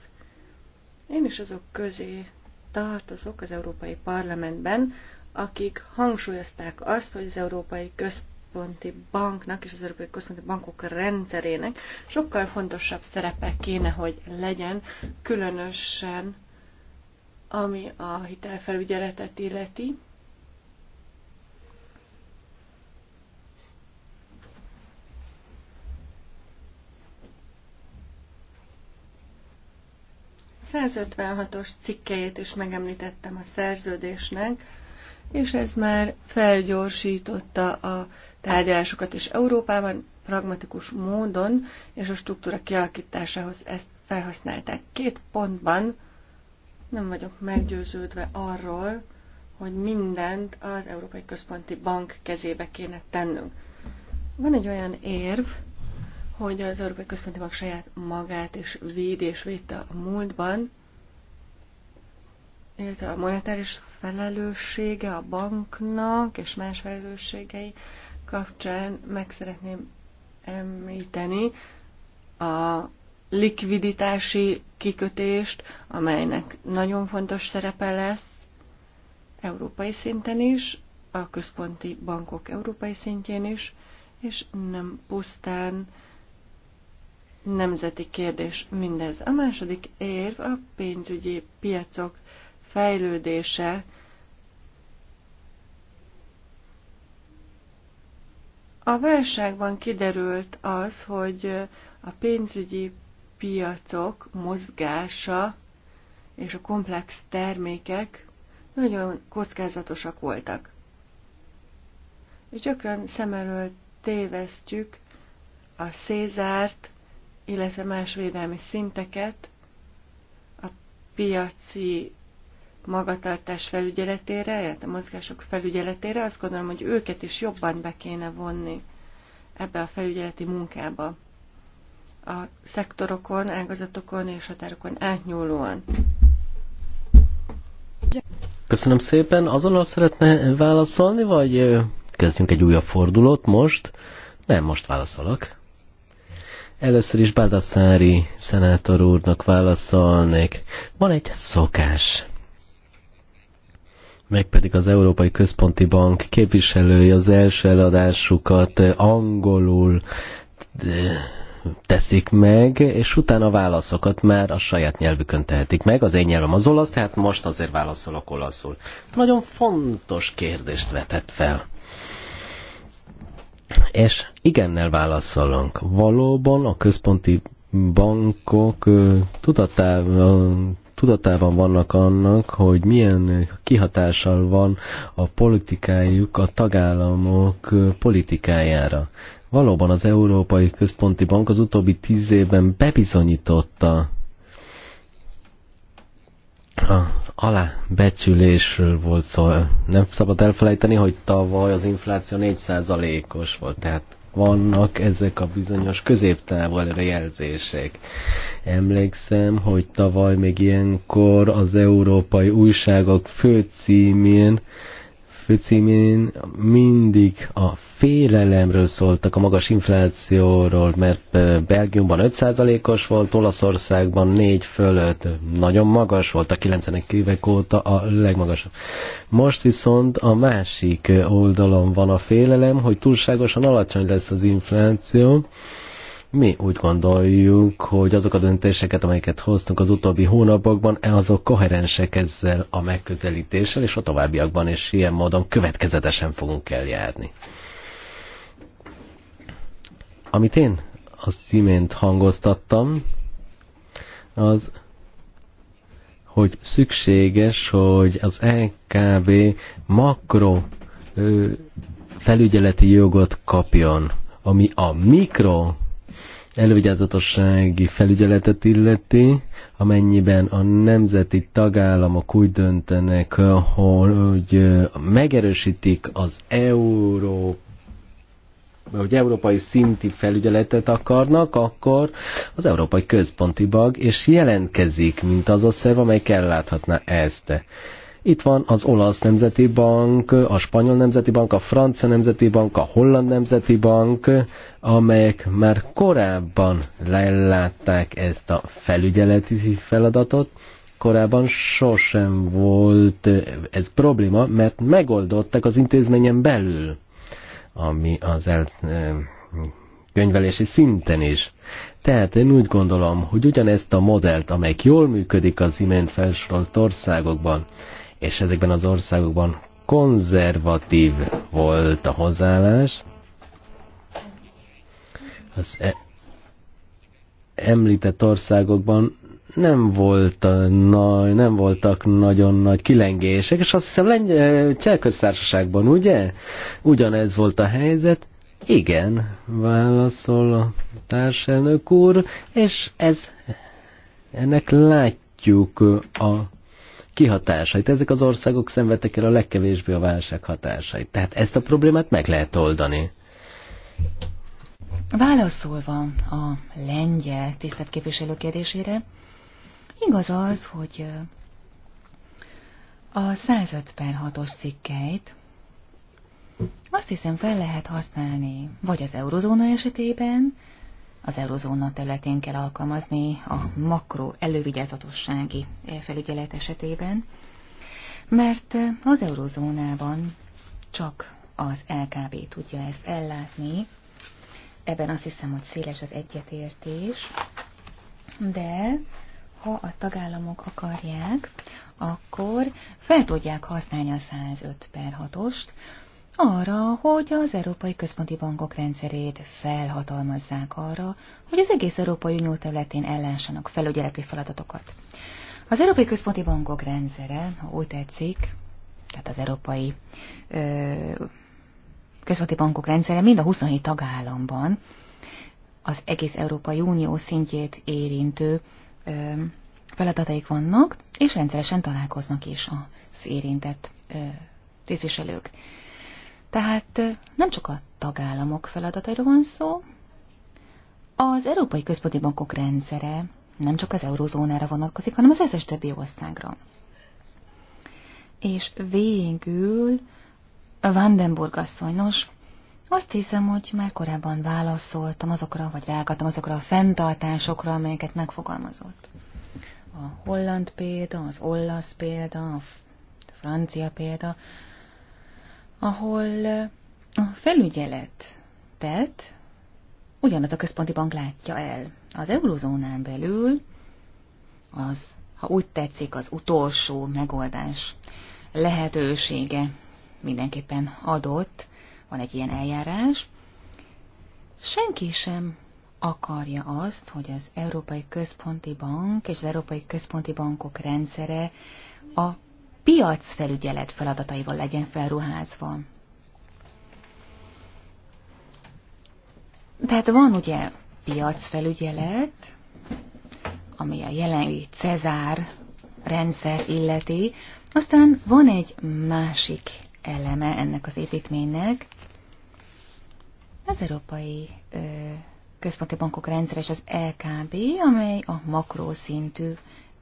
Én is azok közé tartozok az Európai Parlamentben, akik hangsúlyozták azt, hogy az Európai Központi Banknak és az Európai Központi Bankok rendszerének sokkal fontosabb szerepe kéne, hogy legyen, különösen ami a hitelfelügyeletet illeti, 156-os cikkejét is megemlítettem a szerződésnek, és ez már felgyorsította a tárgyalásokat is Európában, pragmatikus módon, és a struktúra kialakításához ezt felhasználták. Két pontban nem vagyok meggyőződve arról, hogy mindent az Európai Központi Bank kezébe kéne tennünk. Van egy olyan érv, hogy az Európai Központi Bank saját magát és véd és védte a múltban, illetve a monetáris felelőssége a banknak és más felelősségei kapcsán meg szeretném említeni a likviditási kikötést, amelynek nagyon fontos szerepe lesz európai szinten is, a központi bankok európai szintjén is, és nem pusztán nemzeti kérdés mindez. A második érv a pénzügyi piacok fejlődése, A válságban kiderült az, hogy a pénzügyi piacok mozgása és a komplex termékek nagyon kockázatosak voltak. És gyakran szem elől tévesztjük a Szézárt illetve más védelmi szinteket a piaci magatartás felügyeletére, a mozgások felügyeletére, azt gondolom, hogy őket is jobban be kéne vonni ebbe a felügyeleti munkába. A szektorokon, ágazatokon és határokon átnyúlóan. Köszönöm szépen. Azonnal szeretne válaszolni, vagy kezdjünk egy újabb fordulót most? Nem, most válaszolok. Először is Baldassari szenátor úrnak válaszolnék. Van egy szokás, pedig az Európai Központi Bank képviselői az első eladásukat angolul eh, teszik meg, és utána a válaszokat már a saját nyelvükön tehetik meg. Az én nyelvem az olasz, tehát most azért válaszolok olaszul. Nagyon fontos kérdést vetett fel és igennel válaszolunk. Valóban a központi bankok tudatában, tudatában vannak annak, hogy milyen kihatással van a politikájuk a tagállamok politikájára. Valóban az Európai Központi Bank az utóbbi tíz évben bebizonyította az alábecsülésről volt szó. Nem szabad elfelejteni, hogy tavaly az infláció 4%-os volt, tehát vannak ezek a bizonyos középtávú előrejelzések. Emlékszem, hogy tavaly még ilyenkor az európai újságok főcímén főcímén mindig a félelemről szóltak, a magas inflációról, mert Belgiumban 5%-os volt, Olaszországban 4 fölött nagyon magas volt, a 90-ek évek óta a legmagasabb. Most viszont a másik oldalon van a félelem, hogy túlságosan alacsony lesz az infláció, mi úgy gondoljuk, hogy azok a döntéseket, amelyeket hoztunk az utóbbi hónapokban, e azok koherensek ezzel a megközelítéssel, és a továbbiakban is ilyen módon következetesen fogunk eljárni. Amit én az imént hangoztattam, az, hogy szükséges, hogy az EKB makro ö, felügyeleti jogot kapjon, ami a mikro elővigyázatossági felügyeletet illeti, amennyiben a nemzeti tagállamok úgy döntenek, hogy megerősítik az Euró, hogy európai szinti felügyeletet akarnak, akkor az Európai Központi Bank és jelentkezik, mint az a szerv, kell elláthatna ezt. Itt van az olasz nemzeti bank, a spanyol nemzeti bank, a francia nemzeti bank, a holland nemzeti bank, amelyek már korábban lellátták ezt a felügyeleti feladatot, korábban sosem volt ez probléma, mert megoldották az intézményen belül, ami az el, könyvelési szinten is. Tehát én úgy gondolom, hogy ugyanezt a modellt, amelyik jól működik az imént felsorolt országokban, és ezekben az országokban konzervatív volt a hozzáállás. Az e említett országokban nem, volt a nagy, nem voltak nagyon nagy kilengések, és azt hiszem Lengy- köztársaságban ugye? Ugyanez volt a helyzet. Igen, válaszol a társelnök úr, és ez, ennek látjuk a kihatásait. Ezek az országok szenvedtek el a legkevésbé a válság hatásait. Tehát ezt a problémát meg lehet oldani. Válaszolva a lengyel tisztelt képviselő kérdésére, igaz az, hogy a 105 per 6-os cikkeit azt hiszem fel lehet használni, vagy az eurozóna esetében, az eurozóna területén kell alkalmazni a makro elővigyázatossági felügyelet esetében, mert az eurozónában csak az LKB tudja ezt ellátni. Ebben azt hiszem, hogy széles az egyetértés, de ha a tagállamok akarják, akkor fel tudják használni a 105 per 6-ost, arra, hogy az Európai Központi Bankok rendszerét felhatalmazzák arra, hogy az egész Európai Unió területén ellássanak felügyeleti feladatokat. Az Európai Központi Bankok rendszere, ha úgy tetszik, tehát az Európai ö, Központi Bankok rendszere mind a 27 tagállamban az egész Európai Unió szintjét érintő ö, feladataik vannak, és rendszeresen találkoznak is az érintett ö, tisztviselők. Tehát nem csak a tagállamok feladatairól van szó, az Európai Központi Bankok rendszere nem csak az eurozónára vonatkozik, hanem az összes többi országra. És végül Vandenburg asszonynos, azt hiszem, hogy már korábban válaszoltam azokra, vagy rákattam azokra a fenntartásokra, amelyeket megfogalmazott. A holland példa, az olasz példa, a francia példa, ahol a felügyeletet ugyanaz a központi bank látja el. Az eurozónán belül az, ha úgy tetszik, az utolsó megoldás lehetősége mindenképpen adott, van egy ilyen eljárás. Senki sem akarja azt, hogy az Európai Központi Bank és az Európai Központi Bankok rendszere a piacfelügyelet feladataival legyen felruházva. Tehát van ugye piacfelügyelet, ami a jelenlegi Cezár rendszer illeti, aztán van egy másik eleme ennek az építménynek, az Európai ö, Központi Bankok rendszeres és az LKB, amely a makrószintű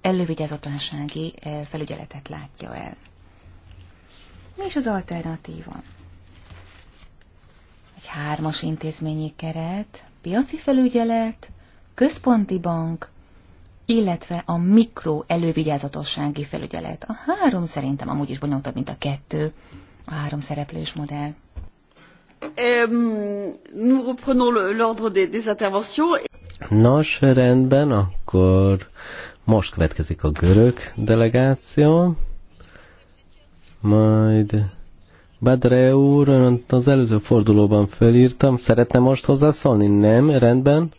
elővigyázatlansági eh, felügyeletet látja el. Mi is az alternatíva? Egy hármas intézményi keret, piaci felügyelet, központi bank, illetve a mikro elővigyázatossági felügyelet. A három szerintem amúgy is bonyolultabb, mint a kettő, a három szereplős modell. Nous reprenons l'ordre des, des interventions. Nos, rendben, akkor most következik a görög delegáció, majd Badre úr, az előző fordulóban felírtam, szeretne most hozzászólni? Nem, rendben.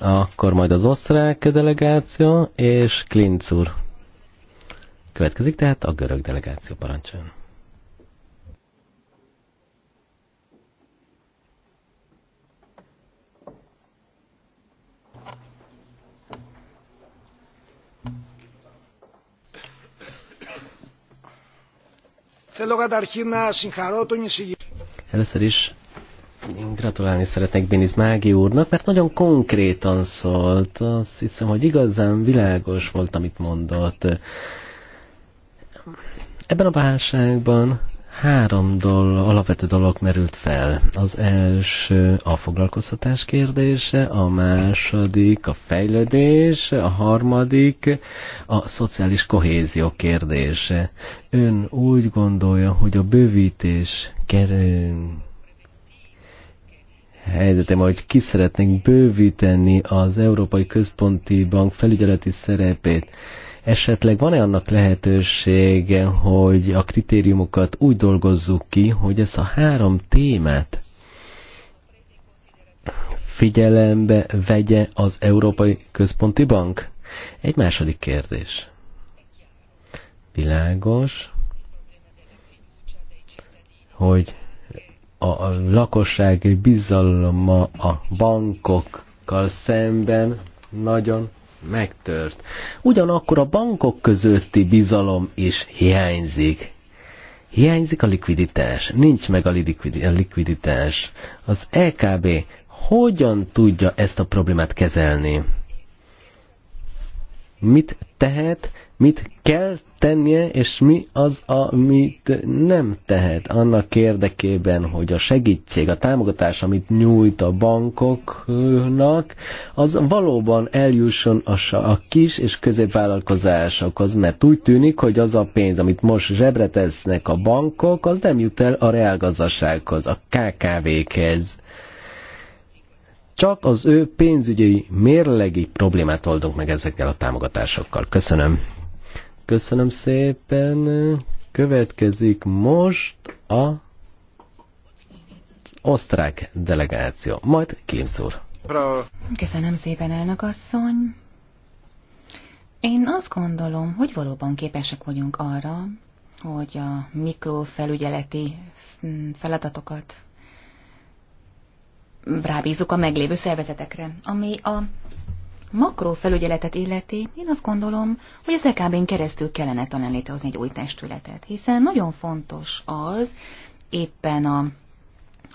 Akkor majd az osztrák delegáció és Klinc úr. Következik tehát a görög delegáció parancsán. Először is gratulálni szeretnék Béniz Mági úrnak, mert nagyon konkrétan szólt. Azt hiszem, hogy igazán világos volt, amit mondott. Ebben a válságban Három dol, alapvető dolog merült fel. Az első a foglalkoztatás kérdése, a második a fejlődés, a harmadik a szociális kohézió kérdése. Ön úgy gondolja, hogy a bővítés kerül helyzetem, hogy ki szeretnénk bővíteni az Európai Központi Bank felügyeleti szerepét Esetleg van-e annak lehetősége, hogy a kritériumokat úgy dolgozzuk ki, hogy ezt a három témát figyelembe vegye az Európai Központi Bank? Egy második kérdés. Világos, hogy a lakosság bizalma a bankokkal szemben nagyon megtört. Ugyanakkor a bankok közötti bizalom is hiányzik. Hiányzik a likviditás, nincs meg a likviditás. Az LKB e hogyan tudja ezt a problémát kezelni? Mit tehet? mit kell tennie, és mi az, amit nem tehet annak érdekében, hogy a segítség, a támogatás, amit nyújt a bankoknak, az valóban eljusson a, a kis és középvállalkozásokhoz, mert úgy tűnik, hogy az a pénz, amit most zsebre tesznek a bankok, az nem jut el a reálgazdasághoz, a KKV-khez. Csak az ő pénzügyi mérlegi problémát oldunk meg ezekkel a támogatásokkal. Köszönöm. Köszönöm szépen. Következik most a osztrák delegáció. Majd Klimsz úr. Köszönöm szépen, elnök asszony. Én azt gondolom, hogy valóban képesek vagyunk arra, hogy a mikrofelügyeleti feladatokat rábízunk a meglévő szervezetekre, ami a makrófelügyeletet illeti, én azt gondolom, hogy az EKB-n keresztül kellene tanulni létrehozni egy új testületet, hiszen nagyon fontos az, éppen a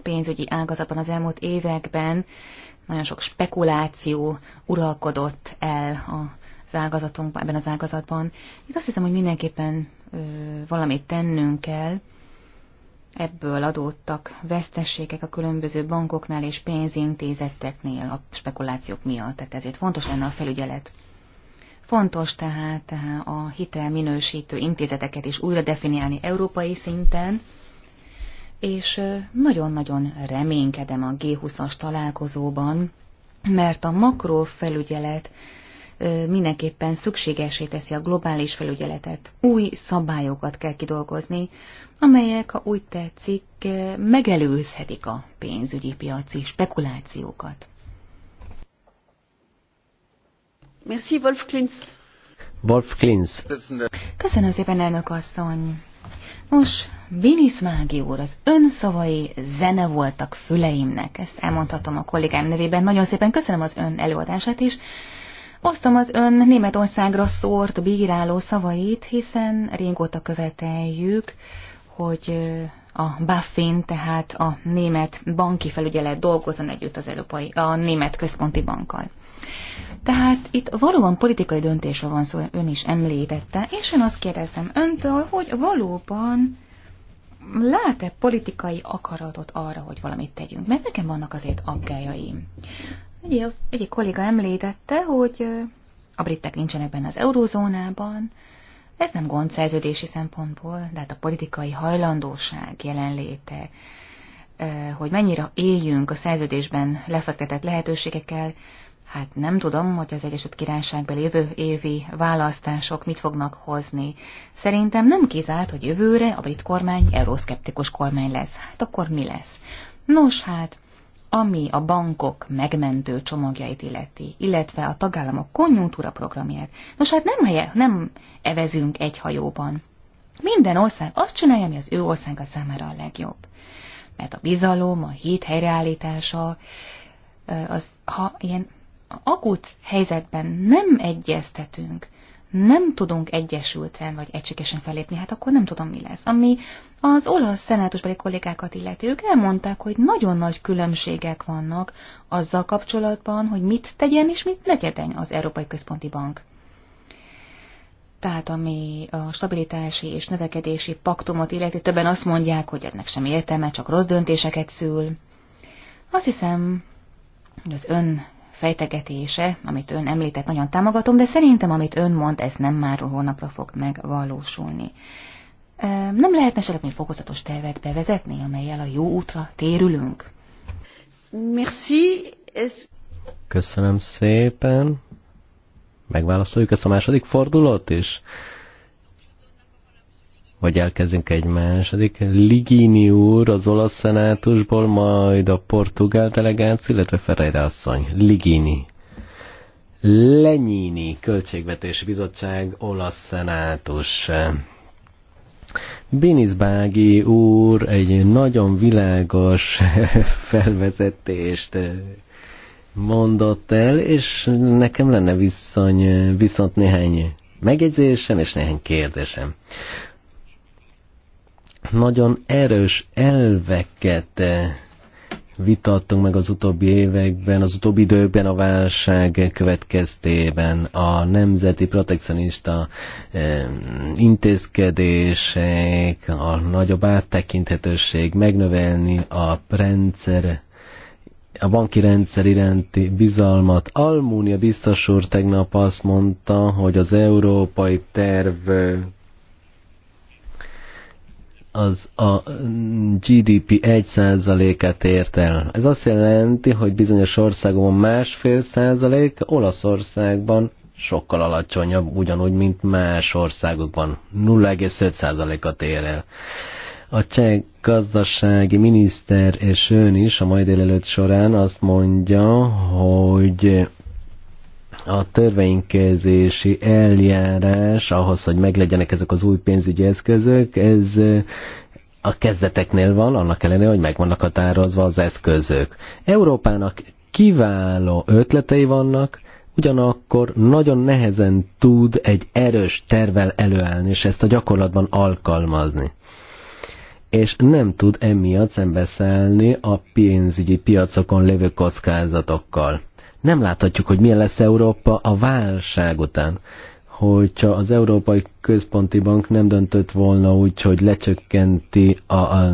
pénzügyi ágazatban az elmúlt években nagyon sok spekuláció uralkodott el a az ágazatunkban, ebben az ágazatban. Itt azt hiszem, hogy mindenképpen ö, valamit tennünk kell, Ebből adódtak vesztességek a különböző bankoknál és pénzintézeteknél a spekulációk miatt, tehát ezért fontos lenne a felügyelet. Fontos tehát a hitelminősítő intézeteket is újra definiálni európai szinten, és nagyon-nagyon reménykedem a G20-as találkozóban, mert a makrófelügyelet mindenképpen szükségesé teszi a globális felügyeletet. Új szabályokat kell kidolgozni, amelyek, ha úgy tetszik, megelőzhetik a pénzügyi piaci spekulációkat. Merci, Wolf Klintz. Wolf Klintz. Köszönöm szépen, elnök asszony. Nos, Vinis Mági úr, az ön szavai zene voltak füleimnek, ezt elmondhatom a kollégám nevében. Nagyon szépen köszönöm az ön előadását is. Osztom az ön Németországra szórt bíráló szavait, hiszen régóta követeljük, hogy a Buffin, tehát a német banki felügyelet dolgozzon együtt az európai, a német központi bankkal. Tehát itt valóban politikai döntésről van szó, ön is említette, és én azt kérdezem öntől, hogy valóban lát-e politikai akaratot arra, hogy valamit tegyünk? Mert nekem vannak azért aggájaim. Az egyik kolléga említette, hogy a britek nincsenek benne az eurózónában. Ez nem gond szerződési szempontból, de hát a politikai hajlandóság jelenléte, hogy mennyire éljünk a szerződésben lefektetett lehetőségekkel, hát nem tudom, hogy az Egyesült Királyságban jövő évi választások mit fognak hozni. Szerintem nem kizárt, hogy jövőre a brit kormány euroszkeptikus kormány lesz. Hát akkor mi lesz? Nos hát, ami a bankok megmentő csomagjait illeti, illetve a tagállamok konjunktúra programját. Nos hát nem, helye, nem evezünk egy hajóban. Minden ország azt csinálja, ami az ő országa számára a legjobb. Mert a bizalom, a hit helyreállítása, az, ha ilyen akut helyzetben nem egyeztetünk, nem tudunk egyesülten vagy egységesen felépni, hát akkor nem tudom, mi lesz. Ami az olasz szenátusbeli kollégákat illeti, ők elmondták, hogy nagyon nagy különbségek vannak azzal kapcsolatban, hogy mit tegyen és mit ne tegyen az Európai Központi Bank. Tehát ami a stabilitási és növekedési paktumot illeti, többen azt mondják, hogy ennek sem értelme, csak rossz döntéseket szül. Azt hiszem, hogy az ön fejtegetése, amit ön említett, nagyon támogatom, de szerintem, amit ön mond, ez nem már holnapra fog megvalósulni. Nem lehetne esetleg fokozatos tervet bevezetni, amelyel a jó útra térülünk? Merci. Ez... Köszönöm szépen. Megválaszoljuk ezt a második fordulót is? vagy elkezdünk egy második. Ligini úr az olasz szenátusból, majd a portugál delegáció, illetve Ferreira asszony. Ligini. Lenyini Költségvetési Bizottság olasz szenátus. Binizbági úr egy nagyon világos felvezetést mondott el, és nekem lenne viszony, viszont néhány megjegyzésem és néhány kérdésem nagyon erős elveket eh, vitattunk meg az utóbbi években, az utóbbi időben a válság következtében a nemzeti protekcionista eh, intézkedések, a nagyobb áttekinthetőség, megnövelni a rendszer a banki rendszer iránti bizalmat. Almúnia biztos úr tegnap azt mondta, hogy az európai terv az a GDP 1 et ért el. Ez azt jelenti, hogy bizonyos országokban másfél százalék, Olaszországban sokkal alacsonyabb, ugyanúgy, mint más országokban. 0,5%-at ér el. A cseh gazdasági miniszter és ön is a mai délelőtt során azt mondja, hogy a törvénykezési eljárás ahhoz, hogy meglegyenek ezek az új pénzügyi eszközök, ez eh, a kezdeteknél van, annak ellenére, hogy meg vannak határozva az eszközök. Európának kiváló ötletei vannak, ugyanakkor nagyon nehezen tud egy erős tervel előállni, és ezt a gyakorlatban alkalmazni és nem tud emiatt szembeszállni a pénzügyi piacokon lévő kockázatokkal. Nem láthatjuk, hogy milyen lesz Európa a válság után hogyha az Európai Központi Bank nem döntött volna úgy, hogy lecsökkenti a, a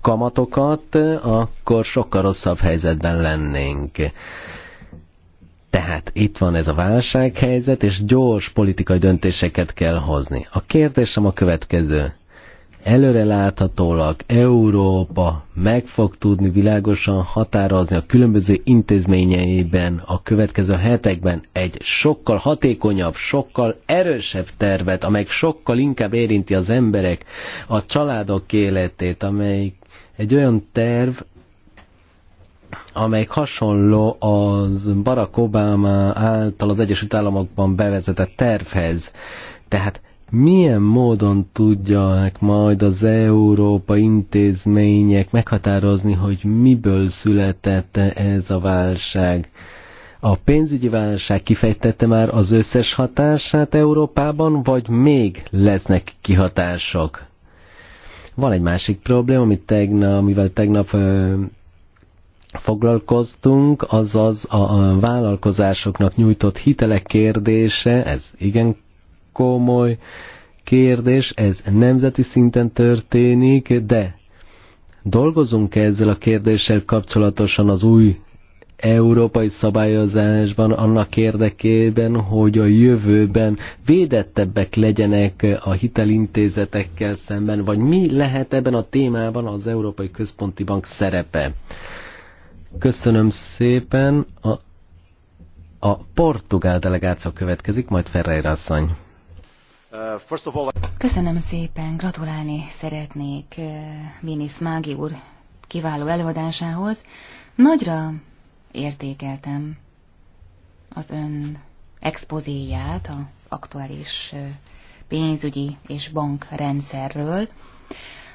kamatokat, akkor sokkal rosszabb helyzetben lennénk. Tehát itt van ez a válsághelyzet, és gyors politikai döntéseket kell hozni. A kérdésem a következő előreláthatólag Európa meg fog tudni világosan határozni a különböző intézményeiben a következő hetekben egy sokkal hatékonyabb, sokkal erősebb tervet, amely sokkal inkább érinti az emberek, a családok életét, amely egy olyan terv, amely hasonló az Barack Obama által az Egyesült Államokban bevezetett tervhez. Tehát milyen módon tudják majd az Európa intézmények meghatározni, hogy miből született ez a válság. A pénzügyi válság kifejtette már az összes hatását Európában, vagy még lesznek kihatások? Van egy másik probléma, amit tegnap, amivel tegnap ö, foglalkoztunk, azaz a, a vállalkozásoknak nyújtott hitelek kérdése, ez igen komoly kérdés, ez nemzeti szinten történik, de dolgozunk -e ezzel a kérdéssel kapcsolatosan az új európai szabályozásban annak érdekében, hogy a jövőben védettebbek legyenek a hitelintézetekkel szemben, vagy mi lehet ebben a témában az Európai Központi Bank szerepe? Köszönöm szépen. A, a portugál delegáció következik, majd Ferreira asszony. Uh, Köszönöm szépen, gratulálni szeretnék Vinis uh, Mági úr kiváló előadásához. Nagyra értékeltem az ön expozéját az aktuális uh, pénzügyi és bankrendszerről.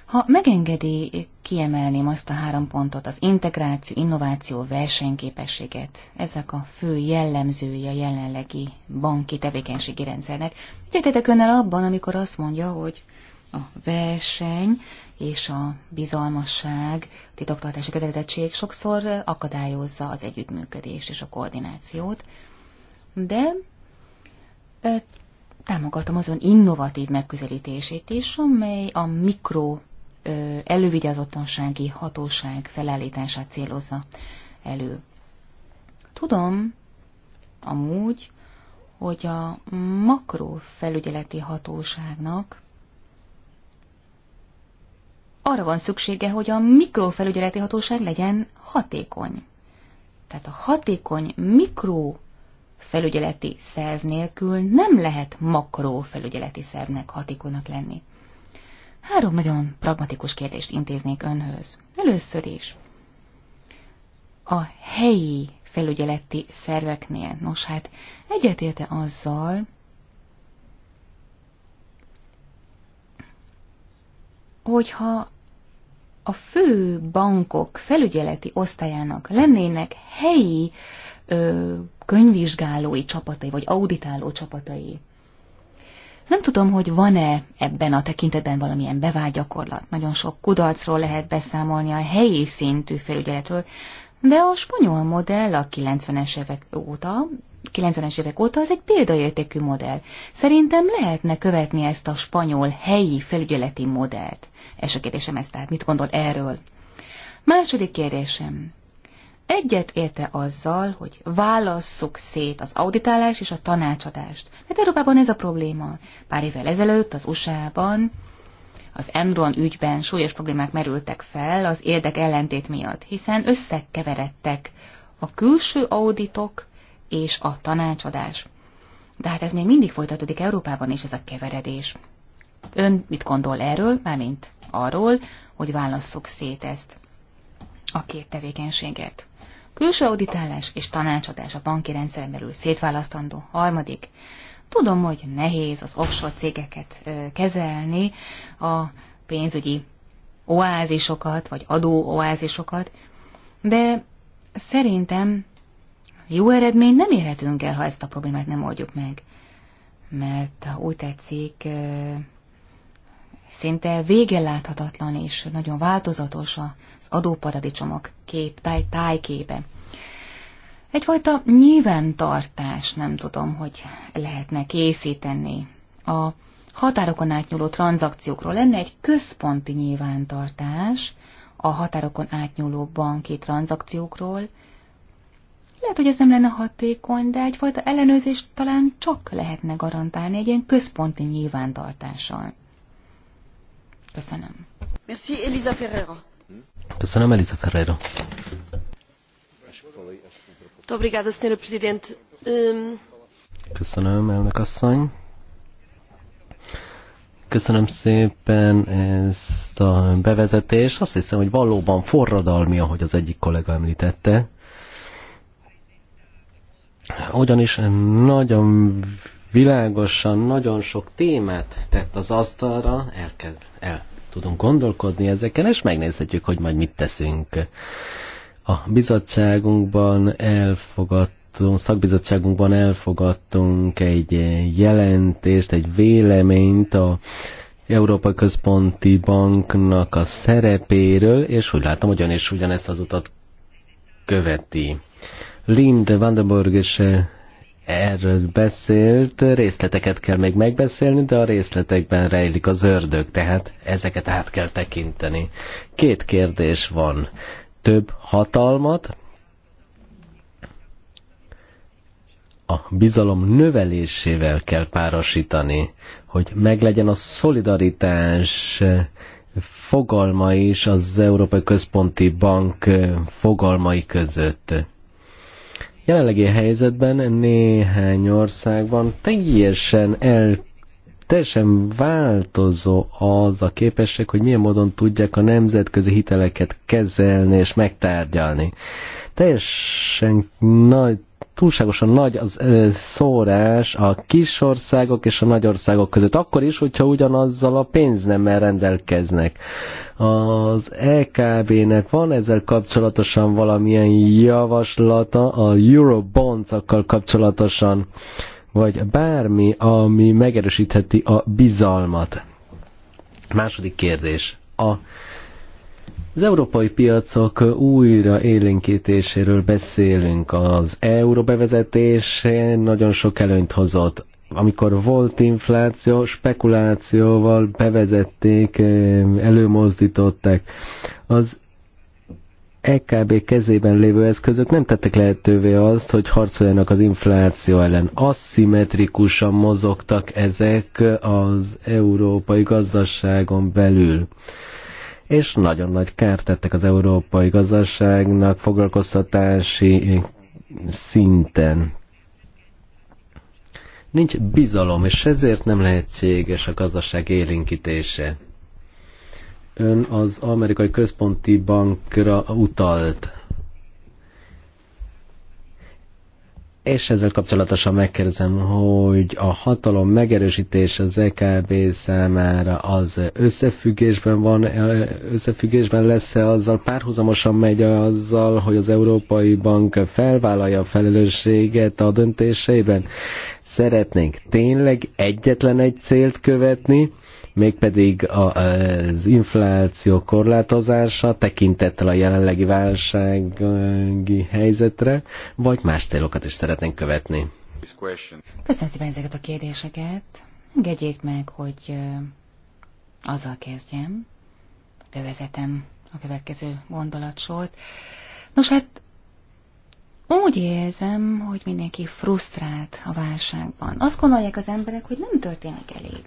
Ha megengedi, kiemelném azt a három pontot, az integráció, innováció, versenyképességet. Ezek a fő jellemzői a jelenlegi banki tevékenységi rendszernek. Egyetetek önnel abban, amikor azt mondja, hogy a verseny és a bizalmasság, a titoktartási kötelezettség sokszor akadályozza az együttműködést és a koordinációt, de támogatom azon innovatív megközelítését is, amely a mikro elővigyázatlansági hatóság felállítását célozza elő. Tudom amúgy, hogy a felügyeleti hatóságnak arra van szüksége, hogy a mikrofelügyeleti hatóság legyen hatékony. Tehát a hatékony mikro felügyeleti szerv nélkül nem lehet makró felügyeleti szervnek hatékonynak lenni. Három nagyon pragmatikus kérdést intéznék önhöz. Először is. A helyi felügyeleti szerveknél. Nos hát, egyetérte azzal, hogyha a fő bankok felügyeleti osztályának lennének helyi ö, könyvvizsgálói csapatai, vagy auditáló csapatai, nem tudom, hogy van-e ebben a tekintetben valamilyen bevágyakorlat. Nagyon sok kudarcról lehet beszámolni a helyi szintű felügyeletről, de a spanyol modell a 90-es évek óta 90-es évek óta az egy példaértékű modell. Szerintem lehetne követni ezt a spanyol helyi felügyeleti modellt. Ez a kérdésem ez tehát, mit gondol erről? Második kérdésem egyet érte azzal, hogy válasszuk szét az auditálást és a tanácsadást. Mert Európában ez a probléma. Pár évvel ezelőtt az USA-ban az Enron ügyben súlyos problémák merültek fel az érdek ellentét miatt, hiszen összekeveredtek a külső auditok és a tanácsadás. De hát ez még mindig folytatódik Európában is ez a keveredés. Ön mit gondol erről, mármint arról, hogy válasszuk szét ezt a két tevékenységet? Külső auditálás és tanácsadás a banki rendszeren belül szétválasztandó. Harmadik, tudom, hogy nehéz az offshore cégeket kezelni, a pénzügyi oázisokat, vagy adó oázisokat, de szerintem jó eredmény nem érhetünk el, ha ezt a problémát nem oldjuk meg. Mert ha úgy tetszik, szinte vége láthatatlan és nagyon változatos a adóparadicsomok kép, táj, tájképe. Egyfajta nyilvántartás, nem tudom, hogy lehetne készíteni. A határokon átnyúló tranzakciókról lenne egy központi nyilvántartás a határokon átnyúló banki tranzakciókról. Lehet, hogy ez nem lenne hatékony, de egyfajta ellenőrzést talán csak lehetne garantálni egy ilyen központi nyilvántartással. Köszönöm. Merci, Elisa Ferreira. Köszönöm, Eliza Ferreira. Köszönöm, elnök asszony. Köszönöm szépen ezt a bevezetést. Azt hiszem, hogy valóban forradalmi, ahogy az egyik kollega említette. Ugyanis nagyon világosan, nagyon sok témát tett az asztalra, elkezd, el, tudunk gondolkodni ezeken, és megnézhetjük, hogy majd mit teszünk. A bizottságunkban elfogadtunk, szakbizottságunkban elfogadtunk egy jelentést, egy véleményt a Európa Központi Banknak a szerepéről, és úgy látom, hogy ön is ugyanezt az utat követi. Linde Vandenborg és erről beszélt, részleteket kell még megbeszélni, de a részletekben rejlik az ördög, tehát ezeket át kell tekinteni. Két kérdés van. Több hatalmat, a bizalom növelésével kell párosítani, hogy meglegyen a szolidaritás fogalma is az Európai Központi Bank fogalmai között Jelenlegi helyzetben néhány országban teljesen el teljesen változó az a képesség, hogy milyen módon tudják a nemzetközi hiteleket kezelni és megtárgyalni. Teljesen nagy túlságosan nagy az ö, szórás a kis országok és a nagy országok között. Akkor is, hogyha ugyanazzal a pénznemmel rendelkeznek. Az EKB-nek van ezzel kapcsolatosan valamilyen javaslata a Eurobonds-akkal kapcsolatosan, vagy bármi, ami megerősítheti a bizalmat. Második kérdés. A az európai piacok újra élénkítéséről beszélünk. Az euró bevezetésén nagyon sok előnyt hozott. Amikor volt infláció, spekulációval bevezették, előmozdították. Az EKB kezében lévő eszközök nem tettek lehetővé azt, hogy harcoljanak az infláció ellen. Aszimmetrikusan mozogtak ezek az európai gazdaságon belül és nagyon nagy kárt tettek az európai gazdaságnak foglalkoztatási szinten. Nincs bizalom, és ezért nem lehetséges a gazdaság élinkítése. Ön az amerikai központi bankra utalt és ezzel kapcsolatosan megkérdezem, hogy a hatalom megerősítés az EKB számára az összefüggésben van, e, összefüggésben lesz-e azzal, párhuzamosan megy azzal, hogy az Európai Bank felvállalja a felelősséget a döntéseiben? Szeretnénk tényleg egyetlen egy célt követni, mégpedig az infláció korlátozása tekintettel a jelenlegi válsági helyzetre, vagy más célokat is szeretnénk követni. Köszönöm szépen ezeket a kérdéseket. Engedjék meg, hogy azzal kezdjem, bevezetem a következő gondolatsort. Nos, hát úgy érzem, hogy mindenki frusztrált a válságban. Azt gondolják az emberek, hogy nem történik elég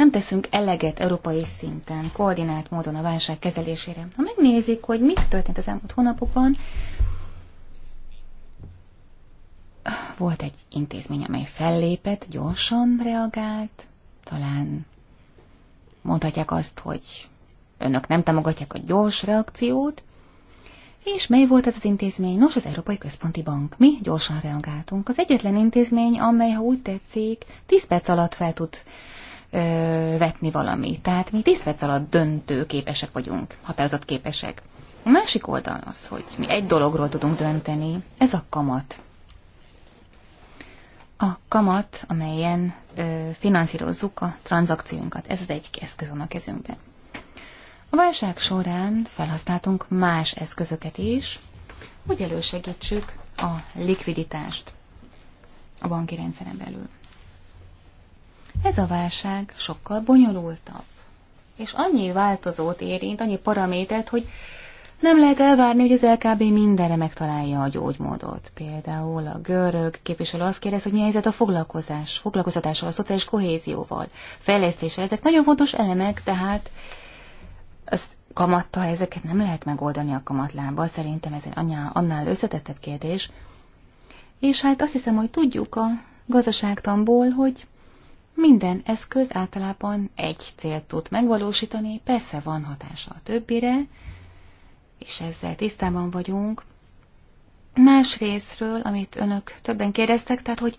nem teszünk eleget európai szinten, koordinált módon a válság kezelésére. Ha megnézik, hogy mit történt az elmúlt hónapokban, volt egy intézmény, amely fellépett, gyorsan reagált, talán mondhatják azt, hogy önök nem támogatják a gyors reakciót, és mely volt ez az intézmény? Nos, az Európai Központi Bank. Mi gyorsan reagáltunk. Az egyetlen intézmény, amely, ha úgy tetszik, 10 perc alatt fel tud vetni valami. Tehát mi 10 perc alatt döntő képesek vagyunk, határozott képesek. A másik oldal az, hogy mi egy dologról tudunk dönteni, ez a kamat. A kamat, amelyen ö, finanszírozzuk a tranzakciónkat. ez az egy eszköz van a kezünkben. A válság során felhasználtunk más eszközöket is, hogy elősegítsük a likviditást a banki rendszeren belül. Ez a válság sokkal bonyolultabb, és annyi változót érint, annyi paramétert, hogy nem lehet elvárni, hogy az LKB mindenre megtalálja a gyógymódot. Például a görög képviselő azt kérdez, hogy mi a helyzet a foglalkozás, foglalkozatással, a szociális kohézióval, fejlesztéssel. Ezek nagyon fontos elemek, tehát az kamatta ezeket nem lehet megoldani a kamatlába. Szerintem ez egy annál összetettebb kérdés. És hát azt hiszem, hogy tudjuk a gazdaságtamból, hogy minden eszköz általában egy célt tud megvalósítani, persze van hatása a többire, és ezzel tisztában vagyunk. Más részről, amit önök többen kérdeztek, tehát hogy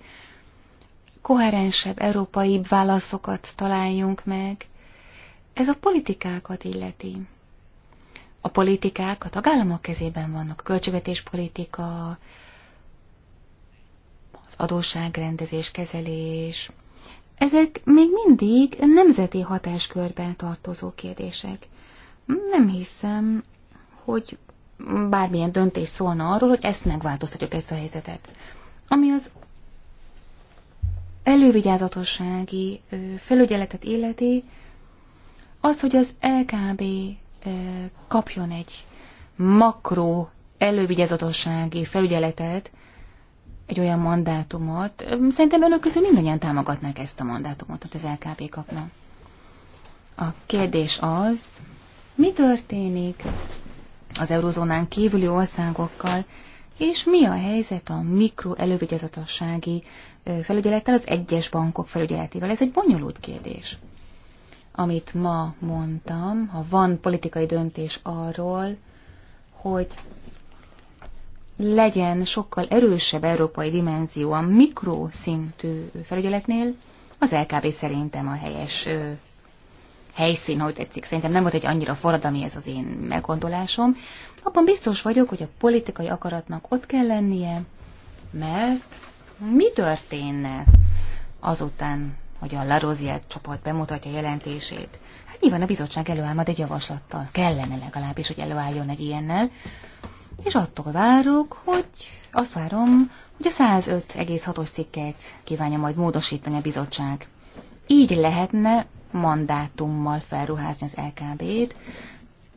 koherensebb, európai válaszokat találjunk meg, ez a politikákat illeti. A politikák a tagállamok kezében vannak, a költségvetéspolitika, az adósságrendezés, kezelés, ezek még mindig nemzeti hatáskörben tartozó kérdések. Nem hiszem, hogy bármilyen döntés szólna arról, hogy ezt megváltoztatjuk, ezt a helyzetet. Ami az elővigyázatossági felügyeletet illeti, az, hogy az LKB kapjon egy makró elővigyázatossági felügyeletet, egy olyan mandátumot. Szerintem önök közül mindannyian támogatnák ezt a mandátumot, amit az LKP kapna. A kérdés az, mi történik az eurozónán kívüli országokkal, és mi a helyzet a mikro elővigyázatossági felügyelettel, az egyes bankok felügyeletével? Ez egy bonyolult kérdés. Amit ma mondtam, ha van politikai döntés arról, hogy legyen sokkal erősebb európai dimenzió a mikroszintű felügyeletnél, az LKB szerintem a helyes ö, helyszín, hogy tetszik. Szerintem nem volt egy annyira forradalmi ez az én meggondolásom. Abban biztos vagyok, hogy a politikai akaratnak ott kell lennie, mert mi történne azután, hogy a Larosier csapat bemutatja jelentését? Hát nyilván a bizottság előáll majd egy javaslattal. Kellene legalábbis, hogy előálljon egy ilyennel és attól várok, hogy azt várom, hogy a 105,6-os cikket kívánja majd módosítani a bizottság. Így lehetne mandátummal felruházni az LKB-t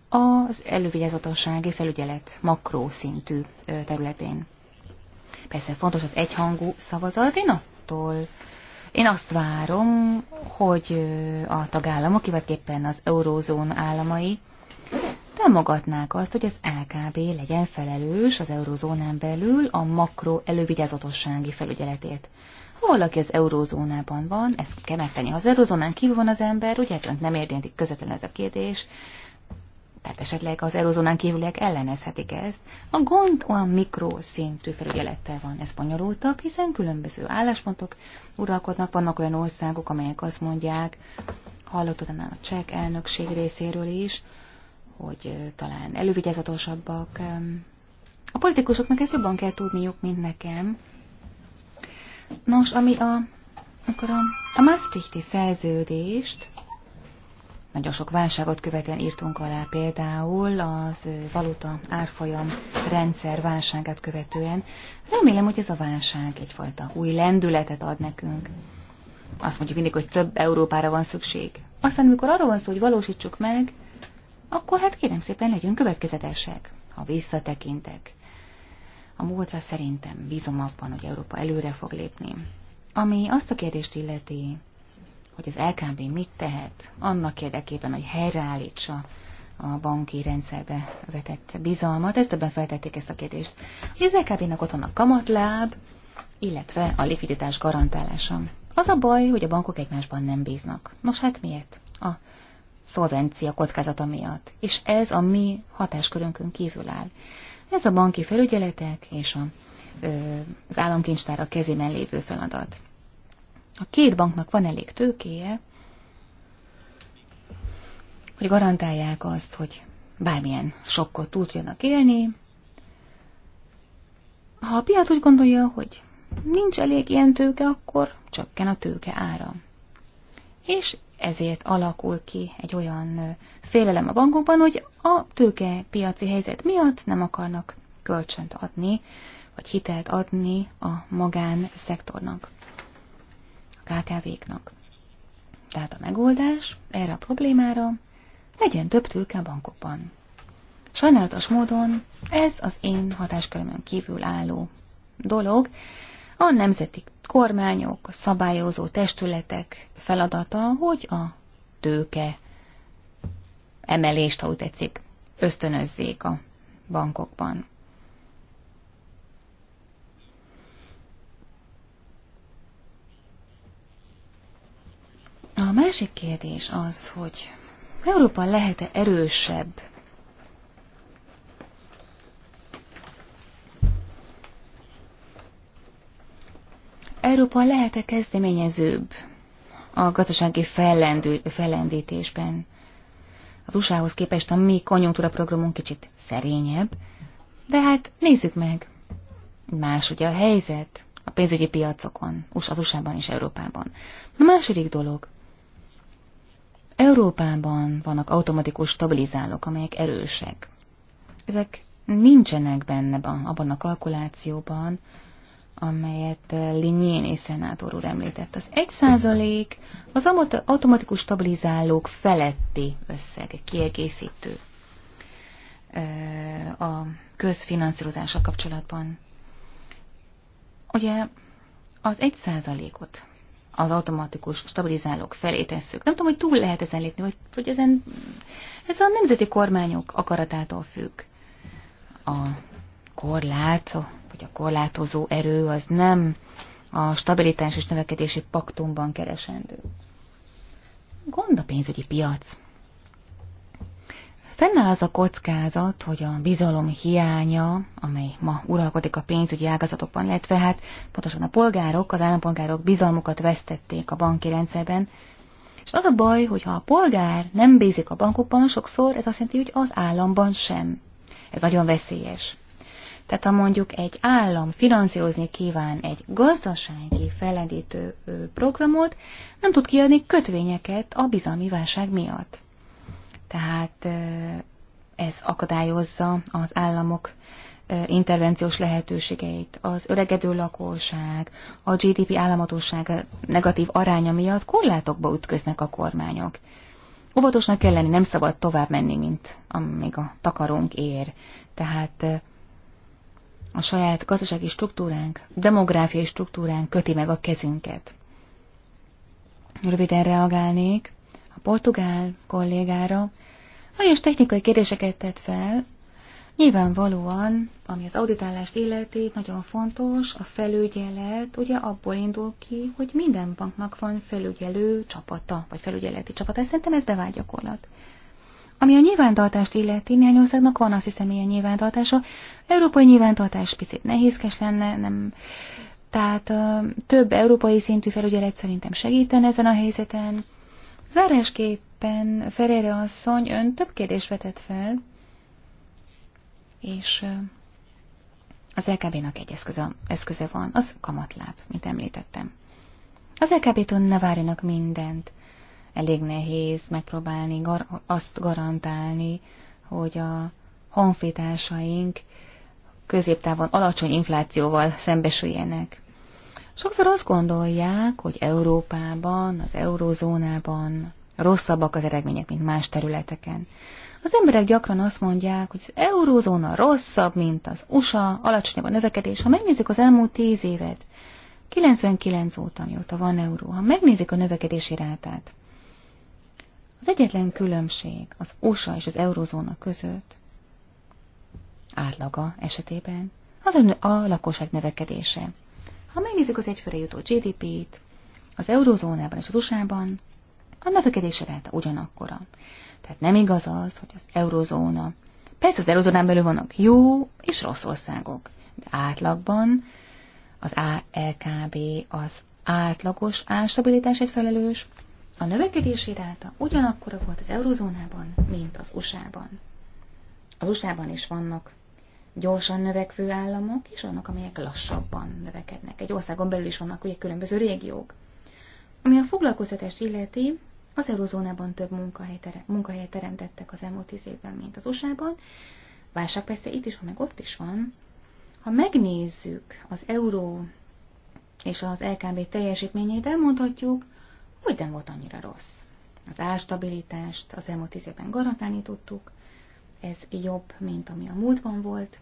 az elővigyázatossági felügyelet szintű területén. Persze fontos az egyhangú szavazat, én attól én azt várom, hogy a tagállamok, illetve az eurózón államai támogatnák azt, hogy az LKB legyen felelős az eurozónán belül a makro elővigyázatossági felügyeletét. Ha valaki az eurozónában van, ez kell megtenni. Ha az eurozónán kívül van az ember, ugye önt hát nem érdeklődik közvetlenül ez a kérdés, tehát esetleg az eurozónán kívüliek ellenezhetik ezt. A gond olyan mikroszintű felügyelettel van, ez bonyolultabb, hiszen különböző álláspontok uralkodnak, vannak olyan országok, amelyek azt mondják, hallottad a csek elnökség részéről is, hogy talán elővigyázatosabbak. A politikusoknak ezt jobban kell tudniuk, mint nekem. Nos, ami a, akkor a, a Maastrichti szerződést, nagyon sok válságot követően írtunk alá például az valuta árfolyam rendszer válságát követően. Remélem, hogy ez a válság egyfajta új lendületet ad nekünk. Azt mondjuk mindig, hogy több Európára van szükség. Aztán, amikor arról van szó, hogy valósítsuk meg, akkor hát kérem szépen legyünk következetesek, ha visszatekintek. A múltra szerintem bízom abban, hogy Európa előre fog lépni. Ami azt a kérdést illeti, hogy az LKB mit tehet annak érdekében, hogy helyreállítsa a banki rendszerbe vetett bizalmat, ezt többen feltették ezt a kérdést, hogy az LKB-nak ott van a kamatláb, illetve a likviditás garantálása. Az a baj, hogy a bankok egymásban nem bíznak. Nos hát miért? A szolvencia kockázata miatt, és ez a mi hatáskörünkön kívül áll. Ez a banki felügyeletek és a, az államkincstár a kezében lévő feladat. A két banknak van elég tőkéje, hogy garantálják azt, hogy bármilyen sokkot túl tudjanak élni. Ha a piac úgy gondolja, hogy nincs elég ilyen tőke, akkor csökken a tőke ára. És ezért alakul ki egy olyan félelem a bankokban, hogy a tőkepiaci helyzet miatt nem akarnak kölcsönt adni, vagy hitelt adni a magánszektornak, a KKV-knak. Tehát a megoldás erre a problémára legyen több tőke a bankokban. Sajnálatos módon ez az én hatáskörömön kívül álló dolog, a nemzeti kormányok, a szabályozó testületek feladata, hogy a tőke emelést, ha úgy tetszik, ösztönözzék a bankokban. A másik kérdés az, hogy Európa lehet-e erősebb Európa lehet-e kezdeményezőbb a gazdasági fellendítésben? Az USA-hoz képest a mi programunk kicsit szerényebb, de hát nézzük meg. Más ugye a helyzet a pénzügyi piacokon, az USA-ban és Európában. A második dolog. Európában vannak automatikus stabilizálók, amelyek erősek. Ezek nincsenek benne abban a kalkulációban, amelyet eh, Linyéni szenátor úr említett. Az 1 százalék az automatikus stabilizálók feletti összeg, kiegészítő eh, a közfinanszírozása kapcsolatban. Ugye az 1 százalékot az automatikus stabilizálók felé tesszük. Nem tudom, hogy túl lehet ezen lépni, vagy hogy ezen, ez a nemzeti kormányok akaratától függ. A korlát, hogy a korlátozó erő az nem a stabilitás és növekedési paktumban keresendő. Gond a pénzügyi piac. Fennáll az a kockázat, hogy a bizalom hiánya, amely ma uralkodik a pénzügyi ágazatokban, illetve hát pontosan a polgárok, az állampolgárok bizalmukat vesztették a banki rendszerben, és az a baj, hogy ha a polgár nem bízik a bankokban, sokszor ez azt jelenti, hogy az államban sem. Ez nagyon veszélyes. Tehát ha mondjuk egy állam finanszírozni kíván egy gazdasági fellendítő programot, nem tud kiadni kötvényeket a bizalmi válság miatt. Tehát ez akadályozza az államok intervenciós lehetőségeit, az öregedő lakosság, a GDP államadóság negatív aránya miatt korlátokba ütköznek a kormányok. Óvatosnak kell lenni, nem szabad tovább menni, mint amíg a takarónk ér. Tehát a saját gazdasági struktúránk, demográfiai struktúránk köti meg a kezünket. Röviden reagálnék a portugál kollégára. Nagyon technikai kérdéseket tett fel. Nyilvánvalóan, ami az auditálást illeti, nagyon fontos, a felügyelet ugye abból indul ki, hogy minden banknak van felügyelő csapata, vagy felügyeleti csapata. Szerintem ez bevált gyakorlat. Ami a nyilvántartást illeti, néhány országnak van azt hiszem ilyen nyilvántartása. Európai nyilvántartás picit nehézkes lenne, nem... Tehát több európai szintű felügyelet szerintem segíten ezen a helyzeten. Zárásképpen Ferére asszony ön több kérdést vetett fel, és az LKB-nak egy eszköze, eszköze van, az kamatláb, mint említettem. Az lkb tól ne várjanak mindent elég nehéz megpróbálni gar- azt garantálni, hogy a honfitársaink középtávon alacsony inflációval szembesüljenek. Sokszor azt gondolják, hogy Európában, az eurózónában rosszabbak az eredmények, mint más területeken. Az emberek gyakran azt mondják, hogy az eurózóna rosszabb, mint az USA, alacsonyabb a növekedés. Ha megnézzük az elmúlt tíz évet, 99 óta, mióta van euró, ha megnézzük a növekedési rátát, az egyetlen különbség az USA és az eurozóna között átlaga esetében az a, lakosság növekedése. Ha megnézzük az egyfőre jutó GDP-t, az eurozónában és az USA-ban a növekedése lehet ugyanakkora. Tehát nem igaz az, hogy az eurozóna. Persze az eurozónán belül vannak jó és rossz országok, de átlagban az ALKB az átlagos árstabilitásért felelős, a növekedési ráta ugyanakkora volt az eurozónában, mint az USA-ban. Az USA-ban is vannak gyorsan növekvő államok, és vannak, amelyek lassabban növekednek. Egy országon belül is vannak ugye különböző régiók. Ami a foglalkoztatást illeti, az eurozónában több munkahelyet teremtettek az elmúlt tíz évben, mint az USA-ban. Válság persze itt is van, meg ott is van. Ha megnézzük az euró és az LKB teljesítményét, elmondhatjuk, hogy nem volt annyira rossz. Az árstabilitást az elmúlt tíz évben garantálni tudtuk, ez jobb, mint ami a múltban volt,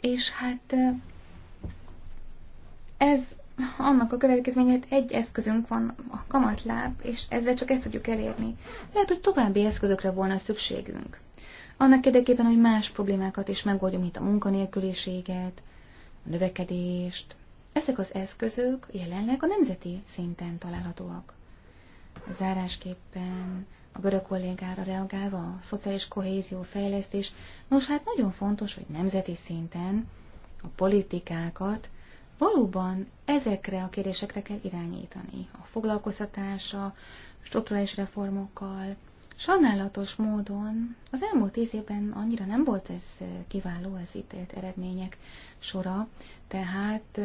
és hát ez annak a következménye, hogy egy eszközünk van, a kamatláb, és ezzel csak ezt tudjuk elérni. Lehet, hogy további eszközökre volna szükségünk. Annak érdekében, hogy más problémákat is megoldjunk, mint a munkanélküliséget, a növekedést, ezek az eszközök jelenleg a nemzeti szinten találhatóak. Zárásképpen a görög kollégára reagálva a szociális kohézió fejlesztés, nos hát nagyon fontos, hogy nemzeti szinten a politikákat valóban ezekre a kérdésekre kell irányítani. A foglalkoztatása, strukturális reformokkal, Sajnálatos módon az elmúlt tíz évben annyira nem volt ez kiváló az ítélt eredmények sora, tehát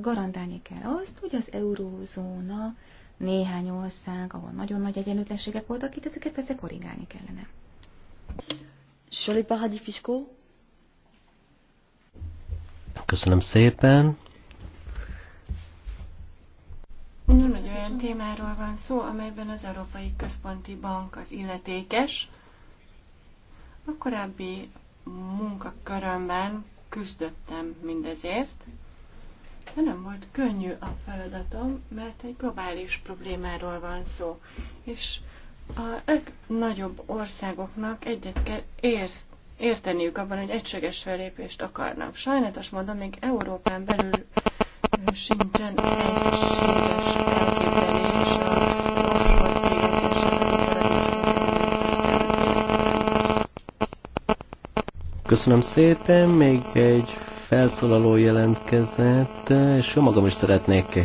garantálni kell azt, hogy az eurózóna néhány ország, ahol nagyon nagy egyenlőtlenségek voltak, itt ezeket persze korrigálni kellene. Sur les paradis fiscaux? Köszönöm szépen. olyan témáról van szó, amelyben az Európai Központi Bank az illetékes. A korábbi munkakörömben küzdöttem mindezért, de nem volt könnyű a feladatom, mert egy globális problémáról van szó. És a legnagyobb országoknak egyet kell érzni érteniük abban, hogy egységes felépést akarnak. Sajnálatos módon még Európán belül sincsen egység Köszönöm szépen, még egy felszólaló jelentkezett, és jó magam is szeretnék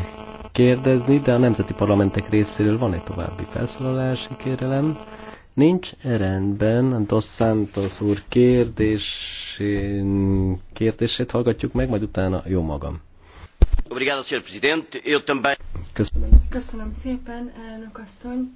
kérdezni, de a nemzeti parlamentek részéről van egy további felszólalási kérelem? Nincs rendben, a Dos Santos úr kérdés, kérdését hallgatjuk meg, majd utána jó magam. Köszönöm, Köszönöm szépen, elnök asszony.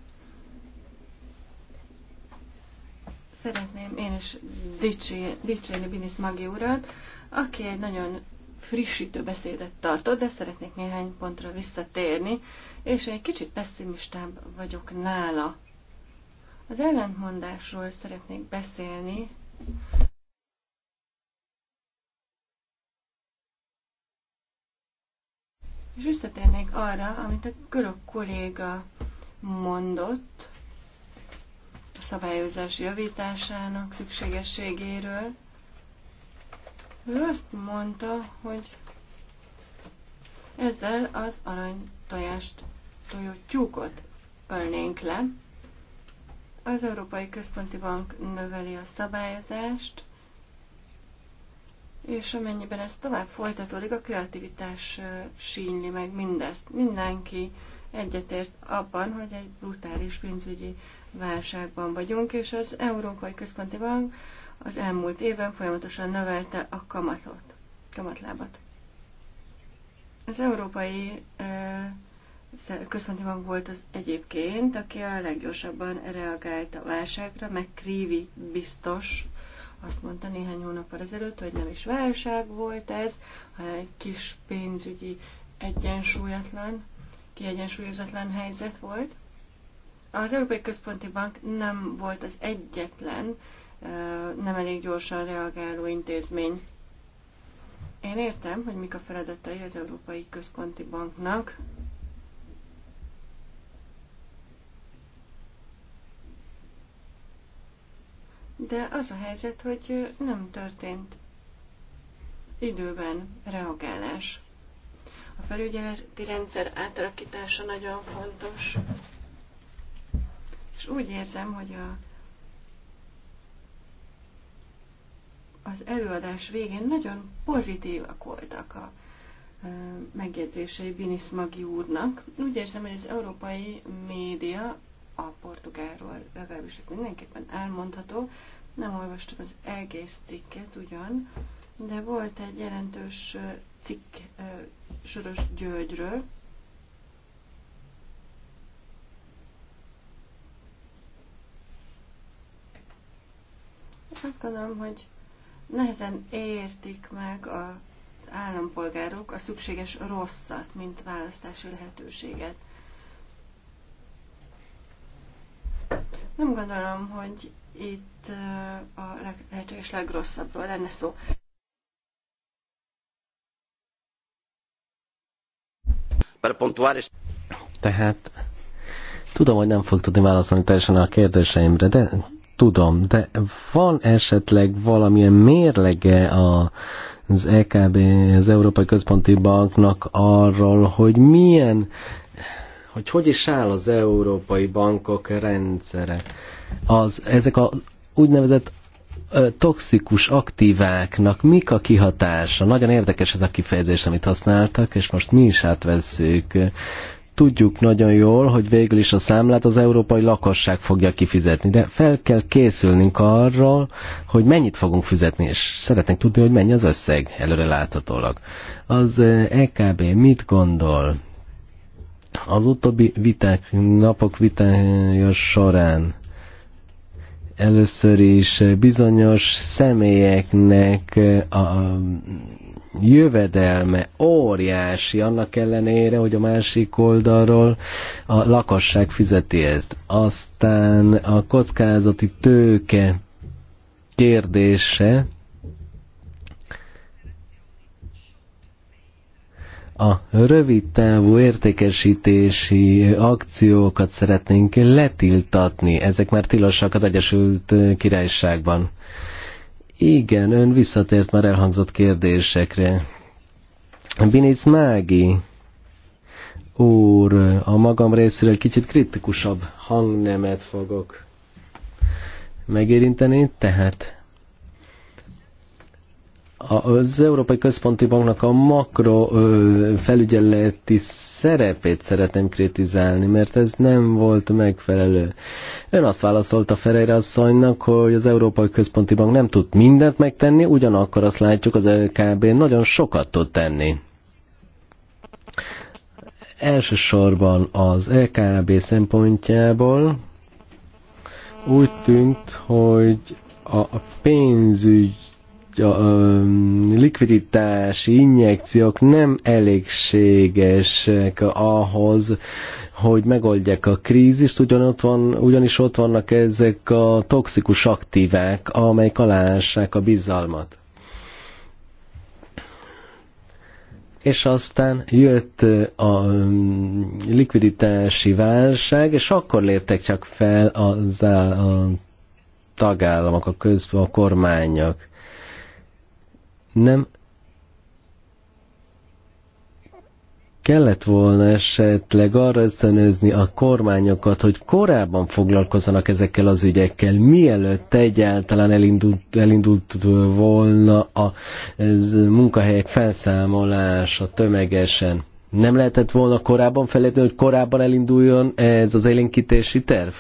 Szeretném én is dicsérni, dicsérni Binis Magi urat, aki egy nagyon frissítő beszédet tartott, de szeretnék néhány pontra visszatérni, és egy kicsit pessimistább vagyok nála. Az ellentmondásról szeretnék beszélni. És visszatérnék arra, amit a görög kolléga mondott, a szabályozás javításának szükségességéről. Ő azt mondta, hogy ezzel az tojást tojó tyúkot ölnénk le. Az Európai Központi Bank növeli a szabályozást, és amennyiben ez tovább folytatódik, a kreativitás sínli meg mindezt. Mindenki egyetért abban, hogy egy brutális pénzügyi válságban vagyunk, és az Európai Központi Bank az elmúlt évben folyamatosan növelte a kamatot, kamatlábat. Az Európai Központi Bank volt az egyébként, aki a leggyorsabban reagált a válságra, meg Krívi biztos azt mondta néhány hónappal ezelőtt, hogy nem is válság volt ez, hanem egy kis pénzügyi egyensúlyatlan, kiegyensúlyozatlan helyzet volt. Az Európai Központi Bank nem volt az egyetlen nem elég gyorsan reagáló intézmény. Én értem, hogy mik a feladatai az Európai Központi Banknak. De az a helyzet, hogy nem történt időben reagálás. A felügyeleti rendszer átalakítása nagyon fontos. És úgy érzem, hogy a, az előadás végén nagyon pozitívak voltak a megjegyzései Binis Magi úrnak. Úgy érzem, hogy az európai média a portugálról legalábbis ez mindenképpen elmondható. Nem olvastam az egész cikket ugyan, de volt egy jelentős cikk Soros Györgyről, Hát azt gondolom, hogy nehezen értik meg az állampolgárok a szükséges rosszat, mint választási lehetőséget. Nem gondolom, hogy itt a lehetséges legrosszabbról lenne szó. Tehát tudom, hogy nem fog tudni válaszolni teljesen a kérdéseimre, de tudom, de van esetleg valamilyen mérlege a, az EKB, az Európai Központi Banknak arról, hogy milyen, hogy hogy is áll az európai bankok rendszere. Az, ezek a úgynevezett toxikus aktíváknak mik a kihatása? Nagyon érdekes ez a kifejezés, amit használtak, és most mi is átvesszük tudjuk nagyon jól, hogy végül is a számlát az európai lakosság fogja kifizetni, de fel kell készülnünk arra, hogy mennyit fogunk fizetni, és szeretnénk tudni, hogy mennyi az összeg előre láthatólag. Az EKB mit gondol? Az utóbbi viták, napok vitája során először is bizonyos személyeknek a jövedelme óriási, annak ellenére, hogy a másik oldalról a lakosság fizeti ezt. Aztán a kockázati tőke kérdése, a rövid távú értékesítési akciókat szeretnénk letiltatni. Ezek már tilosak az Egyesült Királyságban. Igen, ön visszatért már elhangzott kérdésekre. Binic Mági úr, a magam részéről egy kicsit kritikusabb hangnemet fogok megérinteni, tehát az Európai Központi Banknak a makro felügyeleti szerepét szeretném kritizálni, mert ez nem volt megfelelő. Ön azt válaszolta Ferejre asszonynak, hogy az Európai Központi Bank nem tud mindent megtenni, ugyanakkor azt látjuk, az LKB nagyon sokat tud tenni elsősorban az LKB szempontjából úgy tűnt, hogy a pénzügy likviditási injekciók nem elégségesek ahhoz, hogy megoldják a krízist, ott van, ugyanis ott vannak ezek a toxikus aktívák, amelyek alássák a bizalmat. és aztán jött a likviditási válság, és akkor léptek csak fel az, a, a tagállamok, a közben a kormányok nem kellett volna esetleg arra összenőzni a kormányokat, hogy korábban foglalkozzanak ezekkel az ügyekkel, mielőtt egyáltalán elindult, elindult volna a munkahelyek felszámolása tömegesen. Nem lehetett volna korábban felépni, hogy korábban elinduljon ez az élénkítési terv?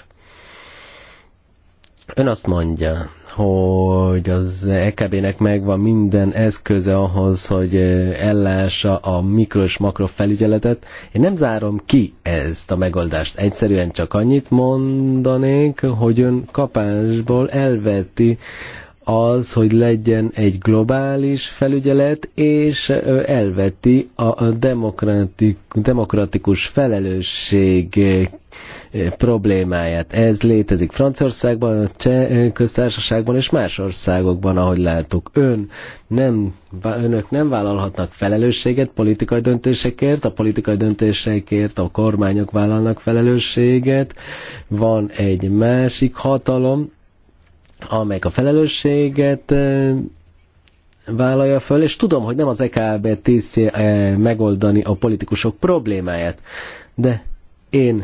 Ön azt mondja, hogy az EKB-nek megvan minden eszköze ahhoz, hogy ellássa a mikro és makro felügyeletet. Én nem zárom ki ezt a megoldást. Egyszerűen csak annyit mondanék, hogy ön kapásból elveti az, hogy legyen egy globális felügyelet, és elveti a demokratikus felelősség Eh, problémáját. Ez létezik Franciaországban, Cseh eh, köztársaságban és más országokban, ahogy látok. Ön nem, önök nem vállalhatnak felelősséget politikai döntésekért, a politikai döntésekért a kormányok vállalnak felelősséget. Van egy másik hatalom, amelyik a felelősséget eh, vállalja föl, és tudom, hogy nem az EKB tiszi megoldani a politikusok problémáját, de én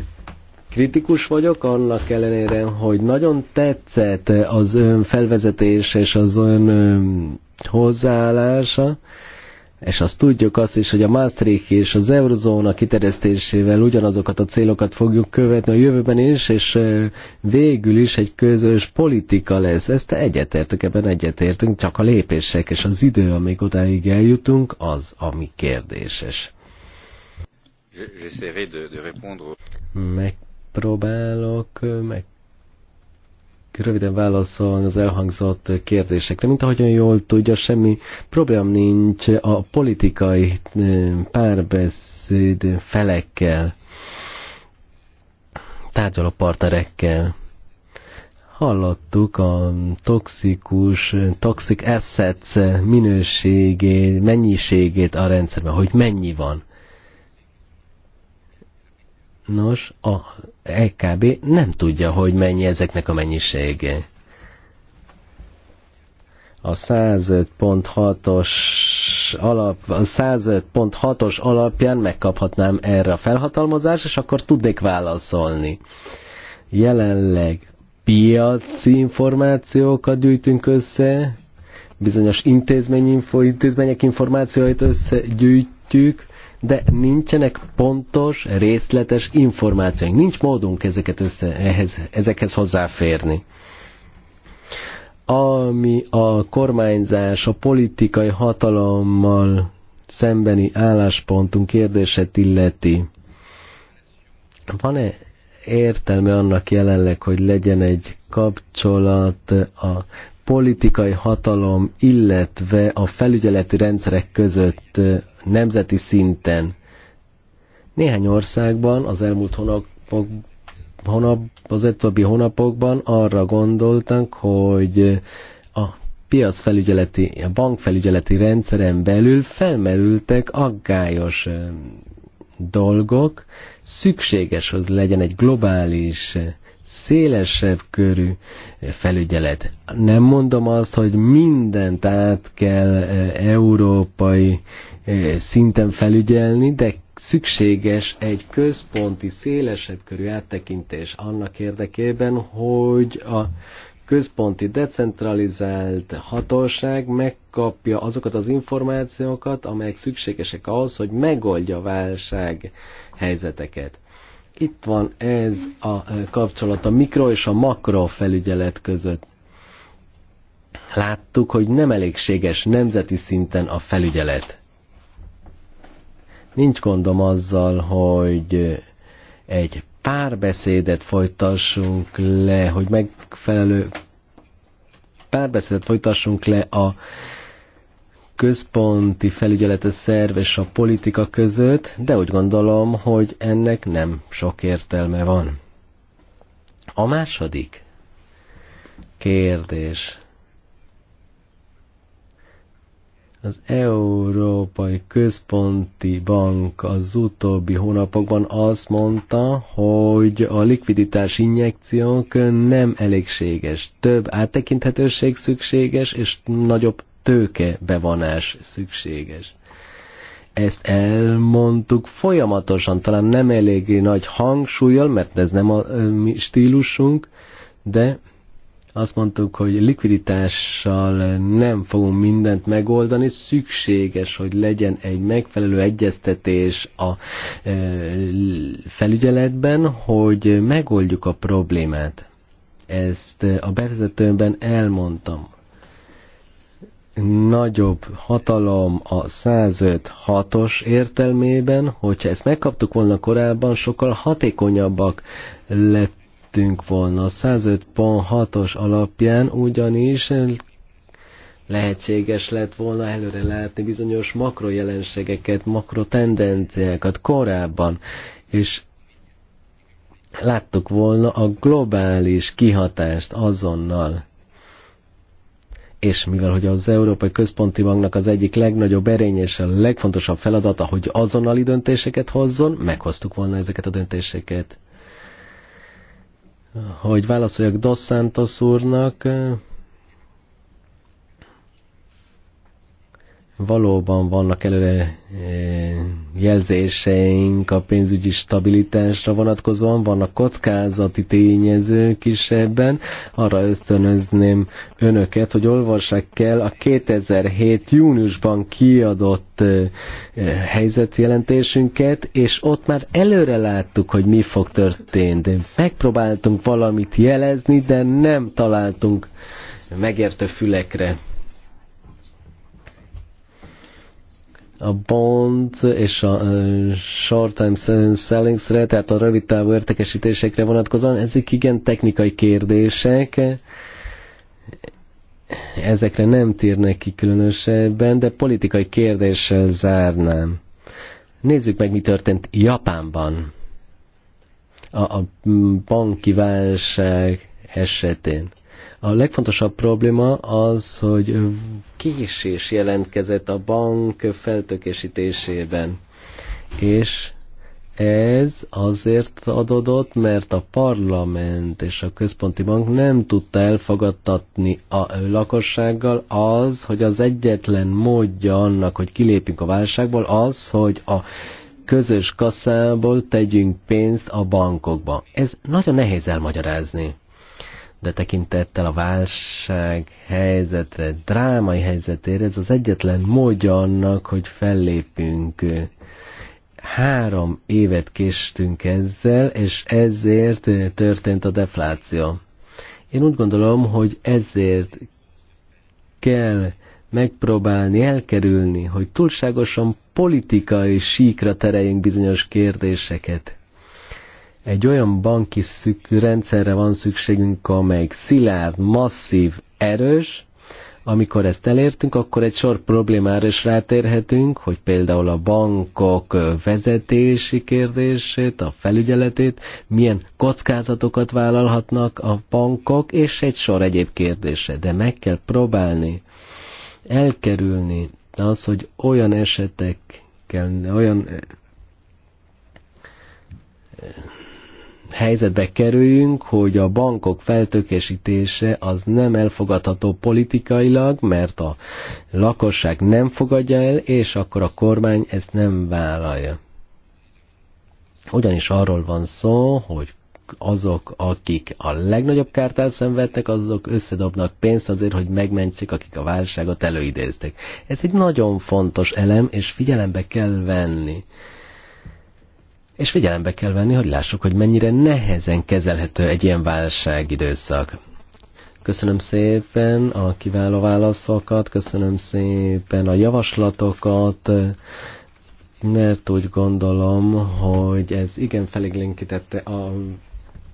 kritikus vagyok, annak ellenére, hogy nagyon tetszett az ön felvezetés és az ön hozzáállása, és azt tudjuk azt is, hogy a Maastricht és az Eurozóna kiterjesztésével ugyanazokat a célokat fogjuk követni a jövőben is, és végül is egy közös politika lesz. Ezt egyetértünk, ebben egyetértünk, csak a lépések és az idő, amíg odáig eljutunk, az, ami kérdéses. Meg próbálok meg röviden válaszolni az elhangzott kérdésekre. Mint ahogyan jól tudja, semmi problém nincs a politikai párbeszéd felekkel, tárgyaló partnerekkel. Hallottuk a toxikus, toxic assets minőségét, mennyiségét a rendszerben, hogy mennyi van. Nos, a EKB nem tudja, hogy mennyi ezeknek a mennyisége. A 105.6-os alap, a 105.6-os alapján megkaphatnám erre a felhatalmazást, és akkor tudnék válaszolni. Jelenleg piaci információkat gyűjtünk össze, bizonyos intézmény info, intézmények információit összegyűjtjük, de nincsenek pontos, részletes információink. Nincs módunk ezeket össze, ehhez, ezekhez hozzáférni ami a kormányzás, a politikai hatalommal szembeni álláspontunk kérdését illeti. Van-e értelme annak jelenleg, hogy legyen egy kapcsolat a politikai hatalom, illetve a felügyeleti rendszerek között nemzeti szinten. Néhány országban az elmúlt hónapok, hónap, az utóbbi hónapokban arra gondoltunk, hogy a piacfelügyeleti, a bankfelügyeleti rendszeren belül felmerültek aggályos dolgok, szükséges, hogy legyen egy globális szélesebb körű felügyelet. Nem mondom azt, hogy mindent át kell e, európai e, szinten felügyelni, de szükséges egy központi, szélesebb körű áttekintés annak érdekében, hogy a központi decentralizált hatóság megkapja azokat az információkat, amelyek szükségesek ahhoz, hogy megoldja a válság helyzeteket. Itt van ez a kapcsolat a mikro és a makro felügyelet között. Láttuk, hogy nem elégséges nemzeti szinten a felügyelet. Nincs gondom azzal, hogy egy pár beszédet folytassunk le, hogy megfelelő párbeszédet folytassunk le a központi felügyelete szerv és a politika között, de úgy gondolom, hogy ennek nem sok értelme van. A második kérdés. Az Európai Központi Bank az utóbbi hónapokban azt mondta, hogy a likviditás injekciók nem elégséges. Több áttekinthetőség szükséges, és nagyobb tőke bevonás szükséges. Ezt elmondtuk folyamatosan, talán nem eléggé nagy hangsúlyjal, mert ez nem a mi stílusunk, de azt mondtuk, hogy likviditással nem fogunk mindent megoldani, szükséges, hogy legyen egy megfelelő egyeztetés a felügyeletben, hogy megoldjuk a problémát. Ezt a bevezetőben elmondtam nagyobb hatalom a 105-6-os értelmében, hogyha ezt megkaptuk volna korábban, sokkal hatékonyabbak lettünk volna a 105.6-os alapján, ugyanis lehetséges lett volna előre látni bizonyos makrojelenségeket, makrotendenciákat korábban, és láttuk volna a globális kihatást azonnal és mivel hogy az Európai Központi Banknak az egyik legnagyobb erény és a legfontosabb feladata, hogy azonnali döntéseket hozzon, meghoztuk volna ezeket a döntéseket. Hogy válaszoljak Dos Santos úrnak, valóban vannak előre e, jelzéseink a pénzügyi stabilitásra vonatkozóan, vannak kockázati tényezők is ebben. Arra ösztönözném önöket, hogy olvassák kell a 2007. júniusban kiadott e, e, helyzetjelentésünket, és ott már előre láttuk, hogy mi fog történni. Megpróbáltunk valamit jelezni, de nem találtunk megértő fülekre a bond és a short time re tehát a rövid távú értékesítésekre vonatkozóan, ezek igen technikai kérdések, ezekre nem térnek ki különösebben, de politikai kérdéssel zárnám. Nézzük meg, mi történt Japánban a, a banki válság esetén. A legfontosabb probléma az, hogy késés jelentkezett a bank feltökésítésében. És ez azért adódott, mert a parlament és a központi bank nem tudta elfogadtatni a lakossággal az, hogy az egyetlen módja annak, hogy kilépünk a válságból, az, hogy a közös kasszából tegyünk pénzt a bankokba. Ez nagyon nehéz elmagyarázni de tekintettel a válság helyzetre, drámai helyzetére, ez az egyetlen módja annak, hogy fellépünk. Három évet késtünk ezzel, és ezért történt a defláció. Én úgy gondolom, hogy ezért kell megpróbálni elkerülni, hogy túlságosan politikai síkra tereljünk bizonyos kérdéseket egy olyan banki szük, rendszerre van szükségünk, amelyik szilárd, masszív, erős, amikor ezt elértünk, akkor egy sor problémára is rátérhetünk, hogy például a bankok vezetési kérdését, a felügyeletét, milyen kockázatokat vállalhatnak a bankok, és egy sor egyéb kérdése. De meg kell próbálni elkerülni az, hogy olyan esetekkel, olyan helyzetbe kerüljünk, hogy a bankok feltökésítése az nem elfogadható politikailag, mert a lakosság nem fogadja el, és akkor a kormány ezt nem vállalja. Ugyanis arról van szó, hogy azok, akik a legnagyobb kárt elszenvedtek, azok összedobnak pénzt azért, hogy megmentsék, akik a válságot előidézték. Ez egy nagyon fontos elem, és figyelembe kell venni és figyelembe kell venni, hogy lássuk, hogy mennyire nehezen kezelhető egy ilyen válságidőszak. Köszönöm szépen a kiváló válaszokat, köszönöm szépen a javaslatokat, mert úgy gondolom, hogy ez igen feléglinkítette a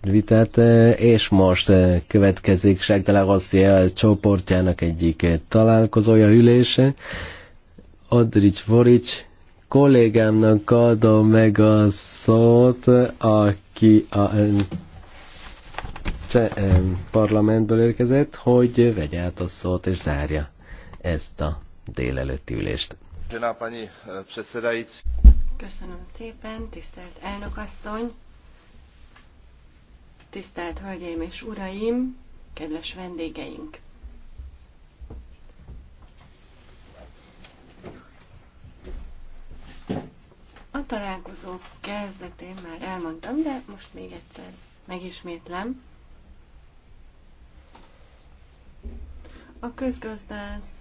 vitát, és most következik Ságdele Rosszia csoportjának egyik találkozója, ülése. Adrich Voric, kollégámnak adom meg a szót, aki a cseh parlamentből érkezett, hogy vegye át a szót és zárja ezt a délelőtti ülést. Eh, Köszönöm szépen, tisztelt elnökasszony, tisztelt hölgyeim és uraim, kedves vendégeink! A találkozó kezdetén már elmondtam, de most még egyszer megismétlem. A közgazdász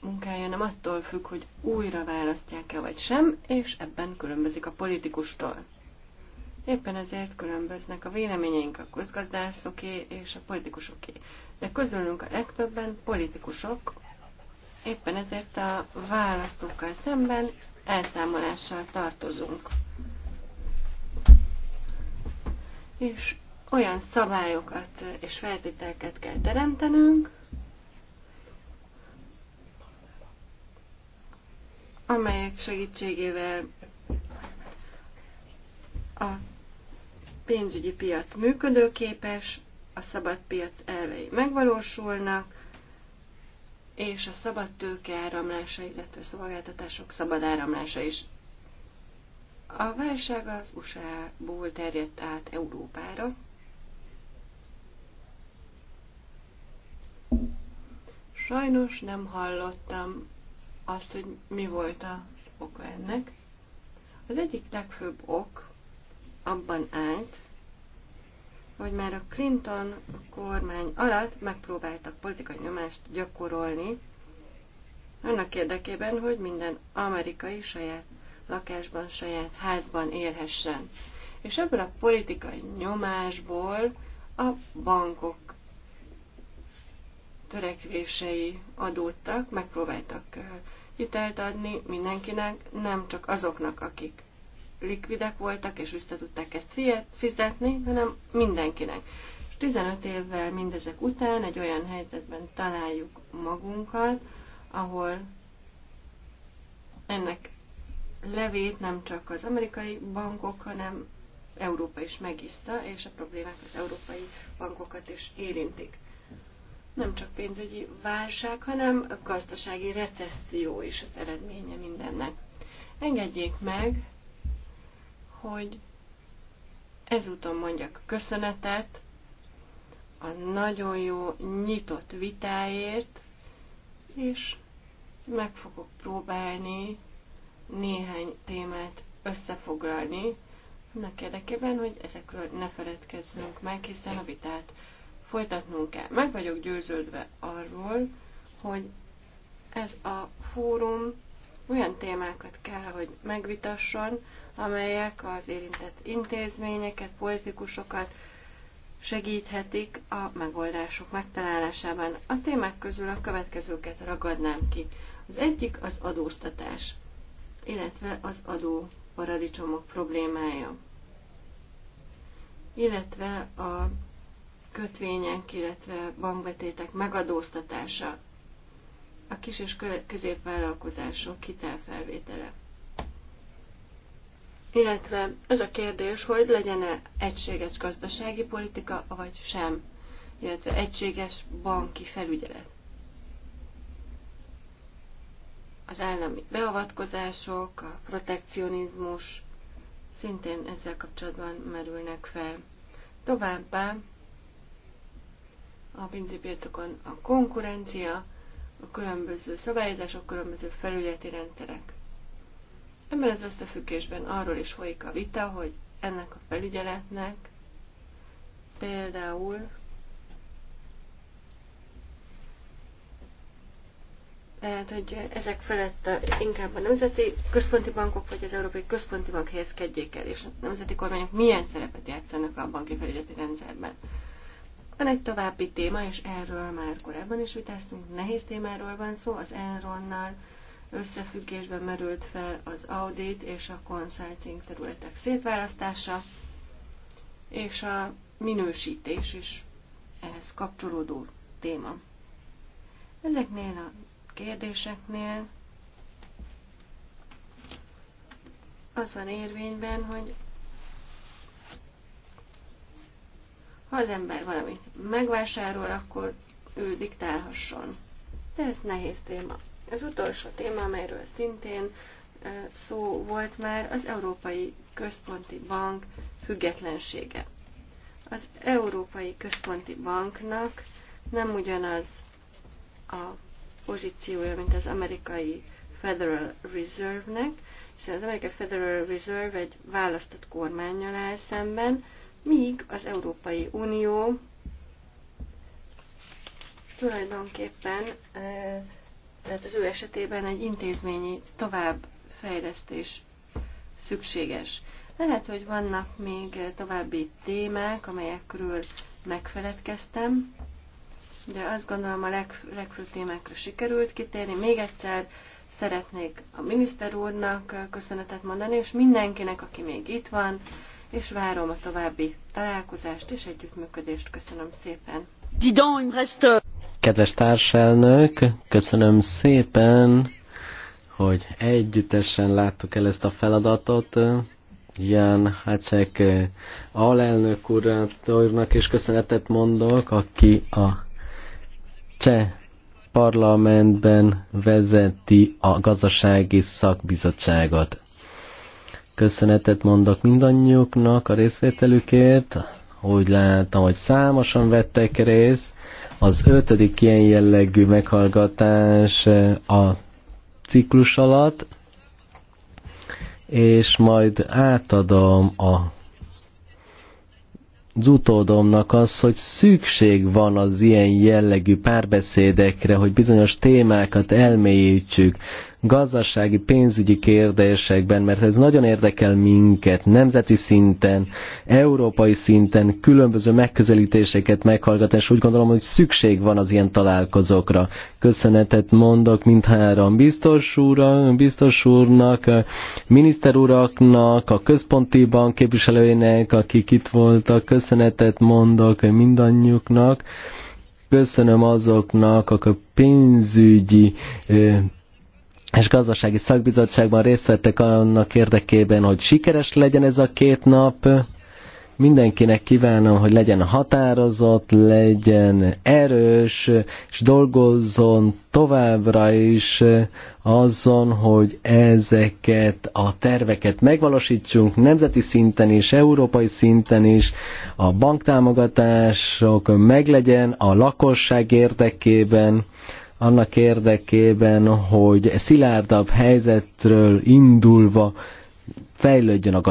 munkája nem attól függ, hogy újra választják-e vagy sem, és ebben különbözik a politikustól. Éppen ezért különböznek a véleményeink a közgazdászoké és a politikusoké. De közülünk a legtöbben politikusok, éppen ezért a választókkal szemben elszámolással tartozunk. És olyan szabályokat és feltételeket kell teremtenünk, amelyek segítségével a pénzügyi piac működőképes, a szabad piac elvei megvalósulnak, és a szabad tőke áramlása, illetve szolgáltatások szabad áramlása is. A válság az USA-ból terjedt át Európára, Sajnos nem hallottam azt, hogy mi volt az oka ennek. Az egyik legfőbb ok abban állt, hogy már a Clinton kormány alatt megpróbáltak politikai nyomást gyakorolni, annak érdekében, hogy minden amerikai saját lakásban, saját házban élhessen. És ebből a politikai nyomásból a bankok törekvései adódtak, megpróbáltak hitelt adni mindenkinek, nem csak azoknak, akik likvidek voltak, és vissza tudták ezt fizetni, hanem mindenkinek. És 15 évvel mindezek után egy olyan helyzetben találjuk magunkat, ahol ennek levét nem csak az amerikai bankok, hanem Európa is megiszta, és a problémák az európai bankokat is érintik. Nem csak pénzügyi válság, hanem a gazdasági recesszió is az eredménye mindennek. Engedjék meg, hogy ezúton mondjak köszönetet a nagyon jó nyitott vitáért, és meg fogok próbálni néhány témát összefoglalni, annak érdekében, hogy ezekről ne feledkezzünk meg, hiszen a vitát folytatnunk kell. Meg vagyok győződve arról, hogy ez a fórum olyan témákat kell, hogy megvitasson, amelyek az érintett intézményeket, politikusokat segíthetik a megoldások megtalálásában. A témák közül a következőket ragadnám ki. Az egyik az adóztatás, illetve az adó paradicsomok problémája, illetve a kötvények, illetve bankbetétek megadóztatása, a kis és középvállalkozások hitelfelvétele illetve az a kérdés, hogy legyen-e egységes gazdasági politika, vagy sem, illetve egységes banki felügyelet. Az állami beavatkozások, a protekcionizmus szintén ezzel kapcsolatban merülnek fel. Továbbá a pénzpiacokon a konkurencia, a különböző szabályozások, különböző felügyeleti rendszerek. Ebben az összefüggésben arról is folyik a vita, hogy ennek a felügyeletnek például Tehát, hogy ezek felett inkább a nemzeti központi bankok vagy az európai központi bank helyezkedjék el, és a nemzeti kormányok milyen szerepet játszanak a banki felügyeleti rendszerben. Van egy további téma, és erről már korábban is vitáztunk, nehéz témáról van szó, az Enronnal összefüggésben merült fel az audit és a consulting területek szétválasztása, és a minősítés is ehhez kapcsolódó téma. Ezeknél a kérdéseknél az van érvényben, hogy ha az ember valamit megvásárol, akkor ő diktálhasson. De ez nehéz téma. Az utolsó téma, amelyről szintén szó volt már, az Európai Központi Bank függetlensége. Az Európai Központi Banknak nem ugyanaz a pozíciója, mint az amerikai Federal Reserve-nek, hiszen az amerikai Federal Reserve egy választott kormányjal áll szemben, míg az Európai Unió tulajdonképpen tehát az ő esetében egy intézményi továbbfejlesztés szükséges. Lehet, hogy vannak még további témák, amelyekről megfeledkeztem, de azt gondolom a leg, legfőbb témákra sikerült kitérni. Még egyszer szeretnék a miniszter úrnak köszönetet mondani, és mindenkinek, aki még itt van, és várom a további találkozást és együttműködést. Köszönöm szépen. Kedves társelnök, köszönöm szépen, hogy együttesen láttuk el ezt a feladatot. Jan Hacek eh, alelnök úrnak is köszönetet mondok, aki a cseh parlamentben vezeti a gazdasági szakbizottságot. Köszönetet mondok mindannyiuknak a részvételükért, úgy látom, hogy számosan vettek részt, az ötödik ilyen jellegű meghallgatás eh, a ciklus alatt, és majd átadom a az utódomnak az, hogy szükség van az ilyen jellegű párbeszédekre, hogy bizonyos témákat elmélyítsük, gazdasági, pénzügyi kérdésekben, mert ez nagyon érdekel minket nemzeti szinten, európai szinten, különböző megközelítéseket meghallgatni, és úgy gondolom, hogy szükség van az ilyen találkozókra. Köszönetet mondok mindhárom biztos, úra, biztos úrnak, miniszter uraknak, a központi bank képviselőinek, akik itt voltak, köszönetet mondok mindannyiuknak köszönöm azoknak, akik a pénzügyi és gazdasági szakbizottságban részt vettek annak érdekében, hogy sikeres legyen ez a két nap. Mindenkinek kívánom, hogy legyen határozott, legyen erős, és dolgozzon továbbra is azon, hogy ezeket a terveket megvalósítsunk nemzeti szinten is, európai szinten is, a banktámogatások meglegyen a lakosság érdekében, annak érdekében, hogy szilárdabb helyzetről indulva fejlődjön a gazdaság.